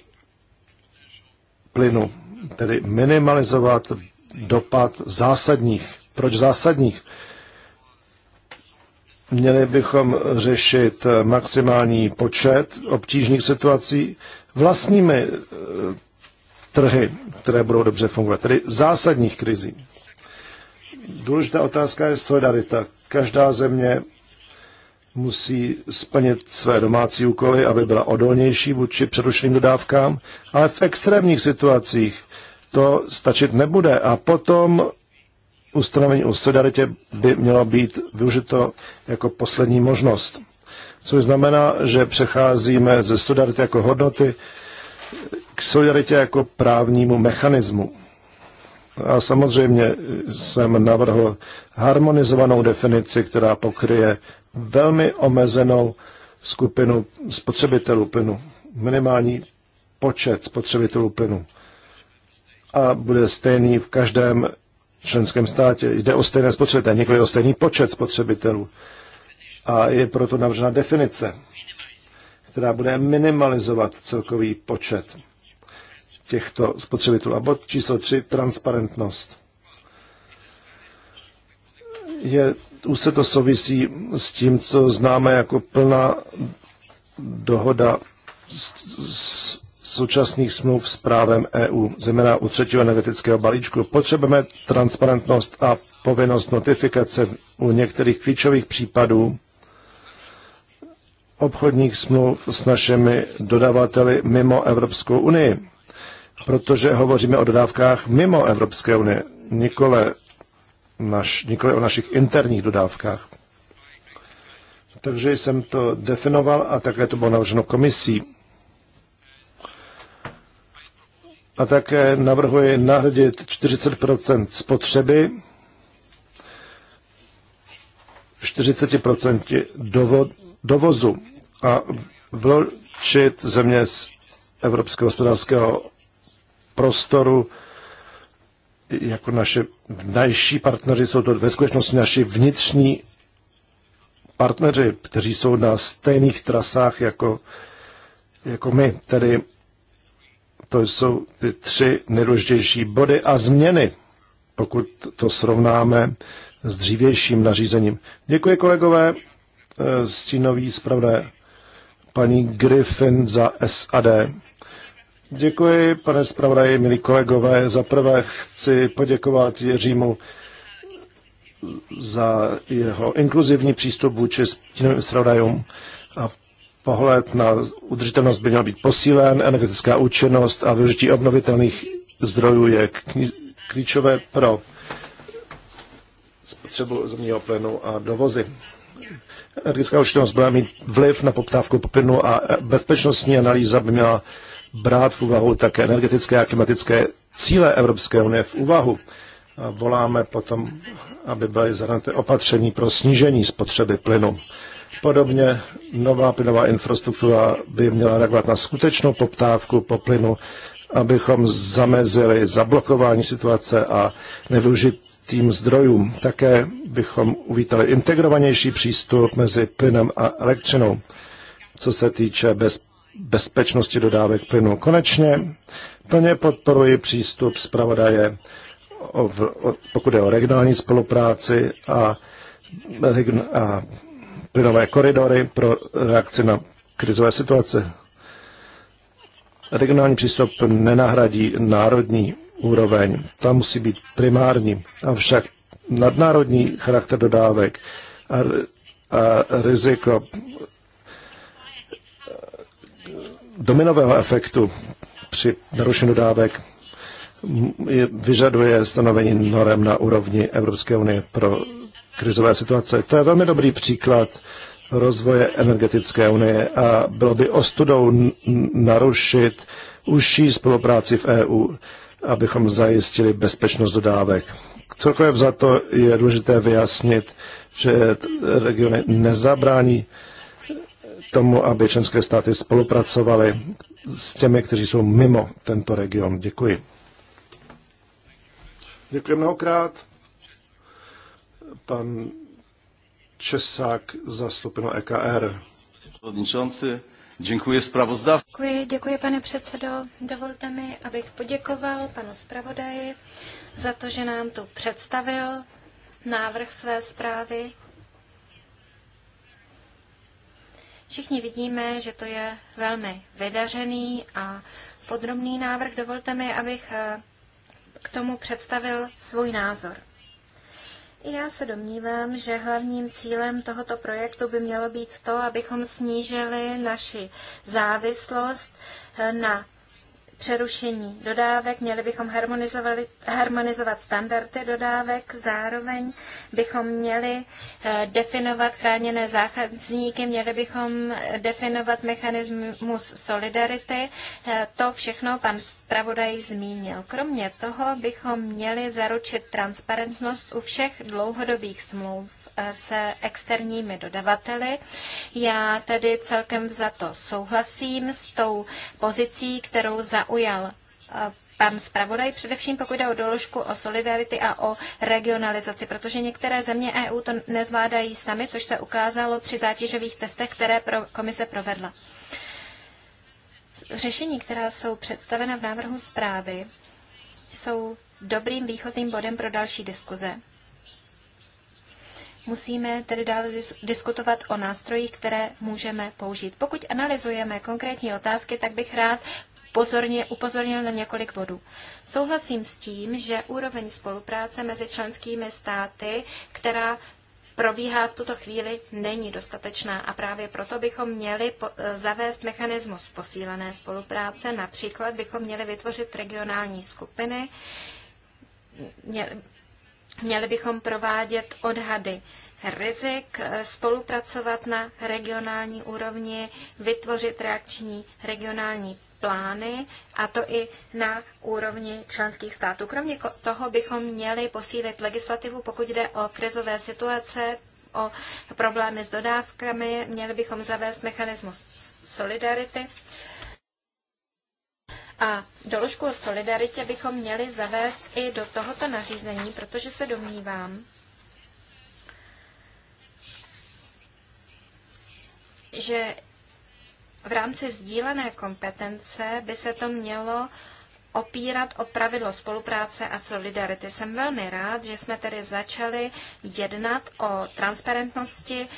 plynu, tedy minimalizovat dopad zásadních. Proč zásadních? Měli bychom řešit maximální počet obtížných situací vlastními eh, trhy, které budou dobře fungovat, tedy zásadních krizí. Důležitá otázka je solidarita. Každá země musí splnit své domácí úkoly, aby byla odolnější vůči přerušeným dodávkám, ale v extrémních situacích to stačit nebude a potom ustanovení o solidaritě by mělo být využito jako poslední možnost. Což znamená, že přecházíme ze solidarity jako hodnoty k solidaritě jako právnímu mechanismu. A samozřejmě jsem navrhl harmonizovanou definici, která pokryje velmi omezenou skupinu spotřebitelů plynu, minimální počet spotřebitelů plynu. A bude stejný v každém členském státě. Jde o stejné spotřebitele, někdy o stejný počet spotřebitelů. A je proto navržena definice, která bude minimalizovat celkový počet těchto spotřebitelů. A bod číslo 3, transparentnost. Je, už se to souvisí s tím, co známe jako plná dohoda s, s současných smluv s právem EU, zejména u třetího energetického balíčku. Potřebujeme transparentnost a povinnost notifikace u některých klíčových případů obchodních smluv s našimi dodavateli mimo Evropskou unii, protože hovoříme o dodávkách mimo Evropské unie, nikoli, naš, nikoli o našich interních dodávkách. Takže jsem to definoval a také to bylo navrženo komisí A také navrhuji nahradit 40 spotřeby 40 dovo, dovozu a vločit země z Evropského hospodářského prostoru jako naše vnější partneři, jsou to ve skutečnosti naši vnitřní partneři, kteří jsou na stejných trasách jako, jako my, tedy to jsou ty tři nejdůležitější body a změny, pokud to srovnáme s dřívějším nařízením. Děkuji kolegové, eh, stínový zpravodaj paní Griffin za SAD. Děkuji, pane zpravodaji, milí kolegové. Za prvé chci poděkovat Jiřímu za jeho inkluzivní přístup vůči stínovým zpravodajům a pohled na udržitelnost by měl být posílen, energetická účinnost a využití obnovitelných zdrojů je klíčové pro spotřebu zemního plynu a dovozy. Energetická účinnost byla mít vliv na poptávku po plynu a bezpečnostní analýza by měla brát v úvahu také energetické a klimatické cíle Evropské unie v úvahu. voláme potom, aby byly zahrnuty opatření pro snížení spotřeby plynu. Podobně nová plynová infrastruktura by měla reagovat na skutečnou poptávku po plynu, abychom zamezili zablokování situace a tým zdrojům. Také bychom uvítali integrovanější přístup mezi plynem a elektřinou, co se týče bez, bezpečnosti dodávek plynu. Konečně plně podporuji přístup zpravodaje, pokud je o regionální spolupráci a, a plynové koridory pro reakci na krizové situace. Regionální přístup nenahradí národní úroveň. Ta musí být primární, avšak nadnárodní charakter dodávek a, a riziko dominového efektu při narušení dodávek vyžaduje stanovení norem na úrovni Evropské unie pro krizové situace. To je velmi dobrý příklad rozvoje energetické unie a bylo by ostudou narušit užší spolupráci v EU, abychom zajistili bezpečnost dodávek. Celkově za to je důležité vyjasnit, že regiony nezabrání tomu, aby členské státy spolupracovaly s těmi, kteří jsou mimo tento region. Děkuji. Děkuji mnohokrát pan Česák za skupinu EKR. Děkuji zpravodav. Děkuji, děkuji pane předsedo. Dovolte mi, abych poděkoval panu zpravodaji za to, že nám tu představil návrh své zprávy. Všichni vidíme, že to je velmi vydařený a podrobný návrh. Dovolte mi, abych eh, k tomu představil svůj názor. Já se domnívám, že hlavním cílem tohoto projektu by mělo být to, abychom snížili naši závislost eh, na přerušení dodávek, měli bychom harmonizovat standardy dodávek, zároveň bychom měli eh, definovat chráněné záchazníky, měli bychom eh, definovat mechanismus solidarity. Eh, to všechno pan zpravodaj zmínil. Kromě toho bychom měli zaručit transparentnost u všech dlouhodobých smluv se externími dodavateli. Já tedy celkem za to souhlasím s tou pozicí, kterou zaujal eh, pan zpravodaj, především pokud jde o doložku o solidarity a o regionalizaci, protože některé země EU to nezvládají sami, což se ukázalo při zátěžových testech, které pro komise provedla. Řešení, která jsou představena v návrhu zprávy, jsou dobrým výchozím bodem pro další diskuze. Musíme tedy dále diskutovat o nástrojích, které můžeme použít. Pokud analyzujeme konkrétní otázky, tak bych rád pozorně, upozornil na několik bodů. Souhlasím s tím, že úroveň spolupráce mezi členskými státy, která probíhá v tuto chvíli, není dostatečná a právě proto bychom měli po, zavést mechanismus posílené spolupráce. Například bychom měli vytvořit regionální skupiny, měli, Měli bychom provádět odhady rizik, spolupracovat na regionální úrovni, vytvořit reakční regionální plány, a to i na úrovni členských států. Kromě toho bychom měli posílit legislativu, pokud jde o krizové situace, o problémy s dodávkami, měli bychom zavést mechanismus solidarity a doložku o solidaritě bychom měli zavést i do tohoto nařízení, protože se domnívám, že v rámci sdílené kompetence by se to mělo opírat o pravidlo spolupráce a solidarity. Jsem velmi rád, že jsme tedy začali jednat o transparentnosti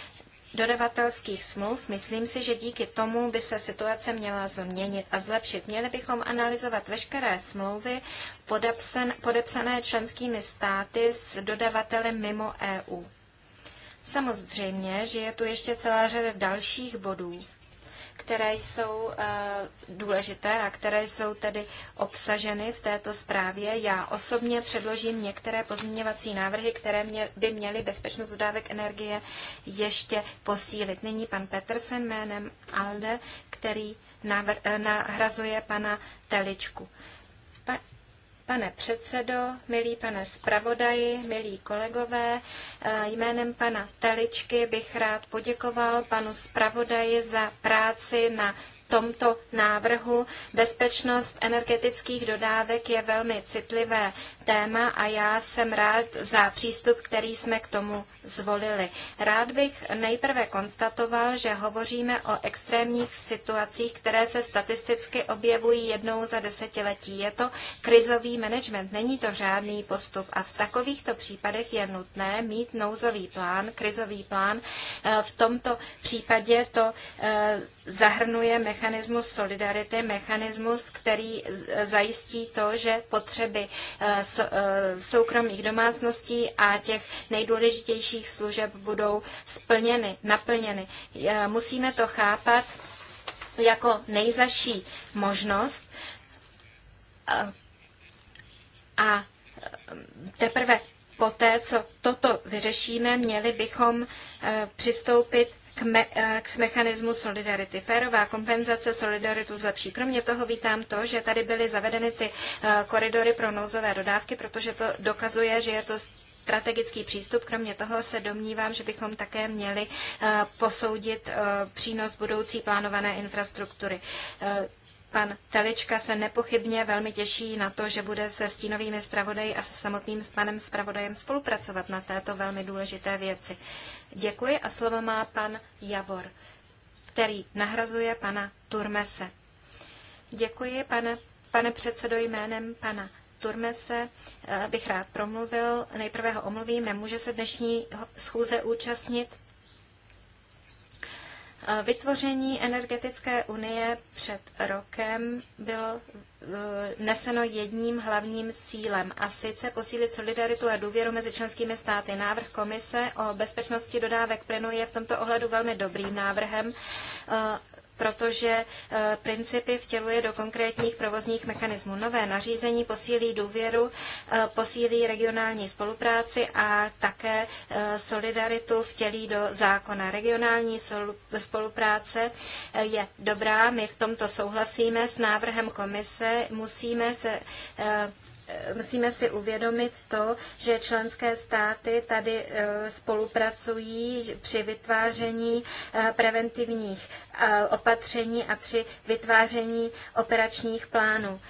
dodavatelských smluv, myslím si, že díky tomu by se situace měla změnit a zlepšit. Měli bychom analyzovat veškeré smlouvy podepsen, podepsané členskými státy s dodavatelem mimo EU. Samozřejmě, že je tu ještě celá řada dalších bodů, které jsou eh, důležité a které jsou tedy obsaženy v této zprávě. Já osobně předložím některé pozměňovací návrhy, které by měly bezpečnost dodávek energie ještě posílit. Nyní pan Petersen jménem ALDE, který eh, nahrazuje pana Teličku. Pane předsedo, milý pane zpravodaji, milí kolegové, eh, jménem pana Teličky bych rád poděkoval panu zpravodaji za práci na tomto návrhu. Bezpečnost energetických dodávek je velmi citlivé téma a já jsem rád za přístup, který jsme k tomu zvolili. Rád bych nejprve konstatoval, že hovoříme o extrémních situacích, které se statisticky objevují jednou za desetiletí. Je to krizový management, není to žádný postup a v takovýchto případech je nutné mít nouzový plán, krizový plán. E, v tomto případě to e, zahrnuje mechanismus solidarity, mechanismus, který zajistí to, že potřeby e, soukromých domácností a těch nejdůležitějších dalších služeb budou splněny, naplněny. E, musíme to chápat jako nejzaší možnost e, a e, teprve poté, co toto vyřešíme, měli bychom přistoupit k, me, k mechanismu solidarity. Férová kompenzace solidaritu zlepší. Kromě toho vítám to, že tady byly zavedeny ty koridory pro nouzové dodávky, protože to dokazuje, že je to strategický přístup. Kromě toho se domnívám, že bychom také měli eh, posoudit eh, přínos budoucí plánované infrastruktury. Eh, pan Telička se nepochybně velmi těší na to, že bude se stínovými zpravodaji a se samotným s panem zpravodajem spolupracovat na této velmi důležité věci. Děkuji a slovo má pan Javor, který nahrazuje pana Turmese. Děkuji, pane, pane předsedo, jménem pana Turmese eh, bych rád promluvil. Nejprve ho omluvím, nemůže se dnešní schůze účastnit. Eh, vytvoření energetické unie před rokem bylo eh, neseno jedním hlavním cílem, a sice posílit solidaritu a důvěru mezi členskými státy. Návrh komise o bezpečnosti dodávek plynu je v tomto ohledu velmi dobrým návrhem protože eh, principy vtěluje do konkrétních provozních mechanismů. Nové nařízení posílí důvěru, eh, posílí regionální spolupráci a také eh, solidaritu vtělí do zákona. Regionální spolupráce je dobrá, my v tomto souhlasíme s návrhem komise, musíme se musíme si uvědomit to, že členské státy tady e, spolupracují při vytváření e, preventivních e, opatření a při vytváření operačních plánů.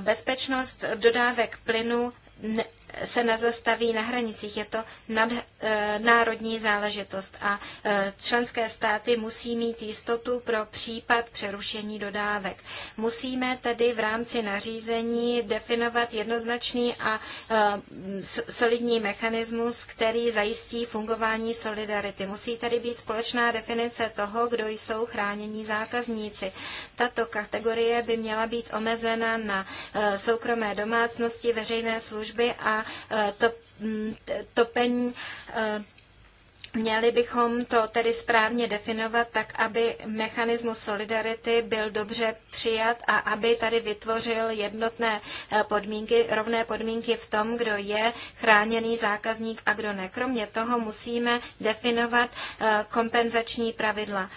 Bezpečnost dodávek plynu se nezastaví na hranicích. Je to nadnárodní eh, záležitost a eh, členské státy musí mít jistotu pro případ přerušení dodávek. Musíme tedy v rámci nařízení definovat jednoznačný a eh, solidní mechanismus, který zajistí fungování solidarity. Musí tady být společná definice toho, kdo jsou chránění zákazníci. Tato kategorie by měla být omezena na soukromé domácnosti, veřejné služby a Eh, to, mm, topení eh, Měli bychom to tedy správně definovat tak, aby mechanismus solidarity byl dobře přijat a aby tady vytvořil jednotné eh, podmínky, rovné podmínky v tom, kdo je chráněný zákazník a kdo ne. Kromě toho musíme definovat kompenzační pravidla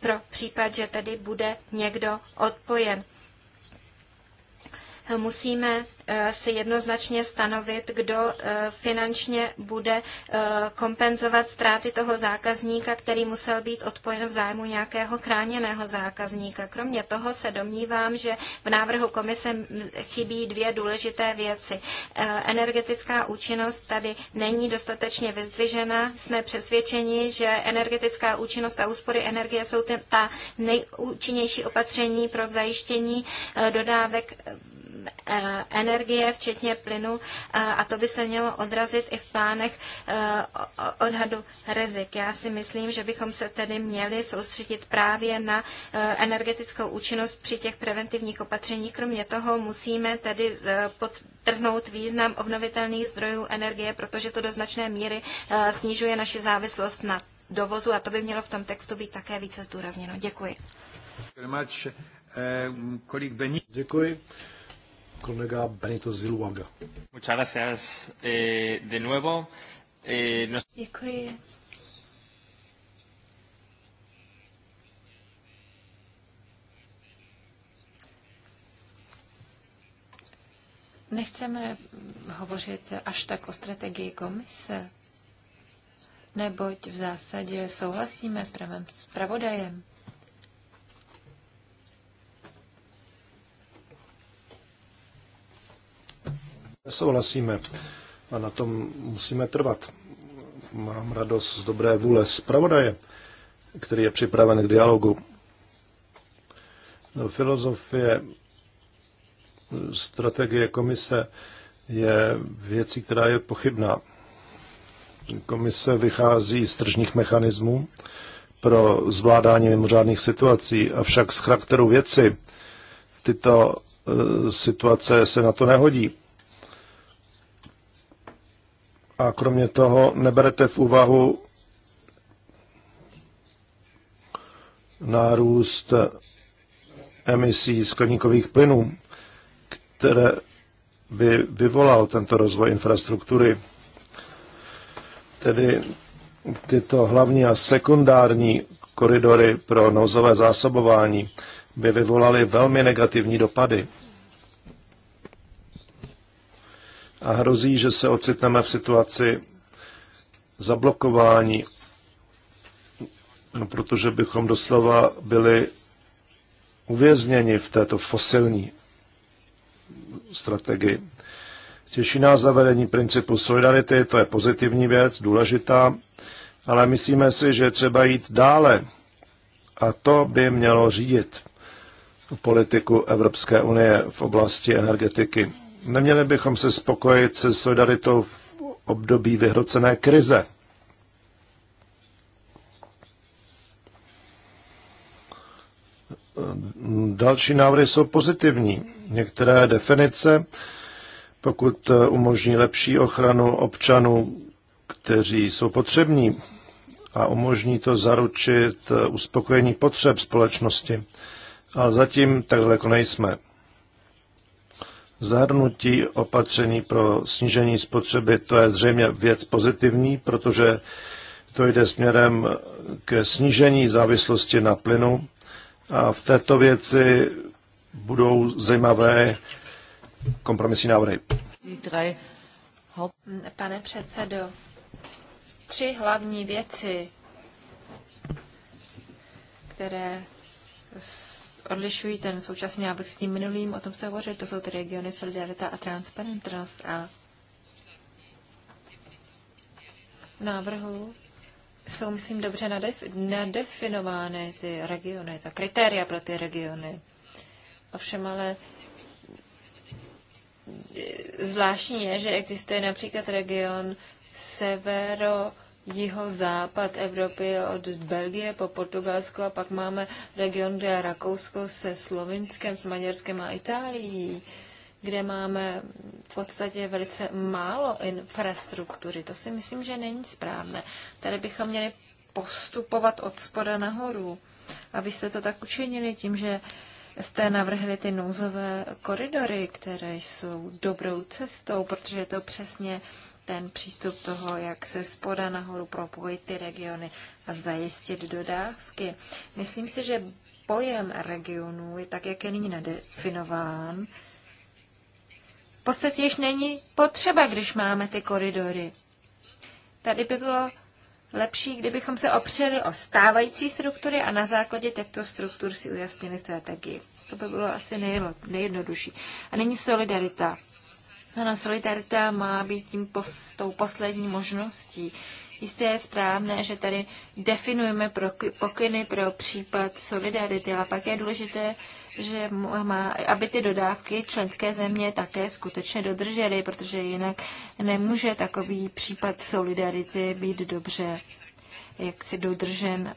pro případ, že tedy bude někdo odpojen musíme eh, si jednoznačně stanovit, kdo eh, finančně bude eh, kompenzovat ztráty toho zákazníka, který musel být odpojen v zájmu nějakého chráněného zákazníka. Kromě toho se domnívám, že v návrhu komise chybí dvě důležité věci. Energetická účinnost tady není dostatečně vyzdvižena. Jsme přesvědčeni, že energetická účinnost a úspory energie jsou ta nejúčinnější opatření pro zajištění dodávek Eh, energie, včetně plynu, eh, a to by se mělo odrazit i v plánech eh, odhadu rizik. Já si myslím, že bychom se tedy měli soustředit právě na energetickou účinnost při těch preventivních opatřeních. Kromě toho musíme tedy podtrhnout význam obnovitelných zdrojů energie, protože to do značné míry snižuje naši závislost na dovozu a to by mělo v tom textu být také více zdůrazněno. Děkuji. Děkuji. Benito Ziluaga. Muchas gracias eh, de nuevo. Eh, Děkuji. Nechceme hovořit až tak o strategii komise, neboť v zásadě souhlasíme s pravým zpravodajem. Souhlasíme a na tom musíme trvat. Mám radost z dobré vůle zpravodaje, který je připraven k dialogu. No, filozofie strategie komise je věcí, která je pochybná. Komise vychází z tržních mechanismů pro zvládání mimořádných situací, avšak z charakteru věci tyto eh, situace se na to nehodí. A kromě toho neberete v úvahu nárůst emisí skleníkových plynů, které by vyvolal tento rozvoj infrastruktury. Tedy tyto hlavní a sekundární koridory pro nouzové zásobování by vyvolaly velmi negativní dopady a hrozí, že se ocitneme v situaci zablokování, no, protože bychom doslova byli uvězněni v této fosilní strategii. Těší nás zavedení principu solidarity, to je pozitivní věc, důležitá, ale myslíme si, že třeba jít dále a to by mělo řídit politiku Evropské unie v oblasti energetiky. Neměli bychom se spokojit se solidaritou v období vyhrocené krize. Další návrhy jsou pozitivní. Některé definice, pokud umožní lepší ochranu občanů, kteří jsou potřební a umožní to zaručit uspokojení potřeb společnosti. Ale zatím takhle jako nejsme. Zahrnutí opatření pro snížení spotřeby, to je zřejmě věc pozitivní, protože to jde směrem k snížení závislosti na plynu. A v této věci budou zajímavé kompromisní návrhy. Pane předsedo, tři hlavní věci, které odlišují ten současný návrh s tím minulým, o tom se hovořili, to jsou ty regiony solidarita a transparentnost a návrhu jsou, myslím, dobře nadef- nadefinovány ty regiony, ta kritéria pro ty regiony. Ovšem ale e, zvláštní je, že existuje například region severo jiho-západ Evropy od Belgie po Portugalsko a pak máme region, kde je Rakousko se Slovinskem, s Maďarskem a Itálií, kde máme v podstatě velice málo infrastruktury. To si myslím, že není správné. Tady bychom měli postupovat od spoda nahoru. Abyste to tak učinili tím, že jste navrhli ty nouzové koridory, které jsou dobrou cestou, protože je to přesně ten přístup toho, jak se spoda nahoru propojit ty regiony a zajistit dodávky. Myslím si, že pojem regionu je tak, jak je nyní nadefinován, v podstatě již není potřeba, když máme ty koridory. Tady by bylo lepší, kdybychom se opřeli o stávající struktury a na základě těchto struktur si ujasnili strategii. To by bylo asi nejjednodušší. A není solidarita. Ano, solidarita má být tím pos, tou poslední možností. Jistě je správné, že tady definujeme pokyny pro případ solidarity, ale pak je důležité, že má, aby ty dodávky členské země také skutečně dodržely, protože jinak nemůže takový případ solidarity být dobře jaksi dodržen.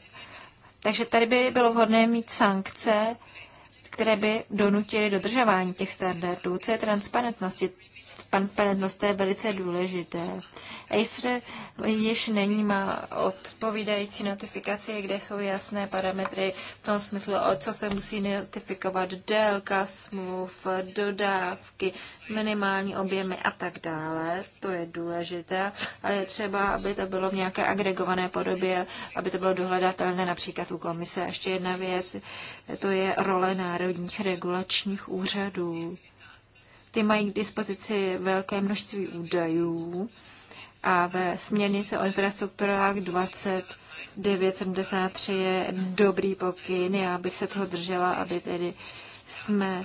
Takže tady by bylo vhodné mít sankce, které by donutily dodržování těch standardů. Co je transparentnosti? transparentnost, to je velice důležité. Acer již není má odpovídající notifikaci, kde jsou jasné parametry v tom smyslu, o co se musí notifikovat, délka smluv, dodávky, minimální objemy a tak dále. To je důležité, ale je třeba, aby to bylo v nějaké agregované podobě, aby to bylo dohledatelné například u komise. A ještě jedna věc, to je role národních regulačních úřadů. Ty mají k dispozici velké množství údajů a ve směrnici o infrastrukturách 20 973 je dobrý pokyn, já bych se toho držela, aby tedy jsme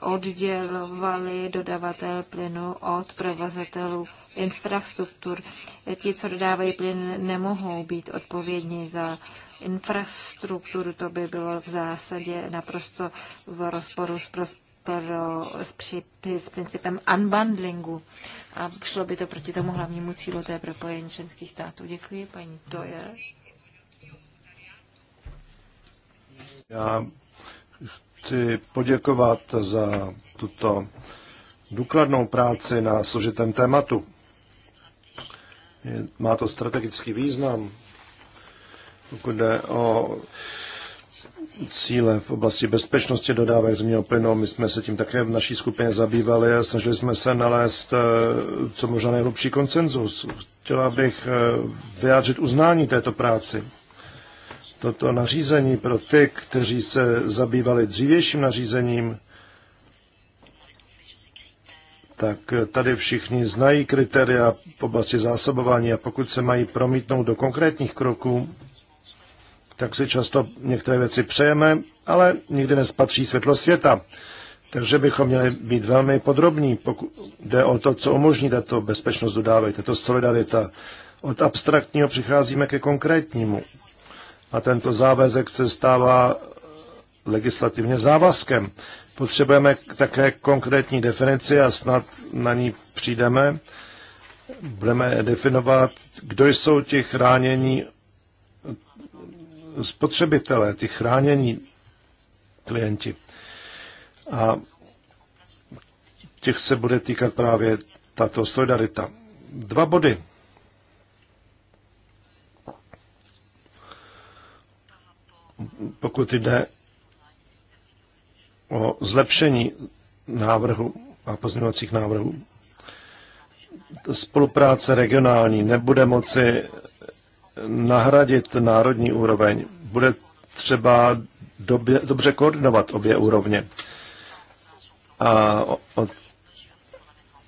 oddělovali dodavatel plynu od provozatelů infrastruktur. Ti, co dodávají plyn, nemohou být odpovědní za infrastrukturu. To by bylo v zásadě naprosto v rozporu s pro, s, při, s principem unbundlingu a šlo by to proti tomu hlavnímu cílu, to je propojení členských států. Děkuji, paní Toyer. Já chci poděkovat za tuto důkladnou práci na složitém tématu. Má to strategický význam, pokud jde o cíle v oblasti bezpečnosti dodávek zemního plynu. My jsme se tím také v naší skupině zabývali a snažili jsme se nalézt eh, co možná nejlepší koncenzus. Chtěla bych eh, vyjádřit uznání této práci. Toto nařízení pro ty, kteří se zabývali dřívějším nařízením, tak tady všichni znají kritéria v oblasti zásobování a pokud se mají promítnout do konkrétních kroků, tak si často některé věci přejeme, ale nikdy nespatří světlo světa. Takže bychom měli být velmi podrobní, pokud jde o to, co umožní tato bezpečnost dodávek, tato solidarita. Od abstraktního přicházíme ke konkrétnímu. A tento závazek se stává legislativně závazkem. Potřebujeme také konkrétní definici a snad na ní přijdeme. Budeme definovat, kdo jsou ti chránění spotřebitelé, ty chránění klienti. A těch se bude týkat právě tato solidarita. Dva body. Pokud jde o zlepšení návrhu a pozměňovacích návrhů, spolupráce regionální nebude moci nahradit národní úroveň. Bude třeba době, dobře koordinovat obě úrovně. A od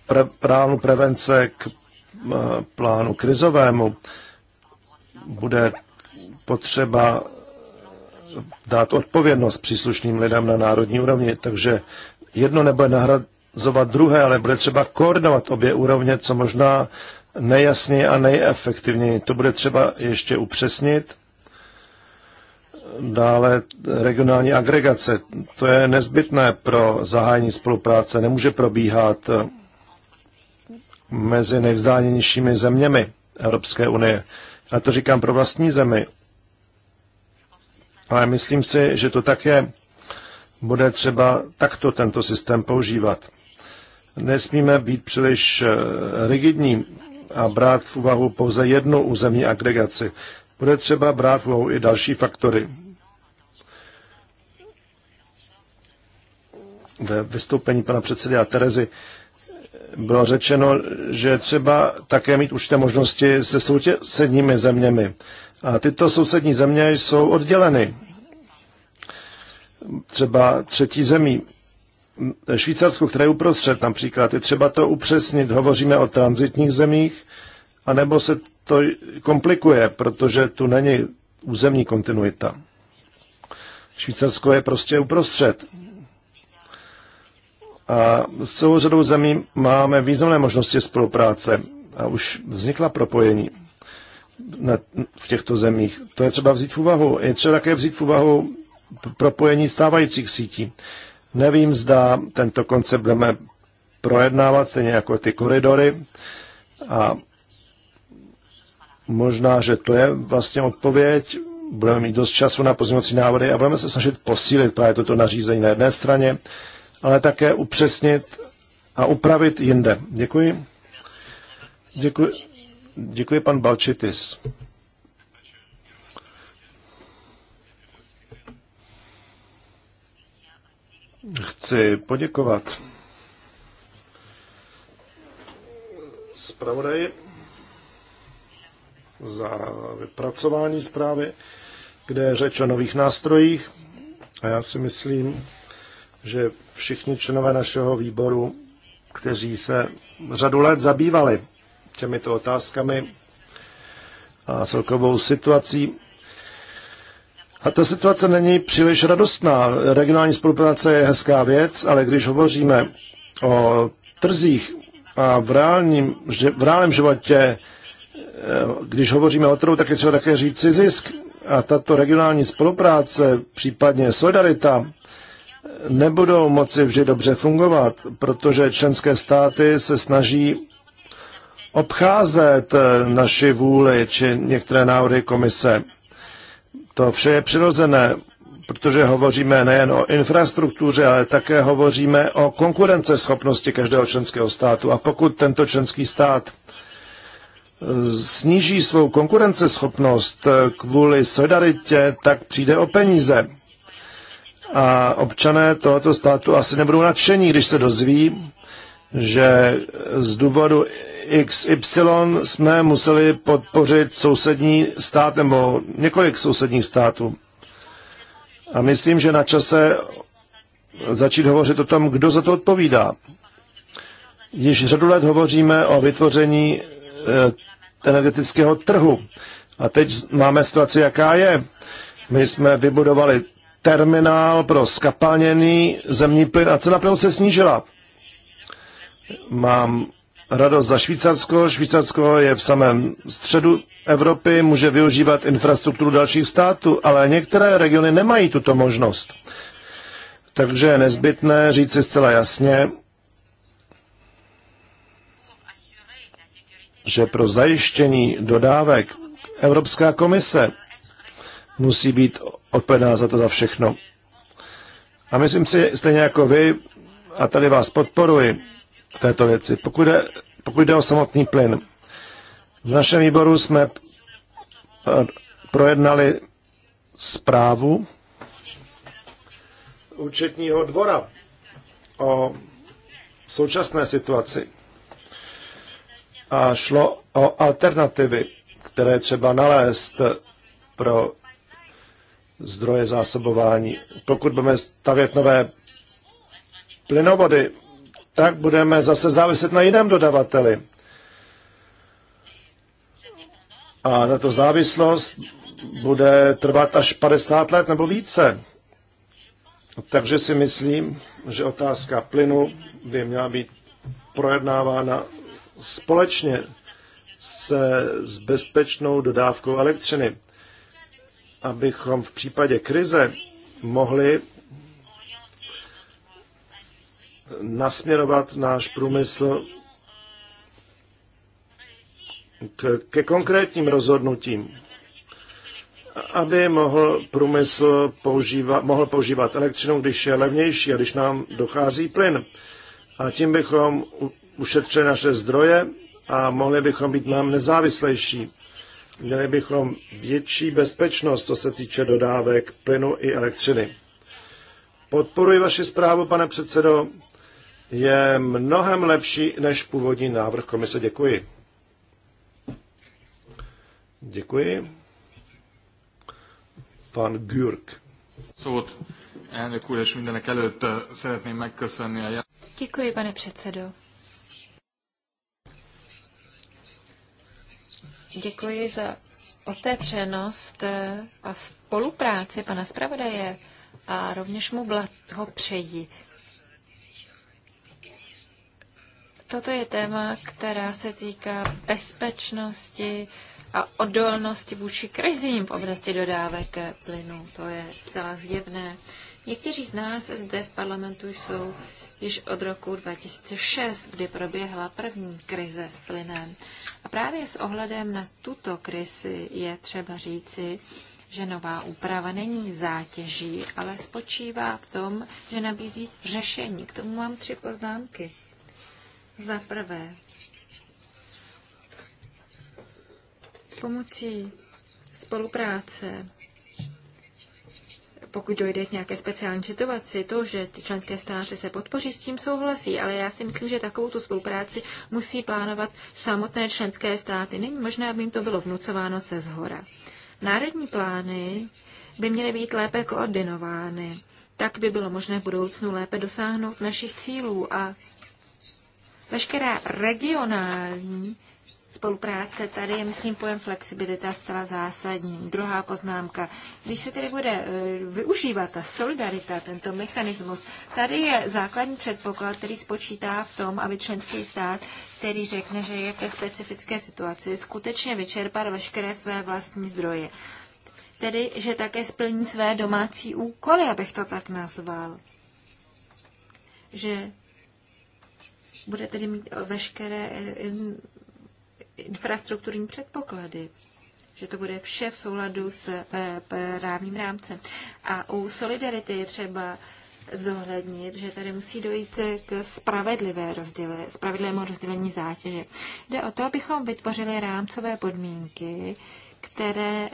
pre, plánu prevence k plánu krizovému bude potřeba dát odpovědnost příslušným lidem na národní úrovni, takže jedno nebude nahrazovat druhé, ale bude třeba koordinovat obě úrovně, co možná nejjasněji a nejefektivněji. To bude třeba ještě upřesnit. Dále regionální agregace. To je nezbytné pro zahájení spolupráce. Nemůže probíhat mezi nejvzdálenějšími zeměmi Evropské unie. A to říkám pro vlastní zemi. Ale myslím si, že to také bude třeba takto tento systém používat. Nesmíme být příliš eh, rigidní a brát v úvahu pouze jednu územní agregaci. Bude třeba brát v úvahu i další faktory. Ve vystoupení pana předsedy a Terezy bylo řečeno, že třeba také mít určité možnosti se sousedními zeměmi. A tyto sousední země jsou odděleny třeba třetí zemí Švýcarsko, které je uprostřed například. Je třeba to upřesnit. Hovoříme o transitních zemích, anebo se to komplikuje, protože tu není územní kontinuita. Švýcarsko je prostě uprostřed. A s celou řadou zemí máme významné možnosti spolupráce a už vznikla propojení v těchto zemích. To je třeba vzít v úvahu. Je třeba také vzít v úvahu propojení stávajících sítí. Nevím, zda tento koncept budeme projednávat, stejně jako ty koridory. A možná, že to je vlastně odpověď. Budeme mít dost času na pozměňovací návody a budeme se snažit posílit právě toto nařízení na jedné straně, ale také upřesnit a upravit jinde. Děkuji. Děkuji, děkuji pan Balčitis. Chci poděkovat zpravodaji za vypracování zprávy, kde je řeč o nových nástrojích. A já si myslím, že všichni členové našeho výboru, kteří se řadu let zabývali těmito otázkami a celkovou situací, a ta situace není příliš radostná. Regionální spolupráce je hezká věc, ale když hovoříme o trzích a v, reálním, v reálném životě, eh, když hovoříme o trhu, tak je třeba také si zisk. A tato regionální spolupráce, případně solidarita, nebudou moci vždy dobře fungovat, protože členské státy se snaží obcházet eh, naši vůli či některé návrhy komise. To vše je přirozené, protože hovoříme nejen o infrastruktuře, ale také hovoříme o konkurenceschopnosti každého členského státu. A pokud tento členský stát eh, sníží svou konkurenceschopnost eh, kvůli solidaritě, tak přijde o peníze. A občané tohoto státu asi nebudou nadšení, když se dozví, že z důvodu XY jsme museli podpořit sousední stát nebo několik sousedních států. A myslím, že na čase začít hovořit o tom, kdo za to odpovídá. Již řadu let hovoříme o vytvoření e, energetického trhu. A teď máme situaci, jaká je. My jsme vybudovali terminál pro skapalněný zemní plyn a cena plynu se snížila. Mám radost za Švýcarsko. Švýcarsko je v samém středu Evropy, může využívat infrastrukturu dalších států, ale některé regiony nemají tuto možnost. Takže je nezbytné říct si zcela jasně, že pro zajištění dodávek Evropská komise musí být odpovědná za to za všechno. A myslím si, stejně jako vy, a tady vás podporuji, v této věci. Pokud jde, pokud jde o samotný plyn, v našem výboru jsme eh, projednali zprávu účetního dvora o současné situaci. A šlo o alternativy, které třeba nalézt pro zdroje zásobování. Pokud budeme stavět nové plynovody, tak budeme zase záviset na jiném dodavateli. A tato závislost bude trvat až 50 let nebo více. Takže si myslím, že otázka plynu by měla být projednávána společně se s bezpečnou dodávkou elektřiny, abychom v případě krize mohli nasměrovat náš průmysl k, ke konkrétním rozhodnutím, aby mohl průmysl používat, mohl používat elektřinu, když je levnější a když nám dochází plyn. A tím bychom ušetřili naše zdroje a mohli bychom být nám nezávislejší. Měli bychom větší bezpečnost, co se týče dodávek plynu i elektřiny. Podporuji vaši zprávu, pane předsedo je mnohem lepší než původní návrh komise. Děkuji. Děkuji. Pan Gürk. Szót, elnök úr, és mindenek előtt eh, szeretném megköszönni a Děkuji, pane předsedo. Děkuji za otevřenost eh, a spolupráci pana zpravodaje a rovněž mu blahopřeji přeji. Toto je téma, která se týká bezpečnosti a odolnosti vůči krizím v oblasti dodávek plynu. To je zcela zjevné. Někteří z nás zde v parlamentu jsou již od roku 2006, kdy proběhla první krize s plynem. A právě s ohledem na tuto krizi je třeba říci, že nová úprava není zátěží, ale spočívá v tom, že nabízí řešení. K tomu mám tři poznámky. Za prvé, pomocí spolupráce pokud dojde k nějaké speciální situaci, to, že ty členské státy se podpoří, s tím souhlasí, ale já si myslím, že takovou tu spolupráci musí plánovat samotné členské státy. Není možné, aby jim to bylo vnucováno se zhora. Národní plány by měly být lépe koordinovány. Tak by bylo možné v budoucnu lépe dosáhnout našich cílů a Veškerá regionální spolupráce, tady je, myslím, pojem flexibilita zcela zásadní. Druhá poznámka. Když se tedy bude eh, využívat ta solidarita, tento mechanismus, tady je základní předpoklad, který spočítá v tom, aby členský stát, který řekne, že je ve specifické situaci, skutečně vyčerpal veškeré své vlastní zdroje. Tedy, že také splní své domácí úkoly, abych to tak nazval. Že bude tedy mít eh, veškeré eh, infrastrukturní předpoklady že to bude vše v souladu s eh, právním rámcem. A u solidarity je třeba zohlednit, že tady musí dojít k spravedlivé rozděle, spravedlivému rozdělení zátěže. Jde o to, abychom vytvořili rámcové podmínky, které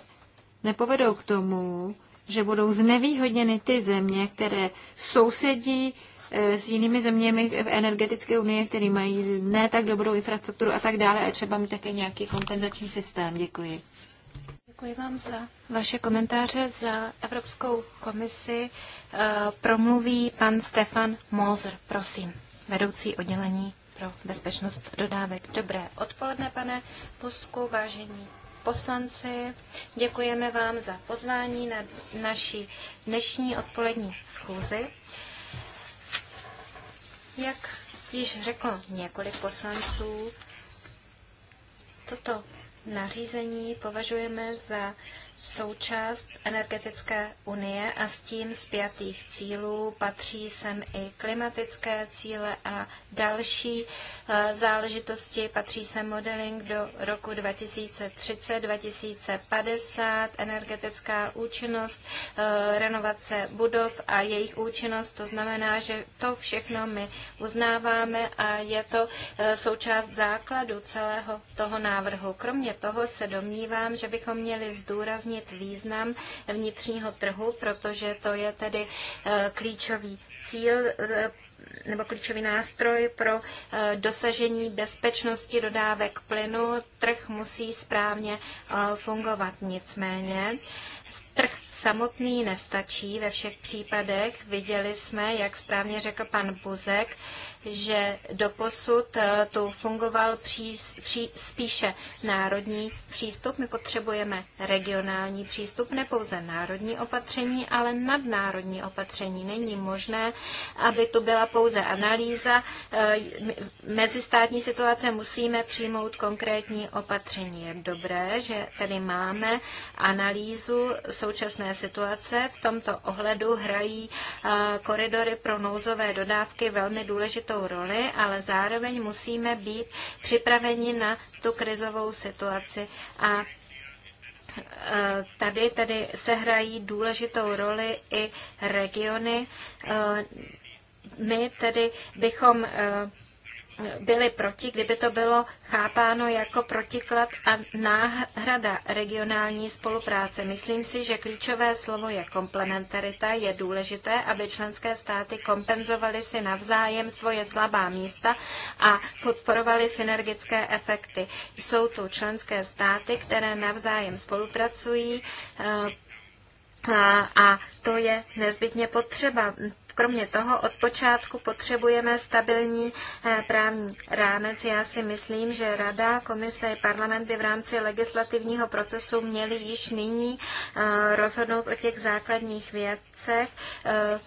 nepovedou k tomu, že budou znevýhodněny ty země, které sousedí E, s jinými zeměmi v energetické unii, které mají ne tak dobrou infrastrukturu a tak dále, a třeba mít také nějaký kompenzační systém. Děkuji. Děkuji vám za vaše komentáře. Za Evropskou komisi e, promluví pan Stefan Moser, prosím, vedoucí oddělení pro bezpečnost dodávek. Dobré odpoledne, pane Pusku, vážení poslanci. Děkujeme vám za pozvání na naši dnešní odpolední schůzi. Jak již řeklo několik poslanců, toto nařízení považujeme za součást energetické unie a s tím zpětých cílů patří sem i klimatické cíle a další eh, záležitosti. Patří sem modeling do roku 2030-2050, energetická účinnost, eh, renovace budov a jejich účinnost. To znamená, že to všechno my uznáváme a je to eh, součást základu celého toho návrhu. Kromě toho se domnívám, že bychom měli zdůraznit, zohlednit význam vnitřního trhu, protože to je tedy eh, klíčový cíl eh, nebo klíčový nástroj pro eh, dosažení bezpečnosti dodávek plynu. Trh musí správně fungovat. Nicméně Trh samotný nestačí ve všech případech. Viděli jsme, jak správně řekl pan Buzek, že doposud eh, tu fungoval pří, pří, spíše národní přístup. My potřebujeme regionální přístup, ne pouze národní opatření, ale nadnárodní opatření. Není možné, aby tu byla pouze analýza. Eh, mezistátní situace musíme přijmout konkrétní opatření. Je dobré, že tady máme analýzu současné situace. V tomto ohledu hrají eh, koridory pro nouzové dodávky velmi důležitou roli, ale zároveň musíme být připraveni na tu krizovou situaci a eh, Tady, tady se hrají důležitou roli i regiony. Eh, my tedy bychom byli proti, kdyby to bylo chápáno jako protiklad a náhrada regionální spolupráce. Myslím si, že klíčové slovo je komplementarita. Je důležité, aby členské státy kompenzovaly si navzájem svoje slabá místa a podporovaly synergické efekty. Jsou tu členské státy, které navzájem spolupracují, eh, a to je nezbytně potřeba. Kromě toho od počátku potřebujeme stabilní eh, právní rámec. Já si myslím, že Rada, Komise i parlament by v rámci legislativního procesu měli již nyní eh, rozhodnout o těch základních věcech. Eh,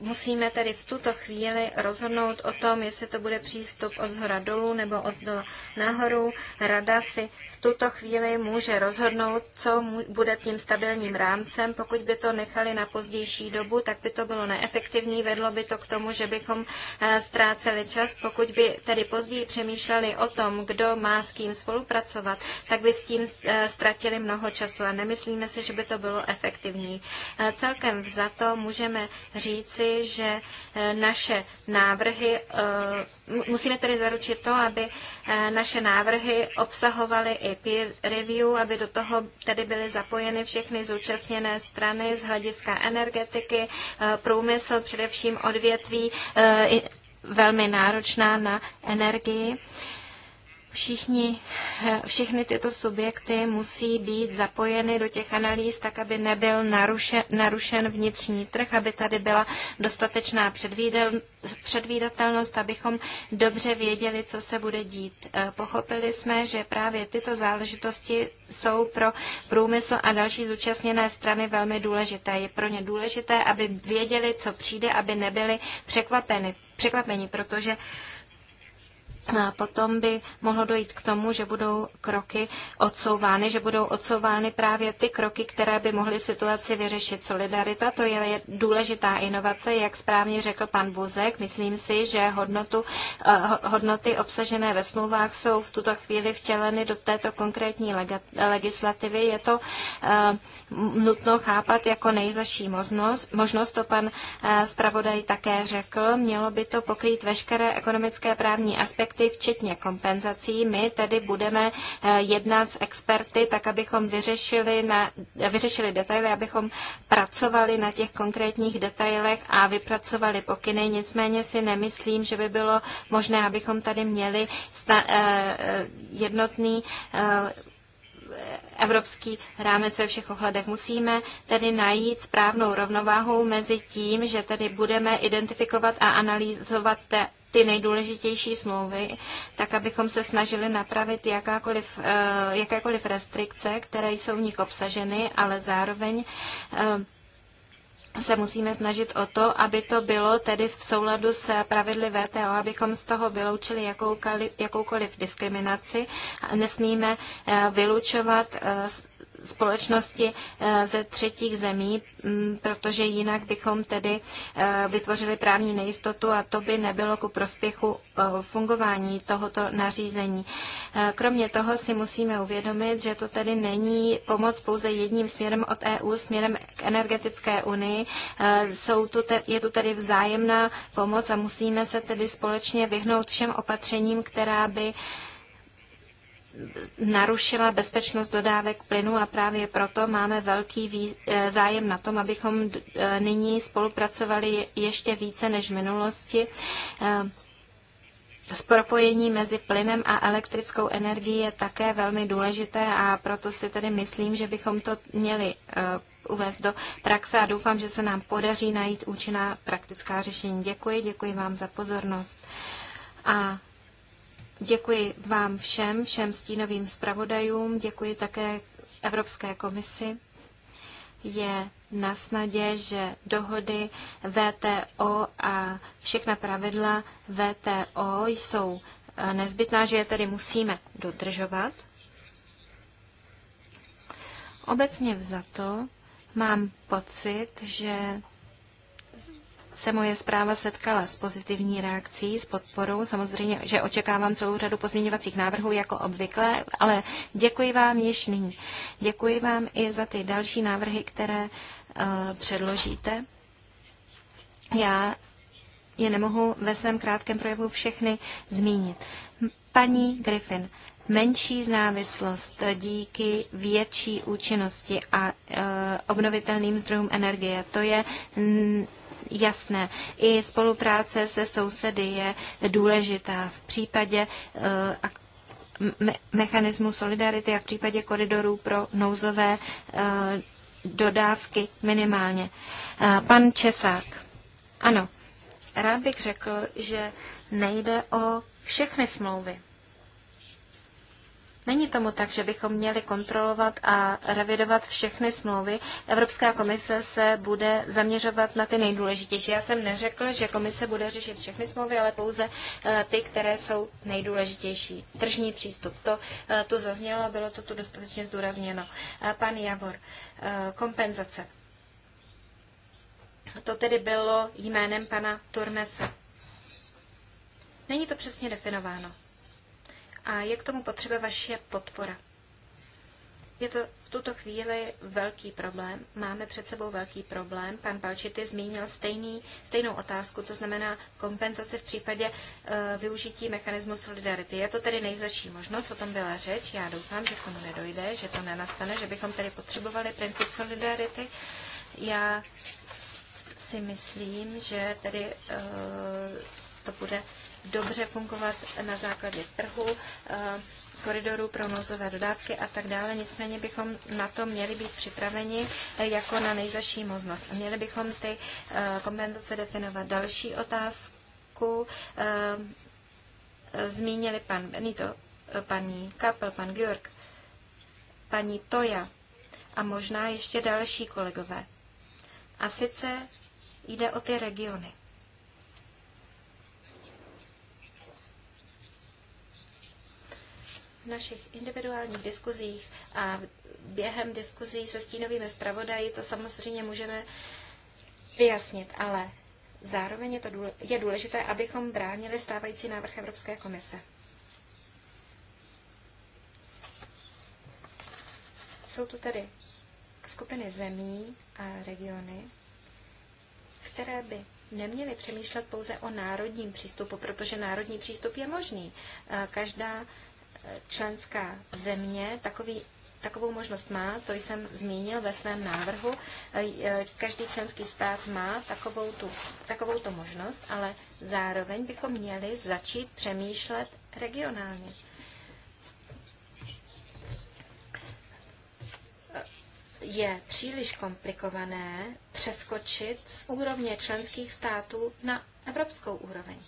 musíme tedy v tuto chvíli rozhodnout o tom, jestli to bude přístup od zhora dolů nebo od dola nahoru. Rada si v tuto chvíli může rozhodnout, co bude tím stabilním rámcem. Pokud by to nechali na pozdější dobu, tak by to bylo neefektivní, vedlo by to k tomu, že bychom eh, ztráceli čas. Pokud by tedy později přemýšleli o tom, kdo má s kým spolupracovat, tak by s tím eh, ztratili mnoho času a nemyslíme si, že by to bylo efektivní. Eh, celkem za to můžeme říci, že eh, naše návrhy, eh, musíme tedy zaručit to, aby eh, naše návrhy obsahovaly i peer review, aby do toho tedy byly zapojeny všechny zúčastněné strany z hlediska energetiky, průmysl, především odvětví velmi náročná na energii. Všichni, všechny tyto subjekty musí být zapojeny do těch analýz, tak aby nebyl narušen, narušen vnitřní trh, aby tady byla dostatečná předvídatelnost, abychom dobře věděli, co se bude dít. Eh, pochopili jsme, že právě tyto záležitosti jsou pro průmysl a další zúčastněné strany velmi důležité. Je pro ně důležité, aby věděli, co přijde, aby nebyli překvapeni, překvapeni protože a potom by mohlo dojít k tomu, že budou kroky odsouvány, že budou odsouvány právě ty kroky, které by mohly situaci vyřešit. Solidarita, to je důležitá inovace, jak správně řekl pan Buzek. Myslím si, že hodnotu, eh, hodnoty obsažené ve smlouvách jsou v tuto chvíli vtěleny do této konkrétní legislativy. Je to eh, nutno chápat jako nejzaší možnost. Možnost to pan eh, zpravodaj také řekl. Mělo by to pokrýt veškeré ekonomické právní aspekty projekty, včetně kompenzací. My tedy budeme eh, jednat s experty, tak abychom vyřešili, na, vyřešili detaily, abychom pracovali na těch konkrétních detailech a vypracovali pokyny. Nicméně si nemyslím, že by bylo možné, abychom tady měli eh, eh, jednotný evropský rámec ve všech ohledech. Musíme tedy najít správnou rovnováhu mezi tím, že tedy budeme identifikovat a analyzovat te, ty nejdůležitější smlouvy, tak abychom se snažili napravit jakákoliv, eh, jakékoliv restrikce, které jsou v nich obsaženy, ale zároveň eh, se musíme snažit o to, aby to bylo tedy v souladu s pravidly VTO, abychom z toho vyloučili jakoukoliv, jakoukoliv diskriminaci. Nesmíme eh, vylučovat společnosti eh, ze třetích zemí, mm, protože jinak bychom tedy eh, vytvořili právní nejistotu a to by nebylo ku prospěchu eh, fungování tohoto nařízení. Kromě toho si musíme uvědomit, že to tedy není pomoc pouze jedním směrem od EU, směrem k energetické unii. Jsou tu te, je tu tedy vzájemná pomoc a musíme se tedy společně vyhnout všem opatřením, která by uh, narušila bezpečnost dodávek plynu a právě proto máme velký eh, zájem na tom, abychom eh, nyní spolupracovali ještě více než v minulosti eh, Propojení mezi plynem a elektrickou energií je také velmi důležité a proto si tedy myslím, že bychom to měli uvést do praxe a doufám, že se nám podaří najít účinná praktická řešení. Děkuji, děkuji vám za pozornost. A Děkuji vám všem, všem stínovým zpravodajům, děkuji také Evropské komisi. Je na snadě, že dohody VTO a všechna pravidla VTO jsou eh, nezbytná, že je tedy musíme dodržovat. Obecně vzato mám pocit, že se moje zpráva setkala s pozitivní reakcí, s podporou. Samozřejmě, že očekávám celou řadu pozměňovacích návrhů jako obvykle, ale děkuji vám již nyní. Děkuji vám i za ty další návrhy, které uh, předložíte. Já je nemohu ve svém krátkém projevu všechny zmínit. Paní Griffin, menší závislost díky větší účinnosti a e, obnovitelným zdrojům energie. To je jasné. I spolupráce se sousedy je důležitá v případě eh, mechanismu solidarity a v případě koridorů pro nouzové eh, dodávky minimálně. Eh, pan Česák. Ano, rád bych řekl, že nejde o všechny smlouvy. Není tomu tak, že bychom měli kontrolovat a revidovat všechny smlouvy. Evropská komise se bude zaměřovat na ty nejdůležitější. Já jsem neřekl, že komise bude řešit všechny smlouvy, ale pouze eh, ty, které jsou nejdůležitější. Tržní přístup, to eh, tu zaznělo a bylo to tu dostatečně zdůrazněno. Eh, pan Javor, kompenzace. To tedy bylo jménem pana Turmese. Není to přesně definováno a je k tomu potřeba vaše podpora. Je to v tuto chvíli velký problém. Máme před sebou velký problém. Pan Palčity zmínil stejný, stejnou otázku, to znamená kompenzace v případě e, využití mechanismu solidarity. Je to tedy nejzaší možnost, o tom byla řeč. Já doufám, že k tomu nedojde, že to nenastane, že bychom tedy potřebovali princip solidarity. Já si myslím, že tedy e, to bude dobře fungovat na základě trhu, eh, koridorů pro nouzové dodávky a tak dále. Nicméně bychom na to měli být připraveni eh, jako na nejzaší možnost. Měli bychom ty eh, kompenzace definovat. Další otázku zmínili pan Benito, paní Kapel, pan Georg, paní Toja a možná ještě další kolegové. A sice jde o ty regiony. našich individuálních diskuzích a během diskuzí se stínovými zpravodaji to samozřejmě můžeme vyjasnit, ale zároveň je, to důle, je důležité, abychom bránili stávající návrh Evropské komise. Jsou tu tedy skupiny zemí a regiony, které by neměly přemýšlet pouze o národním přístupu, protože národní přístup je možný. Každá členská země takový takovou možnost má, to jsem zmínil ve svém návrhu. E, e, každý členský stát má takovou tu, takovou tu možnost, ale zároveň bychom měli začít přemýšlet regionálně. Je příliš komplikované přeskočit z úrovně členských států na evropskou úroveň.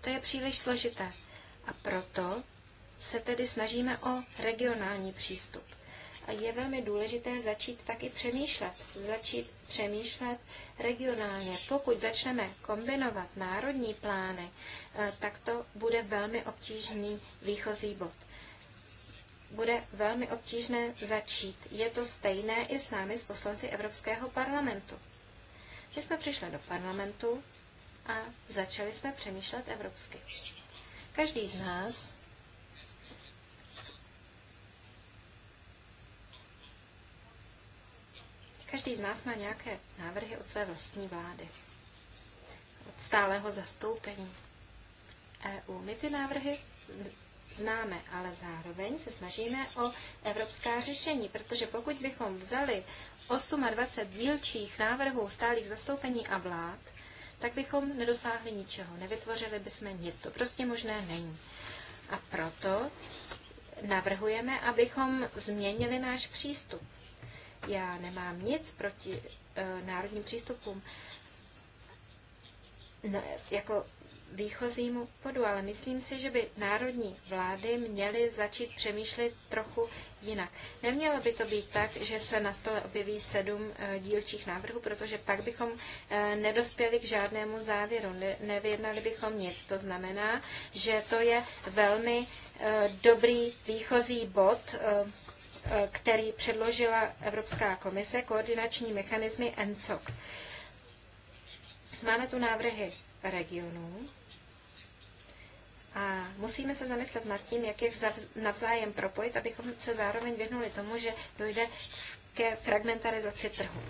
To je příliš složité. A proto se tedy snažíme o regionální přístup. A je velmi důležité začít taky přemýšlet, začít přemýšlet regionálně. Pokud začneme kombinovat národní plány, eh, tak to bude velmi obtížný výchozí bod bude velmi obtížné začít. Je to stejné i s námi, s poslanci Evropského parlamentu. My jsme přišli do parlamentu a začali jsme přemýšlet evropsky. Každý z nás Každý z nás má nějaké návrhy od své vlastní vlády, od stálého zastoupení EU. My ty návrhy známe, ale zároveň se snažíme o evropská řešení, protože pokud bychom vzali 28 dílčích návrhů stálých zastoupení a vlád, tak bychom nedosáhli ničeho, nevytvořili bychom nic. To prostě možné není. A proto navrhujeme, abychom změnili náš přístup. Já nemám nic proti eh, národním přístupům ne, jako výchozímu podu, ale myslím si, že by národní vlády měly začít přemýšlet trochu jinak. Nemělo by to být tak, že se na stole objeví sedm eh, dílčích návrhů, protože pak bychom eh, nedospěli k žádnému závěru, nevyjednali bychom nic. To znamená, že to je velmi dobrý výchozí bod který předložila Evropská komise, koordinační mechanismy ENCOC. Máme tu návrhy regionů a musíme se zamyslet nad tím, jak je navzájem propojit, abychom se zároveň vyhnuli tomu, že dojde ke fragmentarizaci trhu.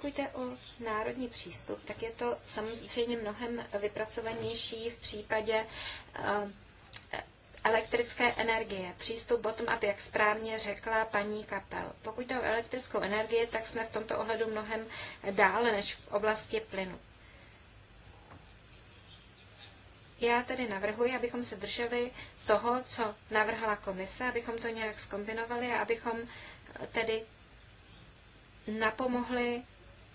Pokud jde o národní přístup, tak je to samozřejmě mnohem vypracovanější v případě eh, elektrické energie. Přístup bottom-up, jak správně řekla paní Kapel. Pokud jde o elektrickou energii, tak jsme v tomto ohledu mnohem dále než v oblasti plynu. Já tedy navrhuji, abychom se drželi toho, co navrhla komise, abychom to nějak skombinovali a abychom eh, tedy napomohli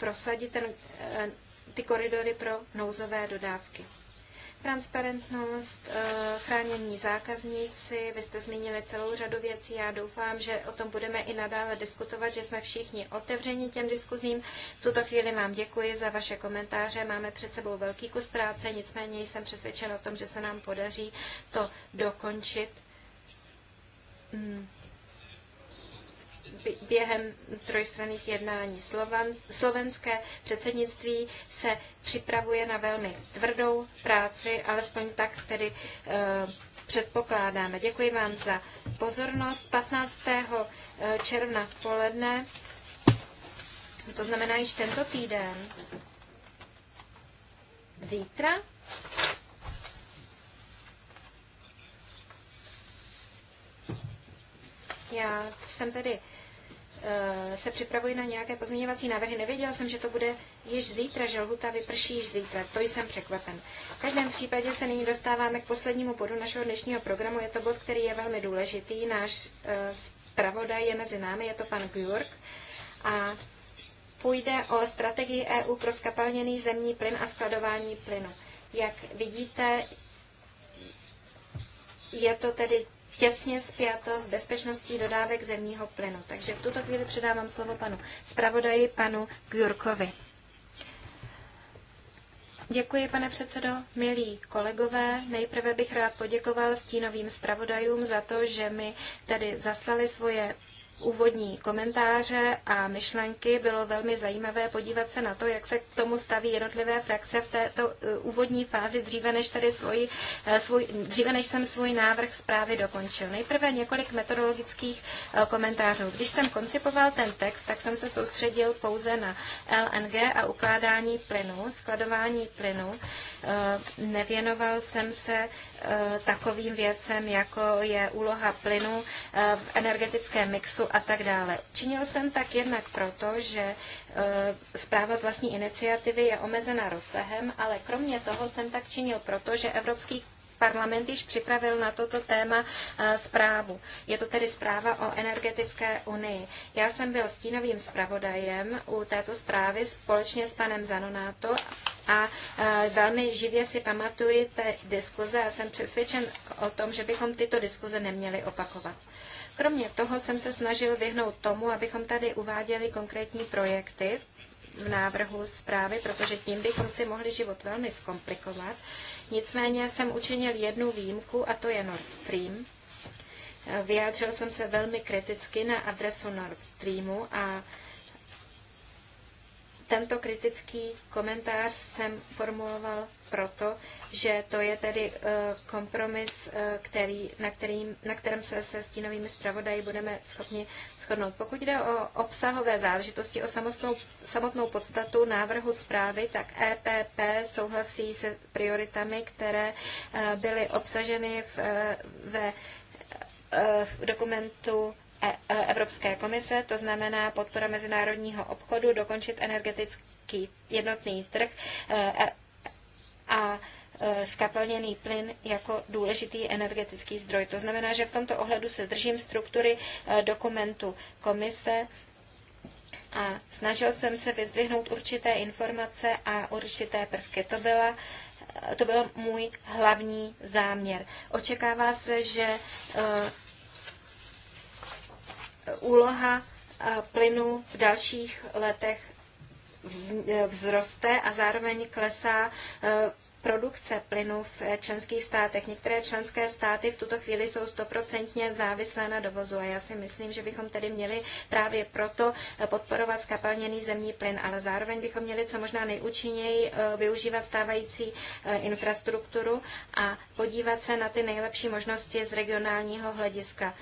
prosadit ten, eh, ty koridory pro nouzové dodávky. Transparentnost, eh, chránění zákazníci, vy jste zmínili celou řadu věcí, já doufám, že o tom budeme i nadále diskutovat, že jsme všichni otevřeni těm diskuzím. V tuto chvíli vám děkuji za vaše komentáře, máme před sebou velký kus práce, nicméně jsem přesvědčen o tom, že se nám podaří to dokončit. Hmm během trojstranných jednání. Slovan, slovenské předsednictví se připravuje na velmi tvrdou práci, alespoň tak tedy e, předpokládáme. Děkuji vám za pozornost. 15. Eh, června v poledne, to znamená již tento týden, zítra, Já jsem tedy Eh, se připravuji na nějaké pozměňovací návrhy. Nevěděl jsem, že to bude již zítra, že lhuta vyprší již zítra. To jsem překvapen. V každém případě se nyní dostáváme k poslednímu bodu našeho dnešního programu. Je to bod, který je velmi důležitý. Náš eh, zpravodaj je mezi námi, je to pan Gjurk. A půjde o strategii EU pro skapalněný zemní plyn a skladování plynu. Jak vidíte, je to tedy těsně spjato s bezpečností dodávek zemního plynu. Takže v tuto chvíli předávám slovo panu zpravodaji, panu Gjurkovi. Děkuji, pane předsedo. Milí kolegové, nejprve bych rád poděkoval stínovým zpravodajům za to, že mi tady zaslali svoje úvodní komentáře a myšlenky. Bylo velmi zajímavé podívat se na to, jak se k tomu staví jednotlivé frakce v této e, úvodní fázi, dříve než, tady svůj, e, svůj, dříve než jsem svůj návrh zprávy dokončil. Nejprve několik metodologických e, komentářů. Když jsem koncipoval ten text, tak jsem se soustředil pouze na LNG a ukládání plynu, skladování plynu. Nevěnoval jsem se takovým věcem, jako je úloha plynu v energetickém mixu času a tak dále. Činil jsem tak jednak proto, že eh, zpráva z vlastní iniciativy je omezena rozsahem, ale kromě toho jsem tak činil proto, že Evropský parlament již připravil na toto téma eh, zprávu. Je to tedy zpráva o energetické unii. Já jsem byl stínovým zpravodajem u této zprávy společně s panem Zanonáto a eh, velmi živě si pamatuji té diskuze a jsem přesvědčen o tom, že bychom tyto diskuze neměli opakovat. Kromě toho jsem se snažil vyhnout tomu, abychom tady uváděli konkrétní projekty v návrhu zprávy, protože tím bychom si mohli život velmi zkomplikovat. Nicméně jsem učinil jednu výjimku a to je Nord Stream. Vyjádřil jsem se velmi kriticky na adresu Nord Streamu a tento kritický komentář jsem formuloval proto, že to je tedy eh, kompromis, eh, který, na, který, na kterém se se stínovými zpravodaji budeme schopni shodnout. Pokud jde o obsahové záležitosti, o samotnou, samotnou podstatu návrhu zprávy, tak EPP souhlasí se prioritami, které eh, byly obsaženy v, ve v dokumentu E, e, Evropské komise, to znamená podpora mezinárodního obchodu, dokončit energetický jednotný trh e, a skapalněný plyn jako důležitý energetický zdroj. To znamená, že v tomto ohledu se držím struktury dokumentu komise a snažil jsem se vyzdvihnout určité informace a určité prvky. To byla to byl můj hlavní záměr. Očekává se, že úloha plynu v dalších letech vzroste a zároveň klesá e, produkce plynu v členských státech. Některé členské státy v tuto chvíli jsou stoprocentně závislé na dovozu a já si myslím, že bychom tedy měli právě proto e, podporovat skapalněný zemní plyn, ale zároveň bychom měli co možná nejúčinněji e, využívat stávající infrastrukturu a podívat se na ty nejlepší možnosti z regionálního hlediska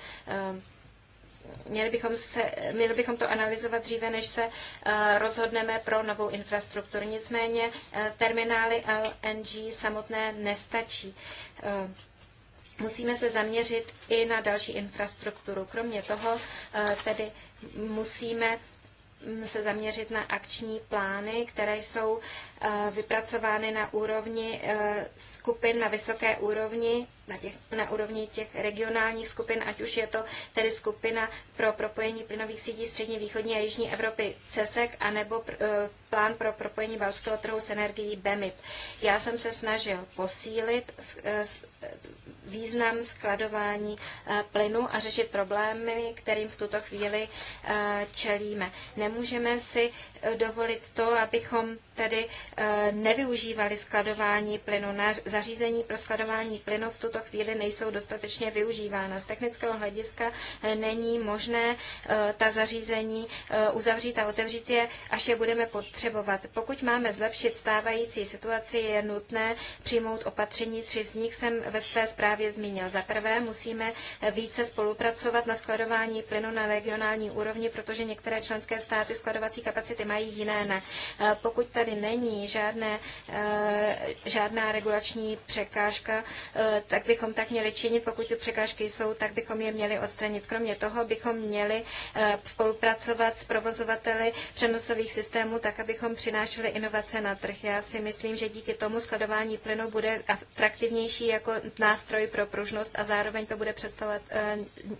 měli bychom, se, měli bychom to analyzovat dříve, než se eh, rozhodneme pro novou infrastrukturu. Nicméně eh, terminály LNG samotné nestačí. Eh, musíme se zaměřit i na další infrastrukturu. Kromě toho tedy musíme mm, se zaměřit na akční plány, které jsou vypracovány na úrovni skupin na vysoké úrovni na, těch, na úrovni těch regionálních skupin, ať už je to tedy skupina pro propojení plynových sítí střední, východní a jižní Evropy CESEC, anebo pr, e, plán pro propojení balského trhu s energií BEMIT. Já jsem se snažil posílit e, význam skladování e, plynu a řešit problémy, kterým v tuto chvíli čelíme. Nemůžeme si dovolit to, abychom tedy eh, nevyužívali skladování plynu. Na zařízení pro skladování plynu v tuto chvíli nejsou dostatečně využívána. Z technického hlediska eh, není možné eh, ta zařízení uzavřít a otevřít je, až je budeme potřebovat. Pokud máme zlepšit stávající situaci, je nutné přijmout opatření. Tři z nich jsem ve své zprávě zmínil. Za prvé musíme více spolupracovat na skladování plynu na regionální úrovni, protože některé členské státy skladovací kapacity mají jiné ne. Pokud ta tady není žádné, eh, žádná regulační překážka, eh, tak bychom tak měli činit. Pokud tu překážky jsou, tak bychom je měli odstranit. Kromě toho bychom měli eh, spolupracovat s provozovateli přenosových systémů, tak abychom přinášeli inovace na trh. Já si myslím, že díky tomu skladování plynu bude atraktivnější jako nástroj pro pružnost a zároveň to bude představovat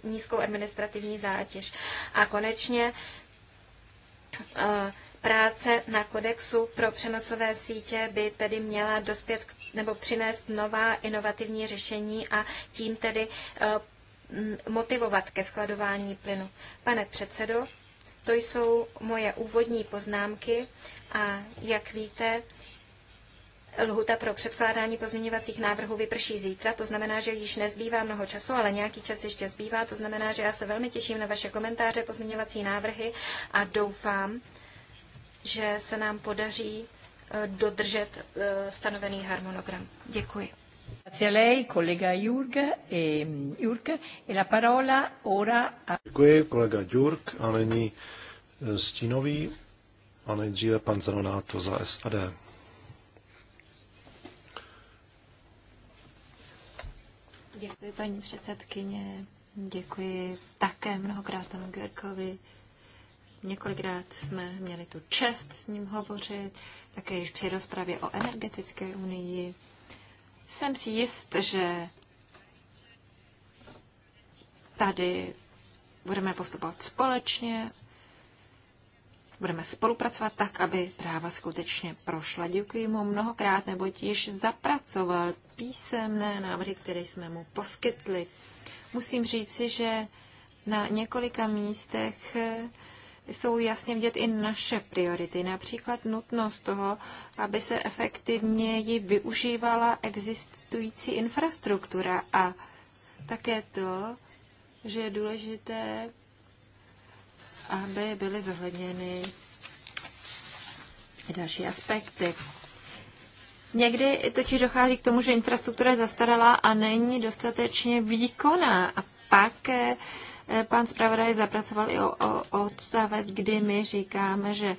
nízkou administrativní zátěž. A konečně Práce na kodexu pro přenosové sítě by tedy měla dospět nebo přinést nová inovativní řešení a tím tedy e, motivovat ke skladování plynu. Pane předsedo, to jsou moje úvodní poznámky a jak víte, Lhuta pro předkládání pozměňovacích návrhů vyprší zítra, to znamená, že již nezbývá mnoho času, ale nějaký čas ještě zbývá, to znamená, že já se velmi těším na vaše komentáře, pozměňovací návrhy a doufám, že se nám podaří eh, dodržet eh, stanovený harmonogram. Děkuji. Grazie a lei, kolega Jurg. E, ehm, Jurg e la parola ora a... Děkuji, kolega Jurg, a nyní eh, stínový a nejdříve pan Zanonáto za SAD. Děkuji, paní předsedkyně. Děkuji také mnohokrát panu Gerkovi. Několikrát jsme měli tu čest s ním hovořit, také již při rozpravě o energetické unii. Jsem si jist, že tady budeme postupovat společně budeme spolupracovat tak, aby práva skutečně prošla. Děkuji mu mnohokrát, neboť již zapracoval písemné návrhy, které jsme mu poskytli. Musím říci, že na několika místech jsou jasně vidět i naše priority, například nutnost toho, aby se efektivněji využívala existující infrastruktura a také to, že je důležité aby byly zohledněny další aspekty. Někdy totiž dochází k tomu, že infrastruktura je zastaralá a není dostatečně výkonná. A pak eh, eh, pan zpravodaj zapracoval i o, o odstavec, kdy my říkáme, že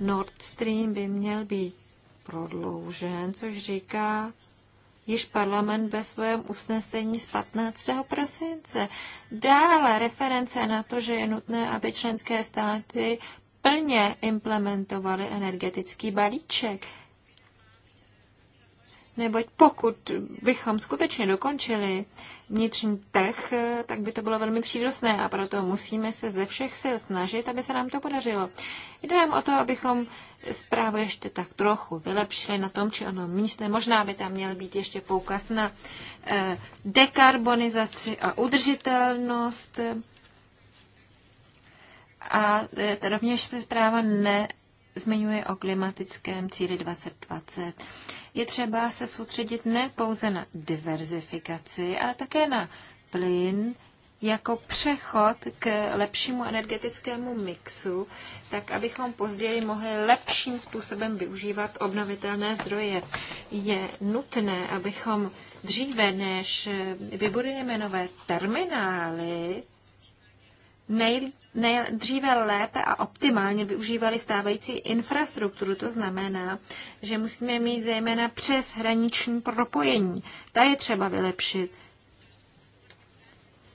Nord Stream by měl být prodloužen, což říká již parlament ve svém usnesení z 15. prosince. Dále reference na to, že je nutné, aby členské státy plně implementovaly energetický balíček neboť pokud bychom skutečně dokončili vnitřní trh, tak by to bylo velmi přínosné a proto musíme se ze všech sil snažit, aby se nám to podařilo. Jde nám o to, abychom zprávu ještě tak trochu vylepšili na tom či ono místě. Možná by tam měl být ještě poukaz na eh, dekarbonizaci a udržitelnost. A eh, rovněž zpráva ne zmiňuje o klimatickém cíli 2020. Je třeba se soustředit ne pouze na diverzifikaci, ale také na plyn jako přechod k lepšímu energetickému mixu, tak abychom později mohli lepším způsobem využívat obnovitelné zdroje. Je nutné, abychom dříve, než vybudujeme nové terminály, nej, nejdříve lépe a optimálně využívali stávající infrastrukturu. To znamená, že musíme mít zejména přes hraniční propojení. Ta je třeba vylepšit.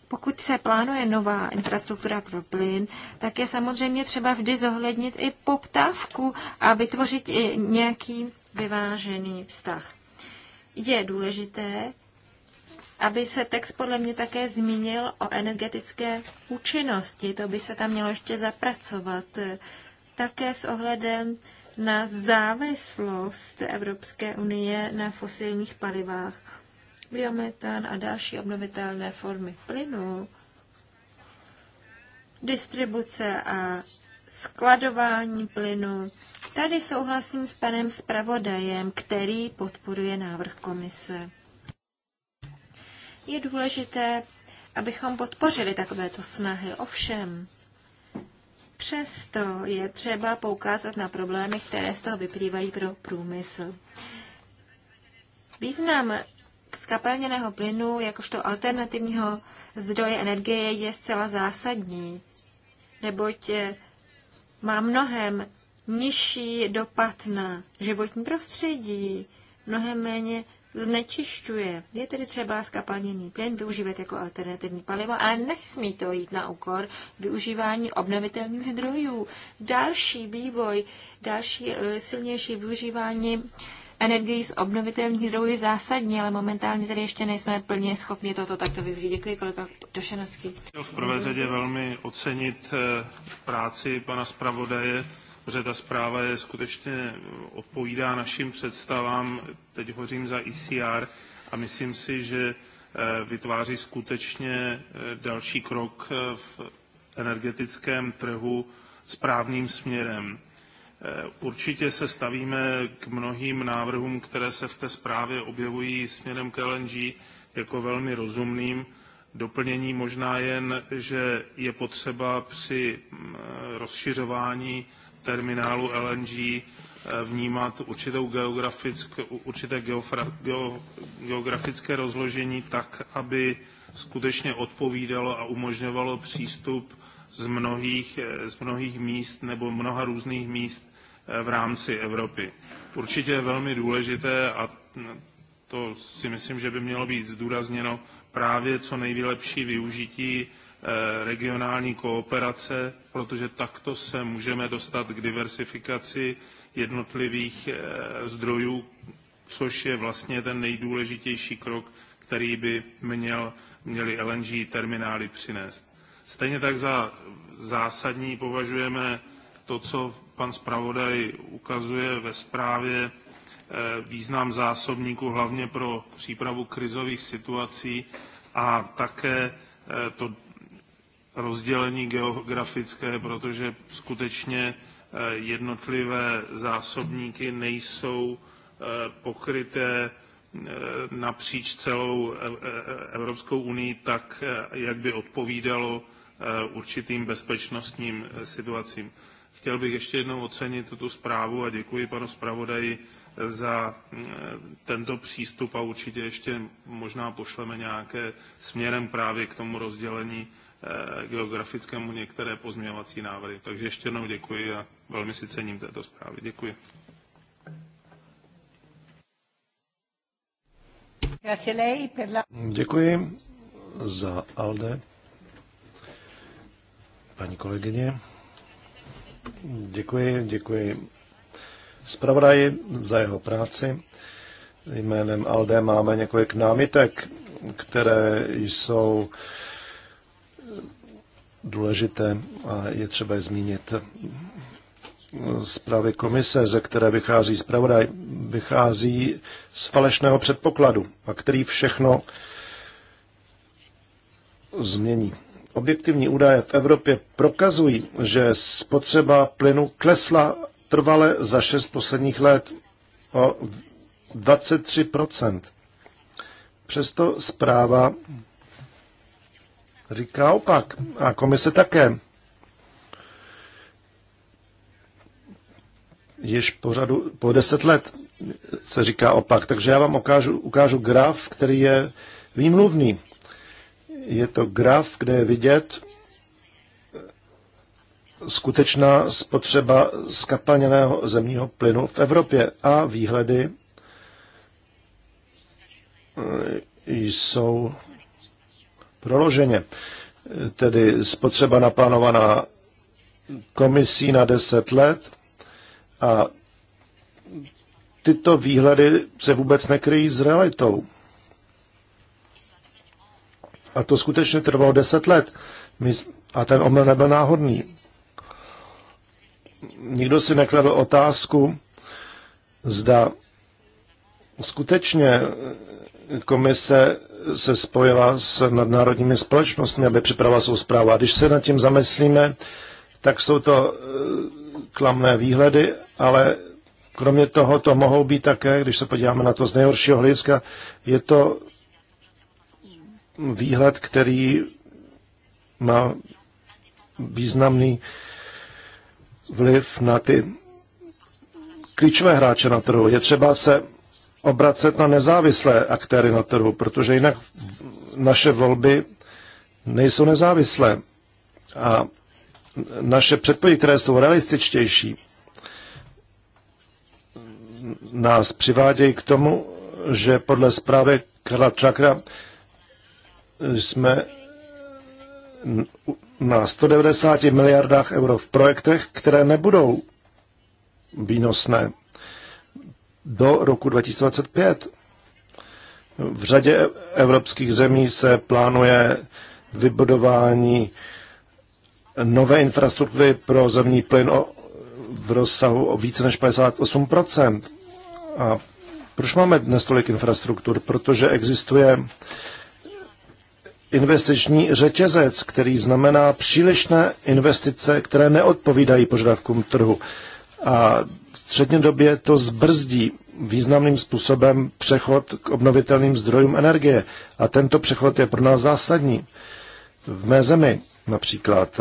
Pokud se plánuje nová infrastruktura pro plyn, tak je samozřejmě třeba vždy zohlednit i poptávku a vytvořit i nějaký vyvážený vztah. Je důležité, aby se text podle mě také zmínil o energetické účinnosti. To by se tam mělo ještě zapracovat. Také s ohledem na závislost Evropské unie na fosilních palivách, biometan a další obnovitelné formy plynu, distribuce a skladování plynu. Tady souhlasím s panem zpravodajem, který podporuje návrh komise je důležité, abychom podpořili takovéto snahy. Ovšem, přesto je třeba poukázat na problémy, které z toho vyplývají pro průmysl. Význam skapelněného plynu jakožto alternativního zdroje energie je zcela zásadní, neboť eh, má mnohem nižší dopad na životní prostředí, mnohem méně znečišťuje. Je tedy třeba skapalněný plyn využívat jako alternativní palivo, ale nesmí to jít na úkor využívání obnovitelných zdrojů. Další vývoj, další e, silnější využívání energie z obnovitelných zdrojů zásadní, ale momentálně tady ještě nejsme plně schopni toto takto využít. Děkuji, kolega Došenovský. Chtěl v prvé řadě velmi ocenit e, práci pana zpravodaje protože ta zpráva je skutečně eh, odpovídá našim představám, teď hořím za ICR, e a myslím si, že eh, vytváří skutečně eh, další krok v energetickém trhu správným směrem. Určitě se stavíme k mnohým návrhům, které se v té zprávě objevují směrem k LNG jako velmi rozumným. Doplnění možná jen, že je potřeba při mm, rozšiřování terminálu LNG eh, vnímat určitou geografické, určité geofra, geo, geografické rozložení tak, aby skutečně odpovídalo a umožňovalo přístup z mnohých, eh, z mnohých míst nebo mnoha různých míst eh, v rámci Evropy. Určitě je velmi důležité a to si myslím, že by mělo být zdůrazněno právě co nejvylepší využití Eh, regionální kooperace, protože takto se můžeme dostat k diversifikaci jednotlivých eh, zdrojů, což je vlastně ten nejdůležitější krok, který by měl, měly LNG terminály přinést. Stejně tak za zásadní považujeme to, co pan zpravodaj ukazuje ve zprávě, eh, význam zásobníku hlavně pro přípravu krizových situací a také to rozdělení geografické, protože skutečně eh, jednotlivé zásobníky nejsou eh, pokryté eh, napříč celou Evropskou unii tak, jak by odpovídalo určitým bezpečnostním situacím. Chtěl bych ještě jednou ocenit tuto zprávu a děkuji panu zpravodaji za mm, tento přístup a určitě ještě možná pošleme nějaké směrem právě k tomu rozdělení Eh, geografickému některé pozměňovací návrhy. Takže ještě jednou děkuji a velmi si cením této zprávy. Děkuji. Děkuji za Alde. Paní kolegyně, děkuji, děkuji zpravodaji za jeho práci. Jménem Alde máme několik námitek, které jsou důležité a je třeba je zmínit. Zprávy komise, ze které vychází zpravodaj, vychází z falešného předpokladu, a který všechno změní. Objektivní údaje v Evropě prokazují, že spotřeba plynu klesla trvale za šest posledních let o 23 Přesto zpráva říká opak. A komise také. Již po, řadu, po deset let se říká opak. Takže já vám ukážu, ukážu graf, který je výmluvný. Je to graf, kde je vidět skutečná spotřeba skapalněného zemního plynu v Evropě a výhledy jsou proloženě, Tedy spotřeba naplánovaná komisí na 10 let a tyto výhledy se vůbec nekryjí s realitou. A to skutečně trvalo 10 let. My, a ten omyl nebyl náhodný. Nikdo si nekladl otázku, zda skutečně komise se spojila s nadnárodními společnostmi, aby připravila svou zprávu. A když se nad tím zamyslíme, tak jsou to e, klamné výhledy, ale kromě toho to mohou být také, když se podíváme na to z nejhoršího hlediska, je to výhled, který má významný vliv na ty klíčové hráče na trhu. Je třeba se obracet na nezávislé aktéry na trhu, protože jinak naše volby nejsou nezávislé. A naše předpovědi, které jsou realističtější, nás přivádějí k tomu, že podle zprávy Karla Trakra jsme na 190 miliardách euro v projektech, které nebudou výnosné do roku 2025. V řadě evropských zemí se plánuje vybudování nové infrastruktury pro zemní plyn o, v rozsahu o více než 58%. A proč máme dnes tolik infrastruktur? Protože existuje investiční řetězec, který znamená přílišné investice, které neodpovídají požadavkům trhu. A střednědobě to zbrzdí významným způsobem přechod k obnovitelným zdrojům energie. A tento přechod je pro nás zásadní. V mé zemi například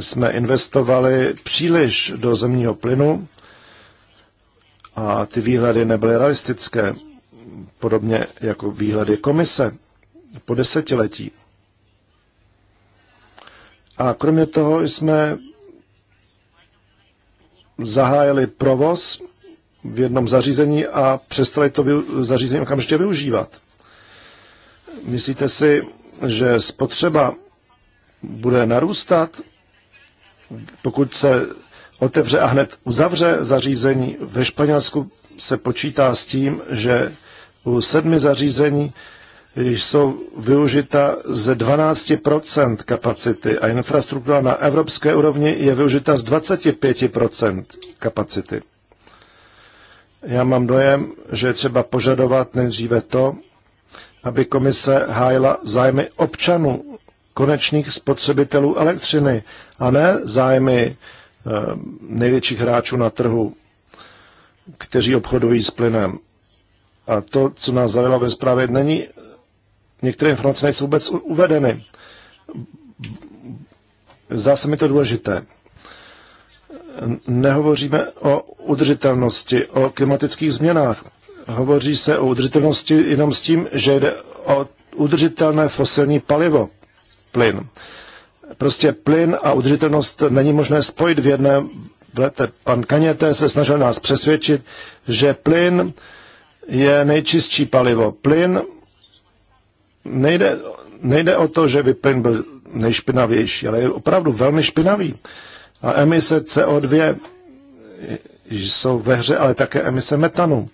jsme investovali příliš do zemního plynu a ty výhledy nebyly realistické, podobně jako výhledy komise po desetiletí. A kromě toho jsme zahájili provoz v jednom zařízení a přestali to zařízení okamžitě využívat. Myslíte si, že spotřeba bude narůstat, pokud se otevře a hned uzavře zařízení. Ve Španělsku se počítá s tím, že u sedmi zařízení jsou využita ze 12 kapacity a infrastruktura na evropské úrovni je využita z 25 kapacity. Já mám dojem, že je třeba požadovat nejdříve to, aby komise hájila zájmy občanů, konečných spotřebitelů elektřiny, a ne zájmy eh, největších hráčů na trhu, kteří obchodují s plynem. A to, co nás zavělo ve zprávě, není Některé informace nejsou vůbec uvedeny. Zdá se mi to důležité. Nehovoříme o udržitelnosti, o klimatických změnách. Hovoří se o udržitelnosti jenom s tím, že jde o udržitelné fosilní palivo, plyn. Prostě plyn a udržitelnost není možné spojit v jedné vlete. Pan Kaněte se snažil nás přesvědčit, že plyn je nejčistší palivo. Plyn nejde, nejde o to, že by plyn byl nejšpinavější, ale je opravdu velmi špinavý. A emise CO2 jsou ve hře, ale také emise metanu.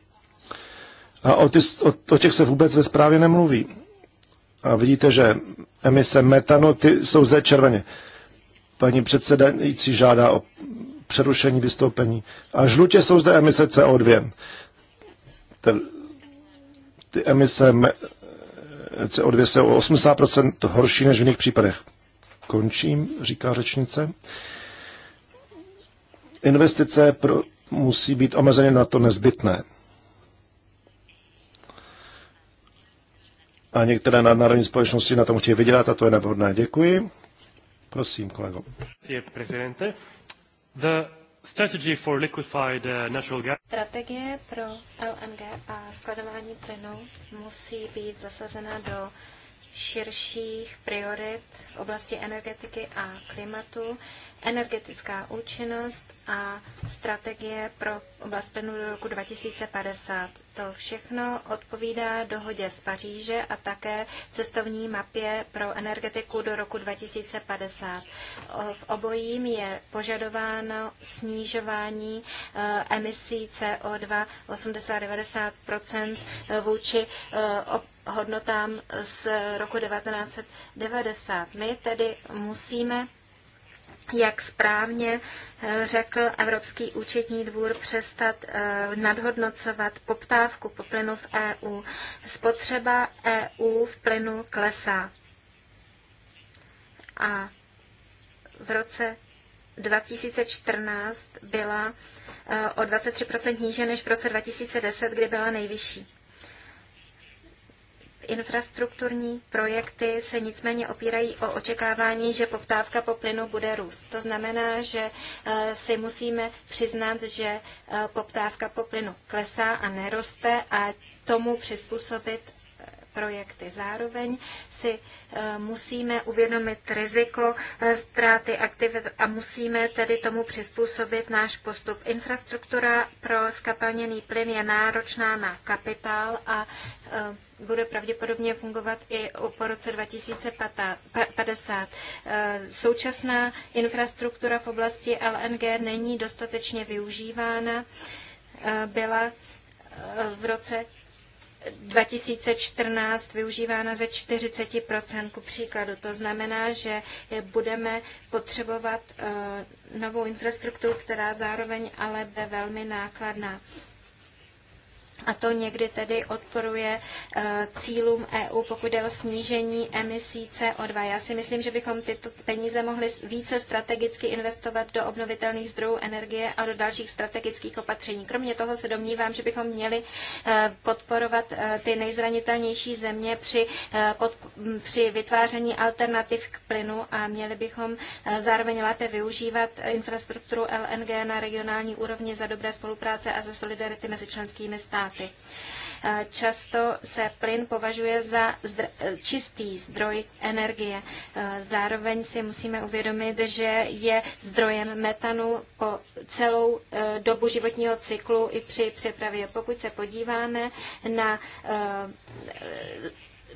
A o, ty, o, o těch se vůbec ve zprávě nemluví. A vidíte, že emise metanu ty jsou zde červeně. Paní předsedající žádá o přerušení vystoupení. A žlutě jsou zde emise CO2. Ty, ty emise me, CO2 se o 80% horší než v jiných případech. Končím, říká řečnice. Investice pro, musí být omezeny na to nezbytné. A některé nadnárodní společnosti na tom chtějí vydělat a to je nevhodné. Děkuji. Prosím, kolego. Děkuji, prezidente. The Strategy for liquefied uh, natural gas. Strategie pro LNG a skladování plynu musí být zasazena do širších priorit v oblasti energetiky a klimatu energetická účinnost a strategie pro oblast plynu do roku 2050. To všechno odpovídá dohodě z Paříže a také cestovní mapě pro energetiku do roku 2050. V obojím je požadováno snižování eh, emisí CO2 80-90 eh, vůči eh, hodnotám z roku 1990. My tedy musíme jak správně eh, řekl Evropský účetní dvůr, přestat eh, nadhodnocovat poptávku po plynu v EU. Spotřeba EU v plynu klesá. A v roce 2014 byla eh, o 23 níže než v roce 2010, kdy byla nejvyšší. Infrastrukturní projekty se nicméně opírají o očekávání, že poptávka po plynu bude růst. To znamená, že eh, si musíme přiznat, že eh, poptávka po plynu klesá a neroste a tomu přizpůsobit projekty. Zároveň si eh, musíme uvědomit riziko eh, ztráty aktivit a musíme tedy tomu přizpůsobit náš postup. Infrastruktura pro skapalněný plyn je náročná na kapitál a eh, bude pravděpodobně fungovat i po roce 2050. Současná infrastruktura v oblasti LNG není dostatečně využívána. Byla v roce 2014 využívána ze 40%, ku příkladu. To znamená, že budeme potřebovat eh, novou infrastrukturu, která zároveň ale bude velmi nákladná a to někdy tedy odporuje eh, cílům EU, pokud jde o snížení emisí CO2. Já si myslím, že bychom tyto peníze mohli více strategicky investovat do obnovitelných zdrojů energie a do dalších strategických opatření. Kromě toho se domnívám, že bychom měli eh, podporovat eh, ty nejzranitelnější země při, pod, při vytváření alternativ k plynu a měli bychom zároveň lépe využívat infrastrukturu LNG na regionální úrovni za dobré spolupráce a za solidarity mezi členskými státy státy. Eh, často se plyn považuje za eh, čistý zdroj energie. Eh, zároveň si musíme uvědomit, že je zdrojem metanu po celou dobu životního cyklu i při přepravě. Pokud se podíváme na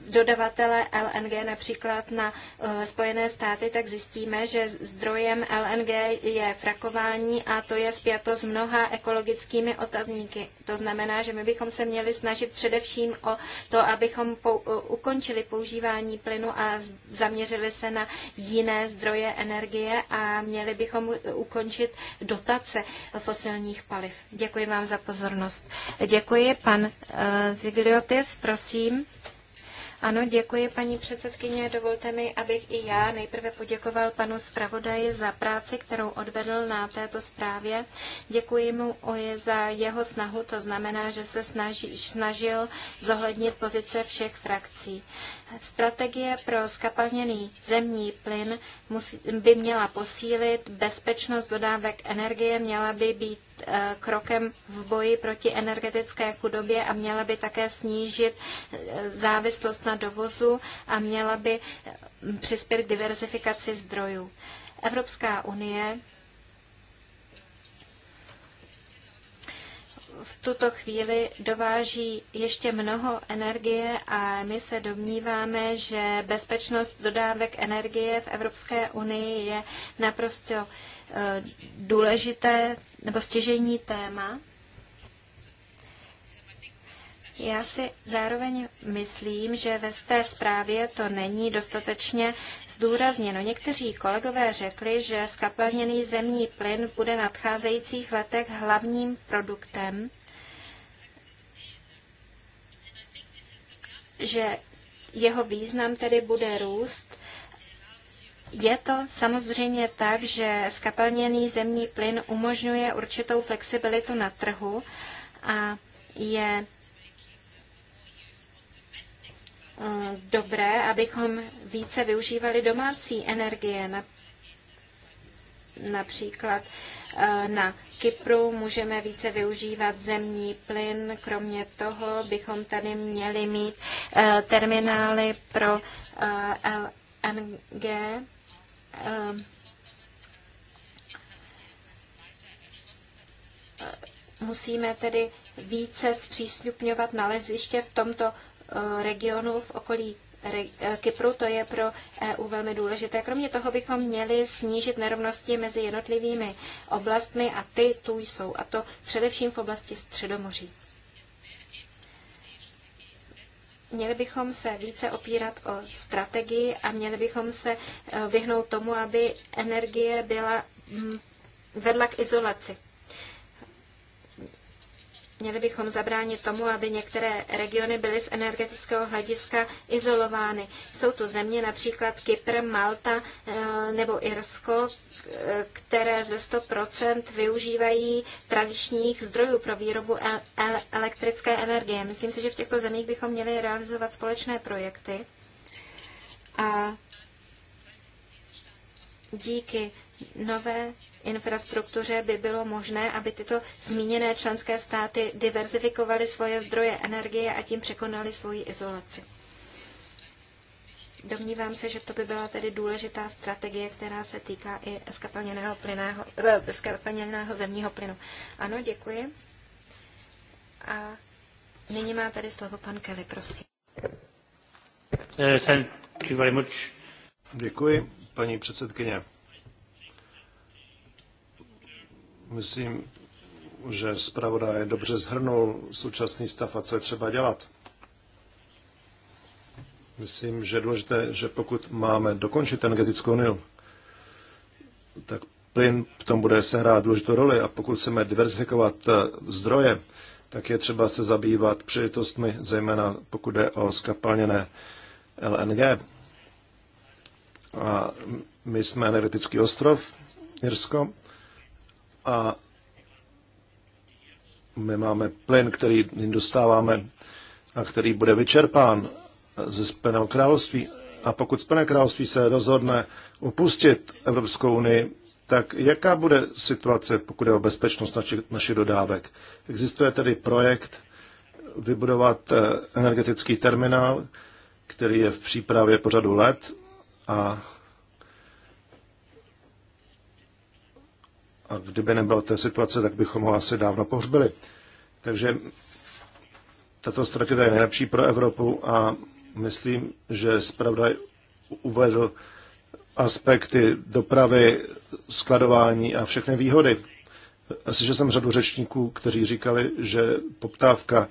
dodavatele LNG například na eh, Spojené státy, tak zjistíme, že zdrojem LNG je frakování a to je spjato s mnoha ekologickými otazníky. To znamená, že my bychom se měli snažit především o to, abychom pou- eh, ukončili používání plynu a zaměřili se na jiné zdroje energie a měli bychom eh, ukončit dotace fosilních paliv. Děkuji vám za pozornost. Děkuji, pan Zigliotis, prosím. Ano, děkuji paní předsedkyně. Dovolte mi, abych i já nejprve poděkoval panu zpravodaji za práci, kterou odvedl na této zprávě. Děkuji mu oje za jeho snahu, to znamená, že se snaží, snažil zohlednit pozice všech frakcí. Strategie pro skapalněný zemní plyn by měla posílit bezpečnost dodávek energie, měla by být eh, krokem v boji proti energetické chudobě a měla by také snížit eh, závislost na dovozu a měla by eh, přispět k diverzifikaci zdrojů. Evropská unie tuto chvíli dováží ještě mnoho energie a my se domníváme, že bezpečnost dodávek energie v Evropské unii je naprosto eh, důležité nebo stěžení téma. Já si zároveň myslím, že ve té zprávě to není dostatečně zdůrazněno. Někteří kolegové řekli, že skapalněný zemní plyn bude v nadcházejících letech hlavním produktem že jeho význam tedy bude růst. Je to samozřejmě tak, že skapalněný zemní plyn umožňuje určitou flexibilitu na trhu a je eh, dobré, abychom více využívali domácí energie, například Eh, na Kypru můžeme více využívat zemní plyn. Kromě toho bychom tady měli mít eh, terminály pro eh, LNG. Musíme tedy více zpřístupňovat naleziště v tomto regionu v okolí Eh, Kypru. To je pro EU velmi důležité. Kromě toho bychom měli snížit nerovnosti mezi jednotlivými oblastmi a ty tu jsou, a to především v oblasti Středomoří. Měli bychom se více opírat o strategii a měli bychom se eh, vyhnout tomu, aby energie byla mm, vedla k izolaci. Měli bychom zabránit tomu, aby některé regiony byly z energetického hlediska izolovány. Jsou tu země, například Kypr, Malta eh, nebo Irsko, eh, které ze 100% využívají tradičních zdrojů pro výrobu elektrické energie. Myslím si, že v těchto zemích bychom měli realizovat společné projekty a díky nové infrastruktuře by bylo možné, aby tyto zmíněné členské státy diverzifikovaly svoje zdroje energie a tím překonaly svoji izolaci. Domnívám se, že to by byla tedy důležitá strategie, která se týká i skapalněného, plynáho, skapalněného eh, zemního plynu. Ano, děkuji. A nyní má tady slovo pan Kelly, prosím. Eh, děkuji, paní předsedkyně. Myslím, že zpravodaj dobře zhrnul současný stav a co je třeba dělat. Myslím, že je důležité, že pokud máme dokončit energetickou unii, tak plyn v tom bude sehrát důležitou roli a pokud chceme diversifikovat eh, zdroje, tak je třeba se zabývat příležitostmi, zejména pokud jde o skapalněné LNG. A my jsme energetický ostrov, Jirsko, a my máme plyn, který dostáváme a který bude vyčerpán ze Spojeného království. A pokud Spojené království se rozhodne opustit Evropskou unii, tak jaká bude situace, pokud je o bezpečnost naši, našich dodávek? Existuje tedy projekt vybudovat eh, energetický terminál, který je v přípravě pořadu let a A kdyby nebyla té situace, tak bychom ho asi dávno pohřbili. Takže tato strategie je nejlepší pro Evropu a myslím, že zpravda uvedl aspekty dopravy, skladování a všechny výhody. Asi, že jsem řadu řečníků, kteří říkali, že poptávka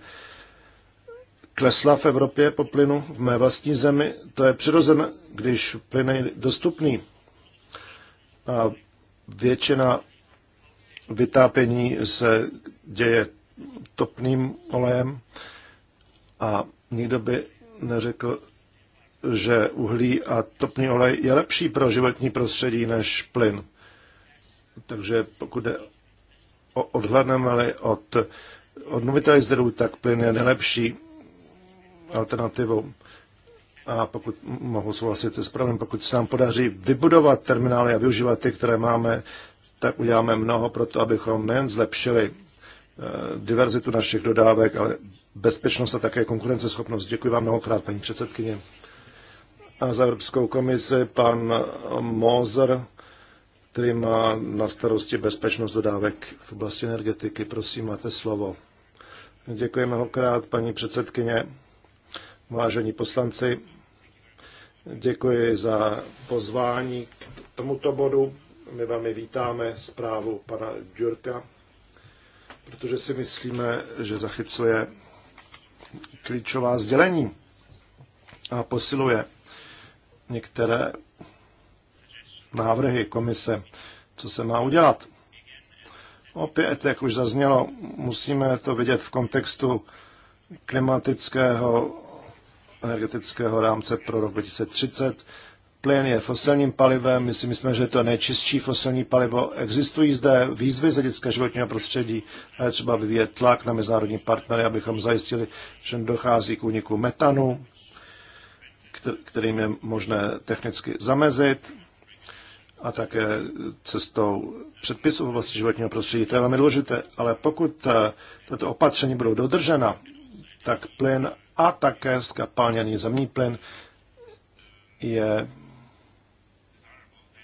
klesla v Evropě po plynu v mé vlastní zemi. To je přirozené, když plyn je dostupný. A většina vytápění se děje topným olejem a nikdo by neřekl, že uhlí a topný olej je lepší pro životní prostředí než plyn. Takže pokud je odhledneme-li od odnovitelných zdrojů, tak plyn je nejlepší alternativou. A pokud mohu souhlasit se správným, pokud se nám podaří vybudovat terminály a využívat ty, které máme, tak uděláme mnoho pro to, abychom nejen zlepšili eh, diverzitu našich dodávek, ale bezpečnost a také konkurenceschopnost. Děkuji vám mnohokrát, paní předsedkyně. A za Evropskou komisi pan Mozer, který má na starosti bezpečnost dodávek v oblasti energetiky. Prosím, máte slovo. Děkuji mnohokrát, paní předsedkyně. Vážení poslanci, děkuji za pozvání k tomuto bodu my velmi vítáme zprávu pana Dürka, protože si myslíme, že zachycuje klíčová sdělení a posiluje některé návrhy komise, co se má udělat. Opět, jak už zaznělo, musíme to vidět v kontextu klimatického energetického rámce pro rok 2030 plyn je fosilním palivem, my si myslíme, že to je nejčistší fosilní palivo. Existují zde výzvy z hlediska životního prostředí ale je třeba vyvíjet tlak na mezinárodní partnery, abychom zajistili, že dochází k úniku metanu, kterým je možné technicky zamezit a také cestou předpisů v oblasti životního prostředí. To je velmi důležité, ale pokud eh, tato opatření budou dodržena, tak plyn a také skapalněný zemní plyn je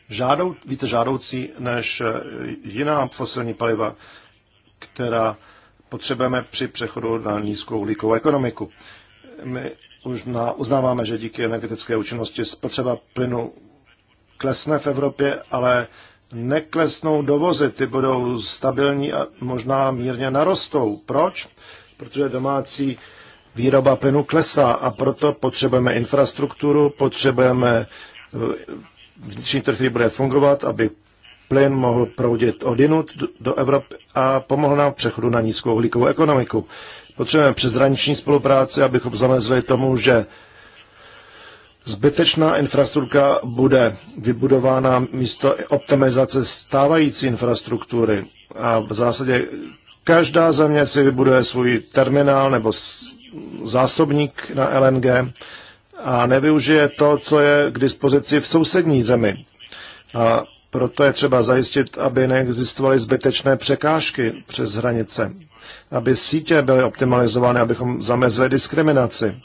žádou, více žádoucí než eh, jiná fosilní paliva, která potřebujeme při přechodu na nízkou uhlíkovou ekonomiku. My už na, uznáváme, že díky energetické účinnosti spotřeba plynu klesne v Evropě, ale neklesnou dovozy, ty budou stabilní a možná mírně narostou. Proč? Protože domácí výroba plynu klesá a proto potřebujeme infrastrukturu, potřebujeme eh, vnitřní trh, který bude fungovat, aby plyn mohl proudit odinut do Evropy a pomohl nám v přechodu na nízkou uhlíkovou ekonomiku. Potřebujeme přezraniční spolupráci, abychom zamezili tomu, že zbytečná infrastruktura bude vybudována místo optimizace stávající infrastruktury. A v zásadě každá země si vybuduje svůj terminál nebo zásobník na LNG a nevyužije to, co je k dispozici v sousední zemi. A proto je třeba zajistit, aby neexistovaly zbytečné překážky přes hranice, aby sítě byly optimalizovány, abychom zamezili diskriminaci.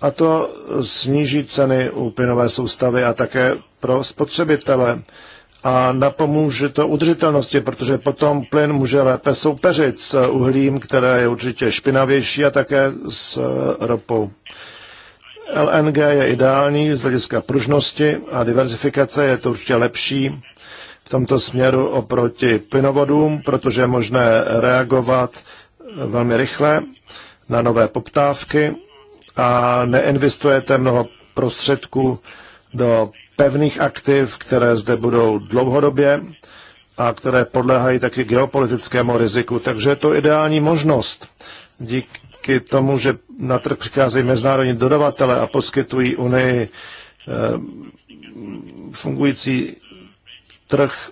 A to sníží ceny u plynové soustavy a také pro spotřebitele. A napomůže to udržitelnosti, protože potom plyn může lépe soupeřit s uhlím, které je určitě špinavější a také s ropou. LNG je ideální z hlediska pružnosti a diverzifikace, je to určitě lepší v tomto směru oproti plynovodům, protože je možné reagovat velmi rychle na nové poptávky a neinvestujete mnoho prostředků do pevných aktiv, které zde budou dlouhodobě a které podléhají taky geopolitickému riziku. Takže je to ideální možnost, dík, díky tomu, že na trh přicházejí mezinárodní dodavatele a poskytují Unii eh, fungující trh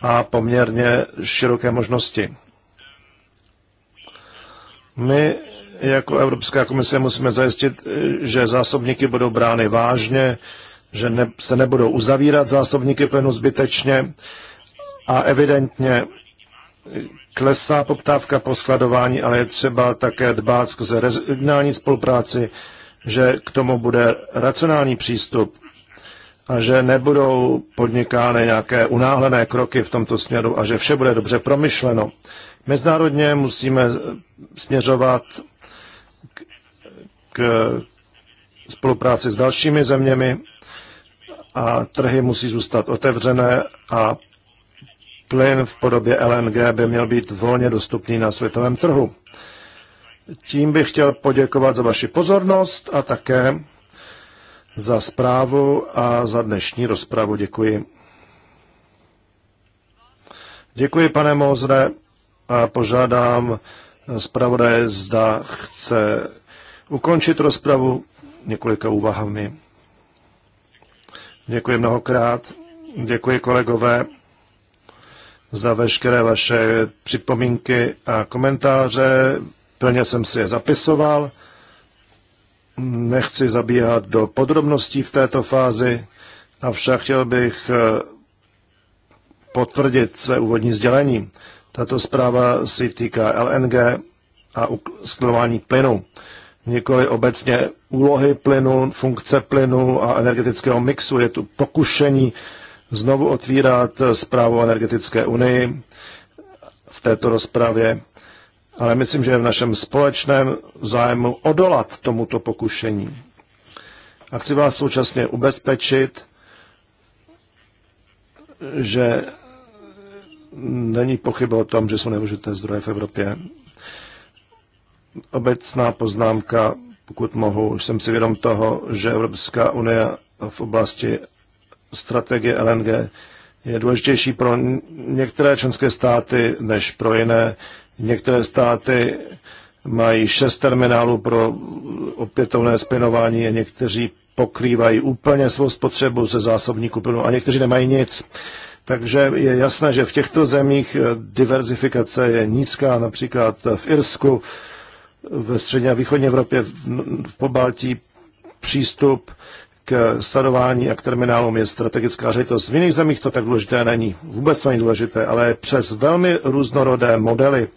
a poměrně široké možnosti. My jako Evropská komise musíme zajistit, že zásobníky budou brány vážně, že ne, se nebudou uzavírat zásobníky plynu zbytečně a evidentně klesá poptávka po skladování, ale je třeba také dbát skrze regionální spolupráci, že k tomu bude racionální přístup a že nebudou podnikány nějaké unáhlené kroky v tomto směru a že vše bude dobře promyšleno. Mezinárodně musíme směřovat k, k spolupráci s dalšími zeměmi a trhy musí zůstat otevřené a plyn v podobě LNG by měl být volně dostupný na světovém trhu. Tím bych chtěl poděkovat za vaši pozornost a také za zprávu a za dnešní rozpravu. Děkuji. Děkuji, pane Mozre, a požádám zpravodaje, zda chce ukončit rozpravu několika úvahami. Děkuji mnohokrát. Děkuji kolegové za veškeré vaše připomínky a komentáře. Plně jsem si je zapisoval. Nechci zabíhat do podrobností v této fázi, avšak chtěl bych eh, potvrdit své úvodní sdělení. Tato zpráva se týká LNG a skladování plynu. Nikoli obecně úlohy plynu, funkce plynu a energetického mixu. Je tu pokušení uh, znovu otvírat zprávu o energetické unii v této rozpravě, ale myslím, že je v našem společném zájmu odolat tomuto pokušení. A chci vás současně ubezpečit, že není pochyb o tom, že jsou nevyužité zdroje v Evropě. Obecná poznámka, pokud mohu, už jsem si vědom toho, že Evropská unie v oblasti strategie LNG je důležitější pro některé členské státy než pro jiné. Některé státy mají šest terminálů pro opětovné spinování a někteří pokrývají úplně svou spotřebu ze zásobníku plynu a někteří nemají nic. Takže je jasné, že v těchto zemích eh, diverzifikace je nízká, například v Irsku, ve střední a východní Evropě, v, v Pobaltí přístup k sledování a k terminálům je strategická ředitost. V jiných zemích to tak důležité není. Vůbec to není důležité, ale přes velmi různorodé modely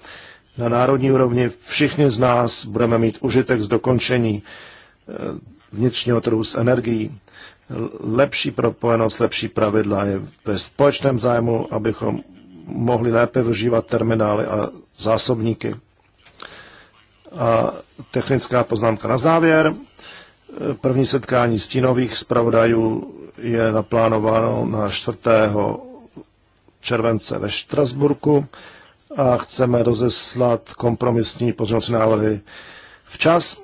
na národní úrovni všichni z nás budeme mít užitek z dokončení eh, vnitřního trhu s energií. Lepší propojenost, lepší pravidla je ve společném zájmu, abychom mohli lépe využívat terminály a zásobníky. A technická poznámka na závěr. První setkání stínových zpravodajů je naplánováno na 4. července ve Štrasburku a chceme rozeslat kompromisní pozměňovací návrhy včas,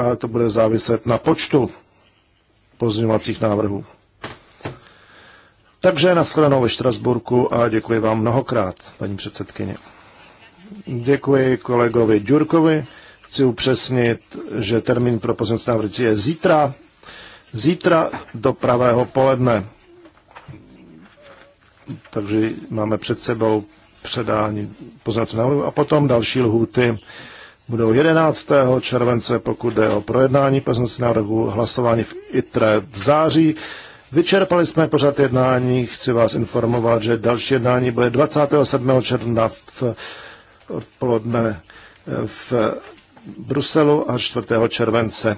ale to bude záviset na počtu pozměňovacích návrhů. Takže nashledanou ve Štrasburku a děkuji vám mnohokrát, paní předsedkyně. Děkuji kolegovi Ďurkovi chci upřesnit, že termín pro pozemské návrhy je zítra, zítra do pravého poledne. Takže máme před sebou předání poznací návrhu a potom další lhůty budou 11. července, pokud jde o projednání poznací návrhu, hlasování v ITRE v září. Vyčerpali jsme pořad jednání, chci vás informovat, že další jednání bude 27. června v odpoledne v Bruselu a 4. července.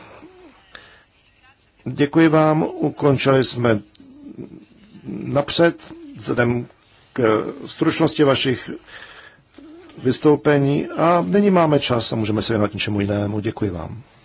Děkuji vám, ukončili jsme napřed vzhledem k stručnosti vašich vystoupení a nyní máme čas a můžeme se věnovat něčemu jinému. Děkuji vám.